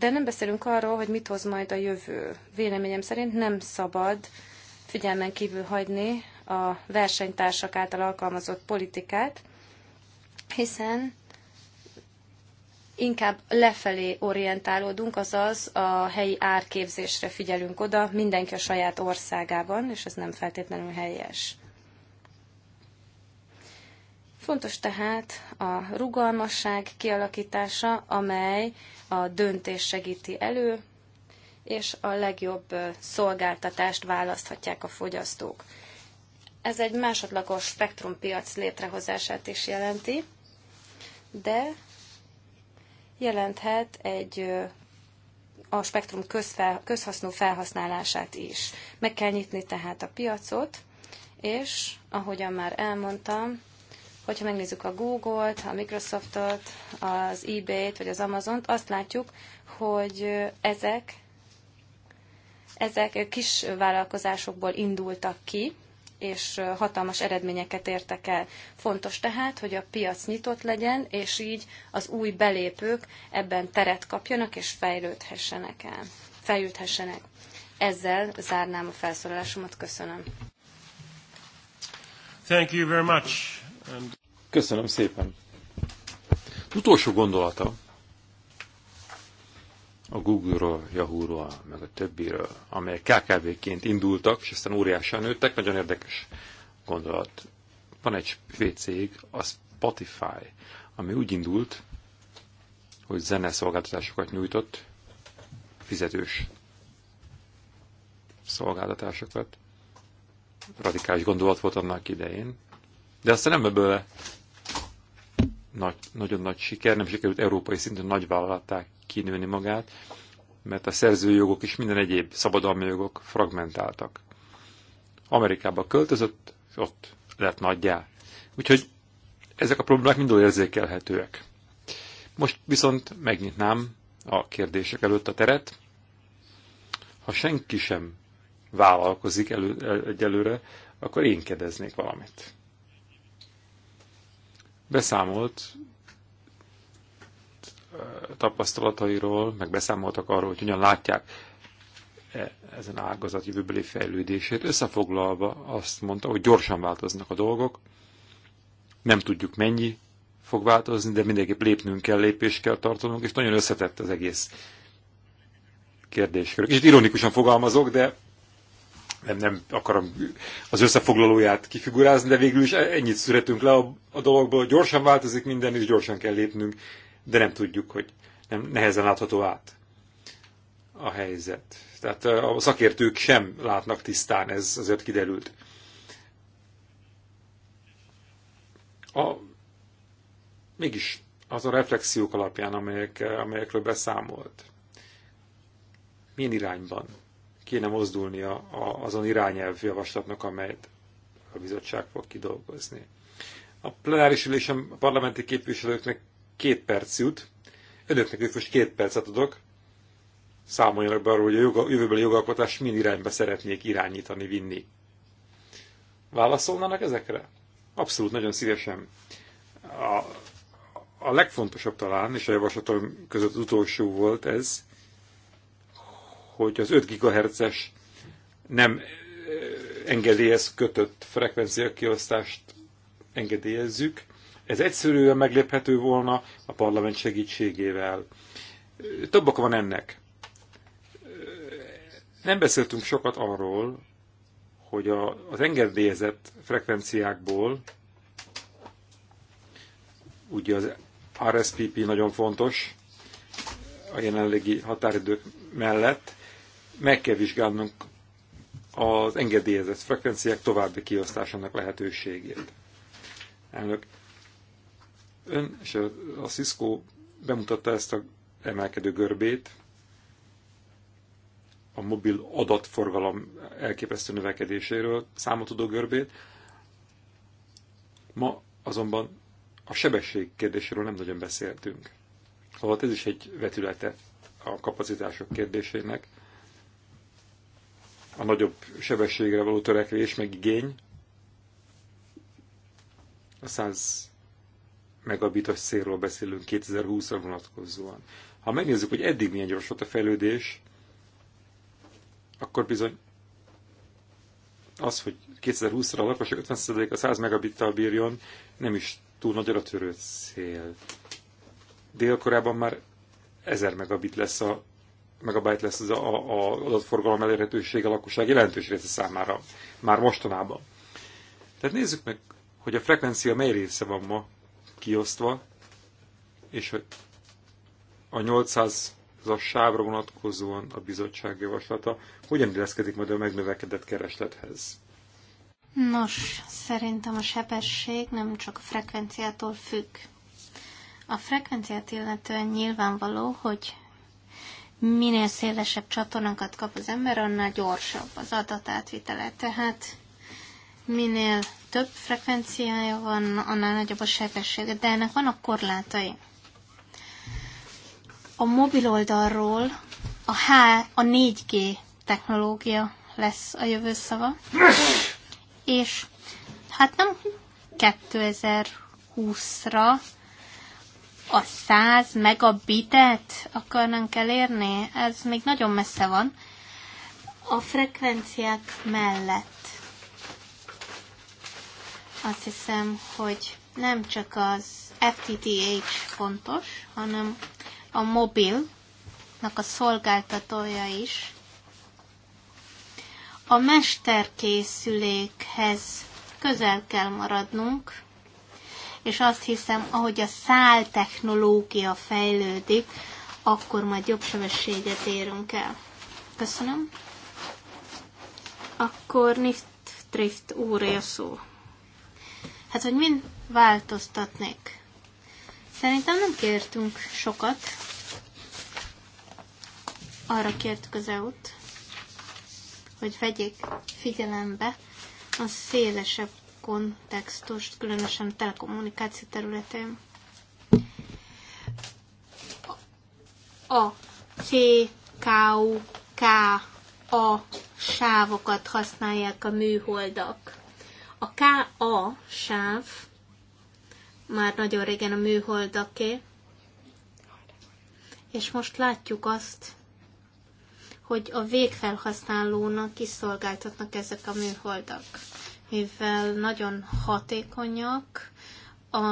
de nem beszélünk arról, hogy mit hoz majd a jövő. Véleményem szerint nem szabad figyelmen kívül hagyni a versenytársak által alkalmazott politikát, hiszen inkább lefelé orientálódunk, azaz a helyi árképzésre figyelünk oda, mindenki a saját országában, és ez nem feltétlenül helyes. Fontos tehát a rugalmasság kialakítása, amely a döntés segíti elő, és a legjobb szolgáltatást választhatják a fogyasztók. Ez egy másodlagos spektrumpiac létrehozását is jelenti, de jelenthet egy a spektrum közfel, közhasznú felhasználását is. Meg kell nyitni tehát a piacot, és ahogyan már elmondtam, Hogyha megnézzük a Google-t, a microsoft Microsoft-ot, az eBay-t vagy az Amazon-t, azt látjuk, hogy ezek, ezek kis vállalkozásokból indultak ki, és hatalmas eredményeket értek el. Fontos tehát, hogy a piac nyitott legyen, és így az új belépők ebben teret kapjanak, és fejlődhessenek el. Fejlődhessenek. Ezzel zárnám a felszólalásomat. Köszönöm. Thank you very much. And... Köszönöm szépen. utolsó gondolata a Google-ról, Yahoo-ról, meg a többiről, amelyek KKV-ként indultak, és aztán óriásan nőttek, nagyon érdekes gondolat. Van egy svéd cég, a Spotify, ami úgy indult, hogy zeneszolgáltatásokat nyújtott, fizetős szolgáltatásokat. Radikális gondolat volt annak idején, de aztán nem ebből nagy, nagyon nagy siker, nem sikerült európai szinten nagy vállalattá kinőni magát, mert a szerzőjogok és minden egyéb szabadalmi jogok fragmentáltak. Amerikába költözött, ott lett nagyjá. Úgyhogy ezek a problémák mind érzékelhetőek. Most viszont megnyitnám a kérdések előtt a teret. Ha senki sem vállalkozik elő, egyelőre, akkor én kérdeznék valamit beszámolt eh, tapasztalatairól, meg beszámoltak arról, hogy hogyan látják e, ezen ágazat jövőbeli fejlődését. Összefoglalva azt mondta, hogy gyorsan változnak a dolgok, nem tudjuk mennyi fog változni, de mindenképp lépnünk kell, lépést kell tartanunk, és nagyon összetett az egész kérdéskör. És ironikusan fogalmazok, de nem, nem akarom az összefoglalóját kifigurázni, de végül is ennyit születünk le a, a dologból, gyorsan változik minden, és gyorsan kell lépnünk, de nem tudjuk, hogy nem nehezen látható át a helyzet. Tehát a szakértők sem látnak tisztán, ez azért kiderült. A, mégis az a reflexiók alapján, amelyek, amelyekről beszámolt, milyen irányban kéne mozdulnia a, azon irányelv javaslatnak, amelyet a bizottság fog kidolgozni. A plenáris ülésen a parlamenti képviselőknek két perc jut, önöknek ők most két percet adok, számoljanak be arról, hogy a jövőbeli jogalkotást mind irányba szeretnék irányítani, vinni. Válaszolnának ezekre? Abszolút, nagyon szívesen. A, a legfontosabb talán, és a javaslatom között utolsó volt ez, hogy az 5 GHz-es nem engedélyez kötött frekvenciakiosztást engedélyezzük. Ez egyszerűen megléphető volna a parlament segítségével. Többak van ennek. Nem beszéltünk sokat arról, hogy a, az engedélyezett frekvenciákból, ugye az RSPP nagyon fontos a jelenlegi határidők mellett, meg kell vizsgálnunk az engedélyezett frekvenciák további kiosztásának lehetőségét. Elnök, ön és a Cisco bemutatta ezt a emelkedő görbét, a mobil adatforgalom elképesztő növekedéséről számotudó görbét. Ma azonban a sebesség kérdéséről nem nagyon beszéltünk. Hát ez is egy vetülete a kapacitások kérdésének, a nagyobb sebességre való törekvés, meg igény, a 100 megabitos szélről beszélünk 2020-ra vonatkozóan. Ha megnézzük, hogy eddig milyen gyors volt a fejlődés, akkor bizony az, hogy 2020-ra a lakosság 50%-a 100 megabittal bírjon, nem is túl a törő szél Délkorában már 1000 megabit lesz a megabyte lesz az a, a adatforgalom elérhetősége a lakosság jelentős része számára, már mostanában. Tehát nézzük meg, hogy a frekvencia mely része van ma kiosztva, és a 800-as sávra vonatkozóan a bizottság javaslata hogyan illeszkedik majd a megnövekedett kereslethez. Nos, szerintem a sebesség nem csak a frekvenciától függ. A frekvenciát illetően nyilvánvaló, hogy minél szélesebb csatornákat kap az ember, annál gyorsabb az adatátvitele. Tehát minél több frekvenciája van, annál nagyobb a sebessége, de ennek vannak korlátai. A mobil oldalról a, H, a 4G technológia lesz a jövő szava, és hát nem 2020-ra, a 100 megabitet akarnánk elérni? Ez még nagyon messze van. A frekvenciák mellett azt hiszem, hogy nem csak az FTTH fontos, hanem a mobilnak a szolgáltatója is. A mesterkészülékhez közel kell maradnunk, és azt hiszem, ahogy a szál technológia fejlődik, akkor majd jobb sebességet érünk el. Köszönöm. Akkor Nift Drift úré a szó. Hát, hogy mind változtatnék? Szerintem nem kértünk sokat. Arra kértük az EU-t, hogy vegyék figyelembe a szélesebb kontextust, különösen telekommunikáció területén. A C, K, U, K, A sávokat használják a műholdak. A K, A sáv már nagyon régen a műholdaké, és most látjuk azt, hogy a végfelhasználónak is szolgáltatnak ezek a műholdak mivel nagyon hatékonyak a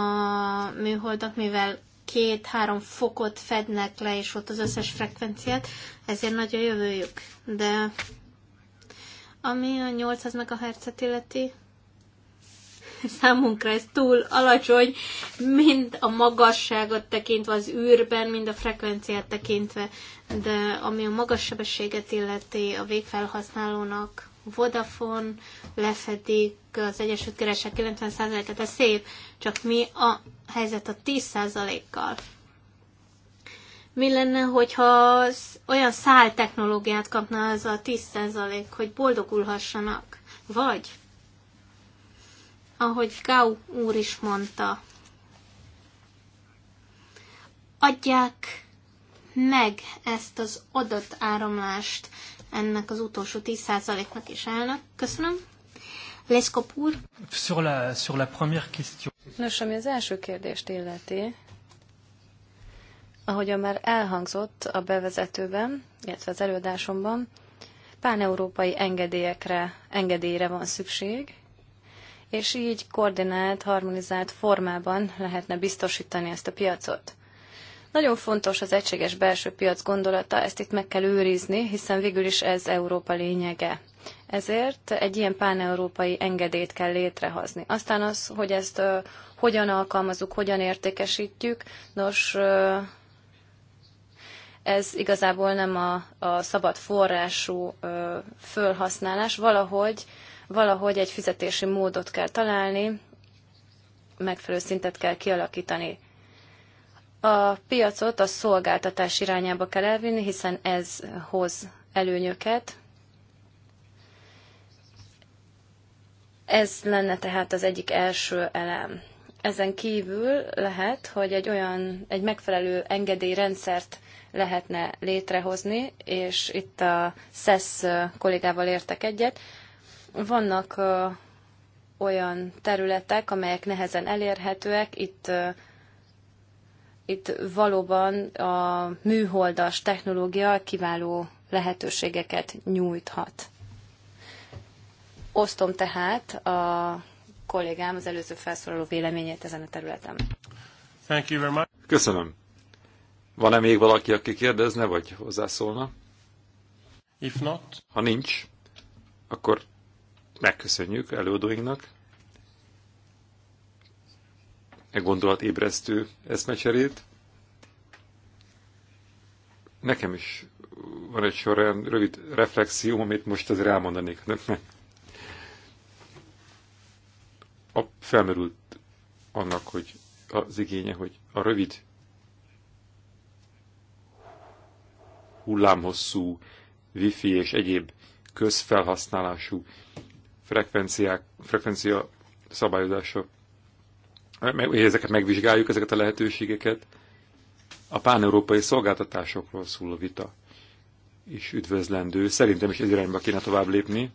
műholdak, mivel két-három fokot fednek le, és ott az összes frekvenciát, ezért nagy a jövőjük. De ami a 800 MHz-et illeti, számunkra ez túl alacsony, mind a magasságot tekintve az űrben, mind a frekvenciát tekintve, de ami a magas sebességet illeti a végfelhasználónak, Vodafone lefedik az Egyesült Királyság 90%-et, ez szép, csak mi a helyzet a 10%-kal? Mi lenne, hogyha olyan szál technológiát kapna az a 10%, hogy boldogulhassanak? Vagy, ahogy Gau úr is mondta, adják meg ezt az adatáramlást ennek az utolsó 10%-nak is elnök. Köszönöm. Leszkop úr. Sur la, sur la première question. Nos, ami az első kérdést illeti, ahogyan már elhangzott a bevezetőben, illetve az előadásomban, páneurópai engedélyekre, engedélyre van szükség, és így koordinált, harmonizált formában lehetne biztosítani ezt a piacot. Nagyon fontos az egységes belső piac gondolata, ezt itt meg kell őrizni, hiszen végül is ez Európa lényege. Ezért egy ilyen páneurópai engedélyt kell létrehozni. Aztán az, hogy ezt uh, hogyan alkalmazunk, hogyan értékesítjük, nos, uh, ez igazából nem a, a szabad forrású uh, fölhasználás, valahogy, valahogy egy fizetési módot kell találni, megfelelő szintet kell kialakítani. A piacot a szolgáltatás irányába kell elvinni, hiszen ez hoz előnyöket. Ez lenne tehát az egyik első elem. Ezen kívül lehet, hogy egy olyan, egy megfelelő engedélyrendszert lehetne létrehozni, és itt a SESZ kollégával értek egyet. Vannak olyan területek, amelyek nehezen elérhetőek, itt itt valóban a műholdas technológia kiváló lehetőségeket nyújthat. Osztom tehát a kollégám az előző felszólaló véleményét ezen a területen. Thank you very much. Köszönöm. Van-e még valaki, aki kérdezne, vagy hozzászólna? If not. Ha nincs, akkor megköszönjük előadóinknak e gondolatébresztő eszmecserét. Nekem is van egy sor olyan rövid reflexióm, amit most azért elmondanék A felmerült annak, hogy az igénye, hogy a rövid hullámhosszú wifi és egyéb közfelhasználású frekvenciák, frekvencia szabályozása Hát, hogy ezeket megvizsgáljuk, ezeket a lehetőségeket. A páneurópai szolgáltatásokról szóló vita is üdvözlendő. Szerintem is egy irányba kéne tovább lépni.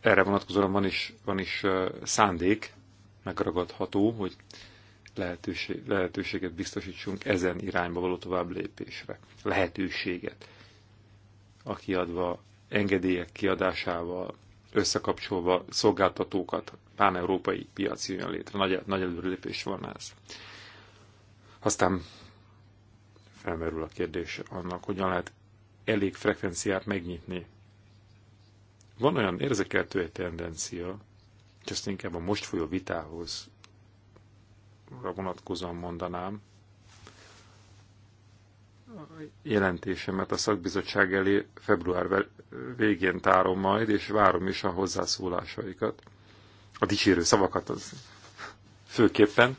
Erre vonatkozóan van is, van is szándék, megragadható, hogy lehetőség, lehetőséget biztosítsunk ezen irányba való tovább lépésre. Lehetőséget a kiadva engedélyek kiadásával, összekapcsolva szolgáltatókat, pán-európai piac jön létre. Nagy, nagy előrelépés van ez. Aztán felmerül a kérdés annak, hogyan lehet elég frekvenciát megnyitni. Van olyan érzekeltő egy tendencia, és ezt inkább a most folyó vitához vonatkozóan mondanám, jelentésemet a szakbizottság elé február végén tárom majd, és várom is a hozzászólásaikat. A dicsérő szavakat az főképpen.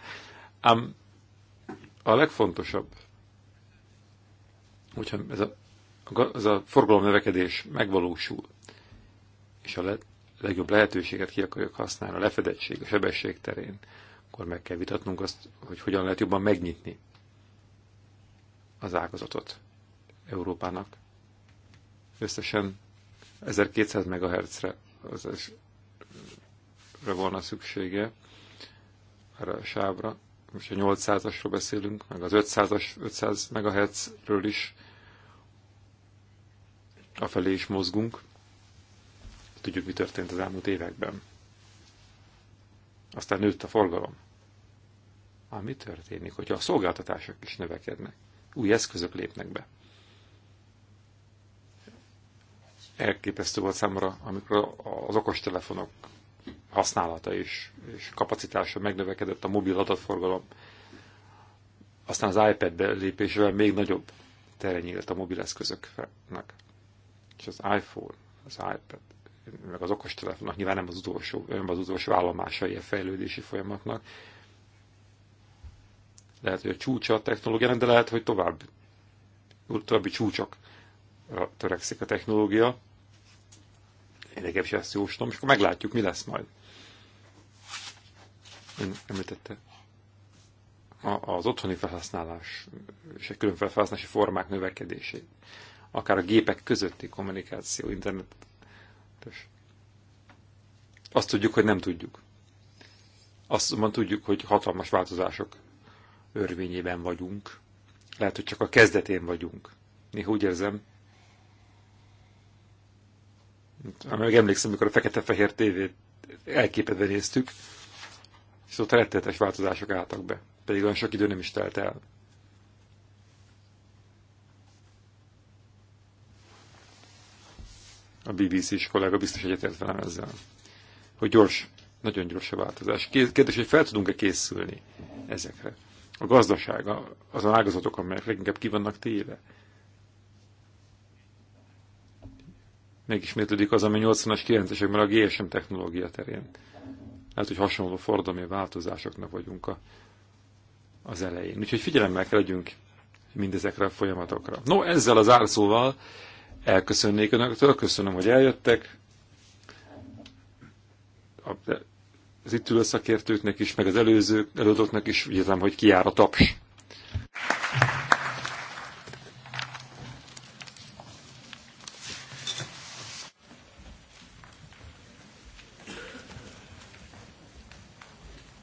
Ám a legfontosabb, hogyha ez a, az a forgalom növekedés megvalósul, és a le, legjobb lehetőséget ki akarjuk használni, a lefedettség, a sebesség terén, akkor meg kell vitatnunk azt, hogy hogyan lehet jobban megnyitni az ágazatot Európának. Összesen 1200 MHz-re az volna szüksége erre a sávra. Most a 800-asról beszélünk, meg az 500-as, 500 MHz-ről is afelé is mozgunk. Tudjuk, mi történt az elmúlt években. Aztán nőtt a forgalom. Ám mi történik, hogyha a szolgáltatások is növekednek? új eszközök lépnek be. Elképesztő volt számomra, amikor az okostelefonok használata és, és kapacitása megnövekedett a mobil adatforgalom, aztán az iPad belépésével még nagyobb tere nyílt a eszközöknek. És az iPhone, az iPad, meg az okostelefonok nyilván nem az utolsó, nem az utolsó állomásai a fejlődési folyamatnak, lehet, hogy a csúcsa a technológiának, de lehet, hogy tovább, további csúcsok törekszik a technológia. Én nekem sem ezt jóstom, és akkor meglátjuk, mi lesz majd. Ön említette a, az otthoni felhasználás és a különféle felhasználási formák növekedését, akár a gépek közötti kommunikáció, internet. Azt tudjuk, hogy nem tudjuk. Azt mondjuk tudjuk, hogy hatalmas változások örvényében vagyunk. Lehet, hogy csak a kezdetén vagyunk. Néha úgy érzem. Amíg emlékszem, amikor a fekete-fehér tévét elképedve néztük, és ott rettenetes változások álltak be. Pedig olyan sok idő nem is telt el. A bbc is kollega biztos egyetért velem ezzel. Hogy gyors, nagyon gyors a változás. Kérdés, hogy fel tudunk-e készülni ezekre? a gazdaság, az ágazatok, amelyek leginkább kivannak téve. Megismétlődik az, ami 80-as, 90-esekben a GSM technológia terén. Lehet, hogy hasonló forradalmi változásoknak vagyunk a, az elején. Úgyhogy figyelemmel kell legyünk mindezekre a folyamatokra. No, ezzel az árszóval elköszönnék önöktől, köszönöm, hogy eljöttek. A az itt ülő szakértőknek is, meg az előző előadóknak is, ügyelem, hogy kiár a taps.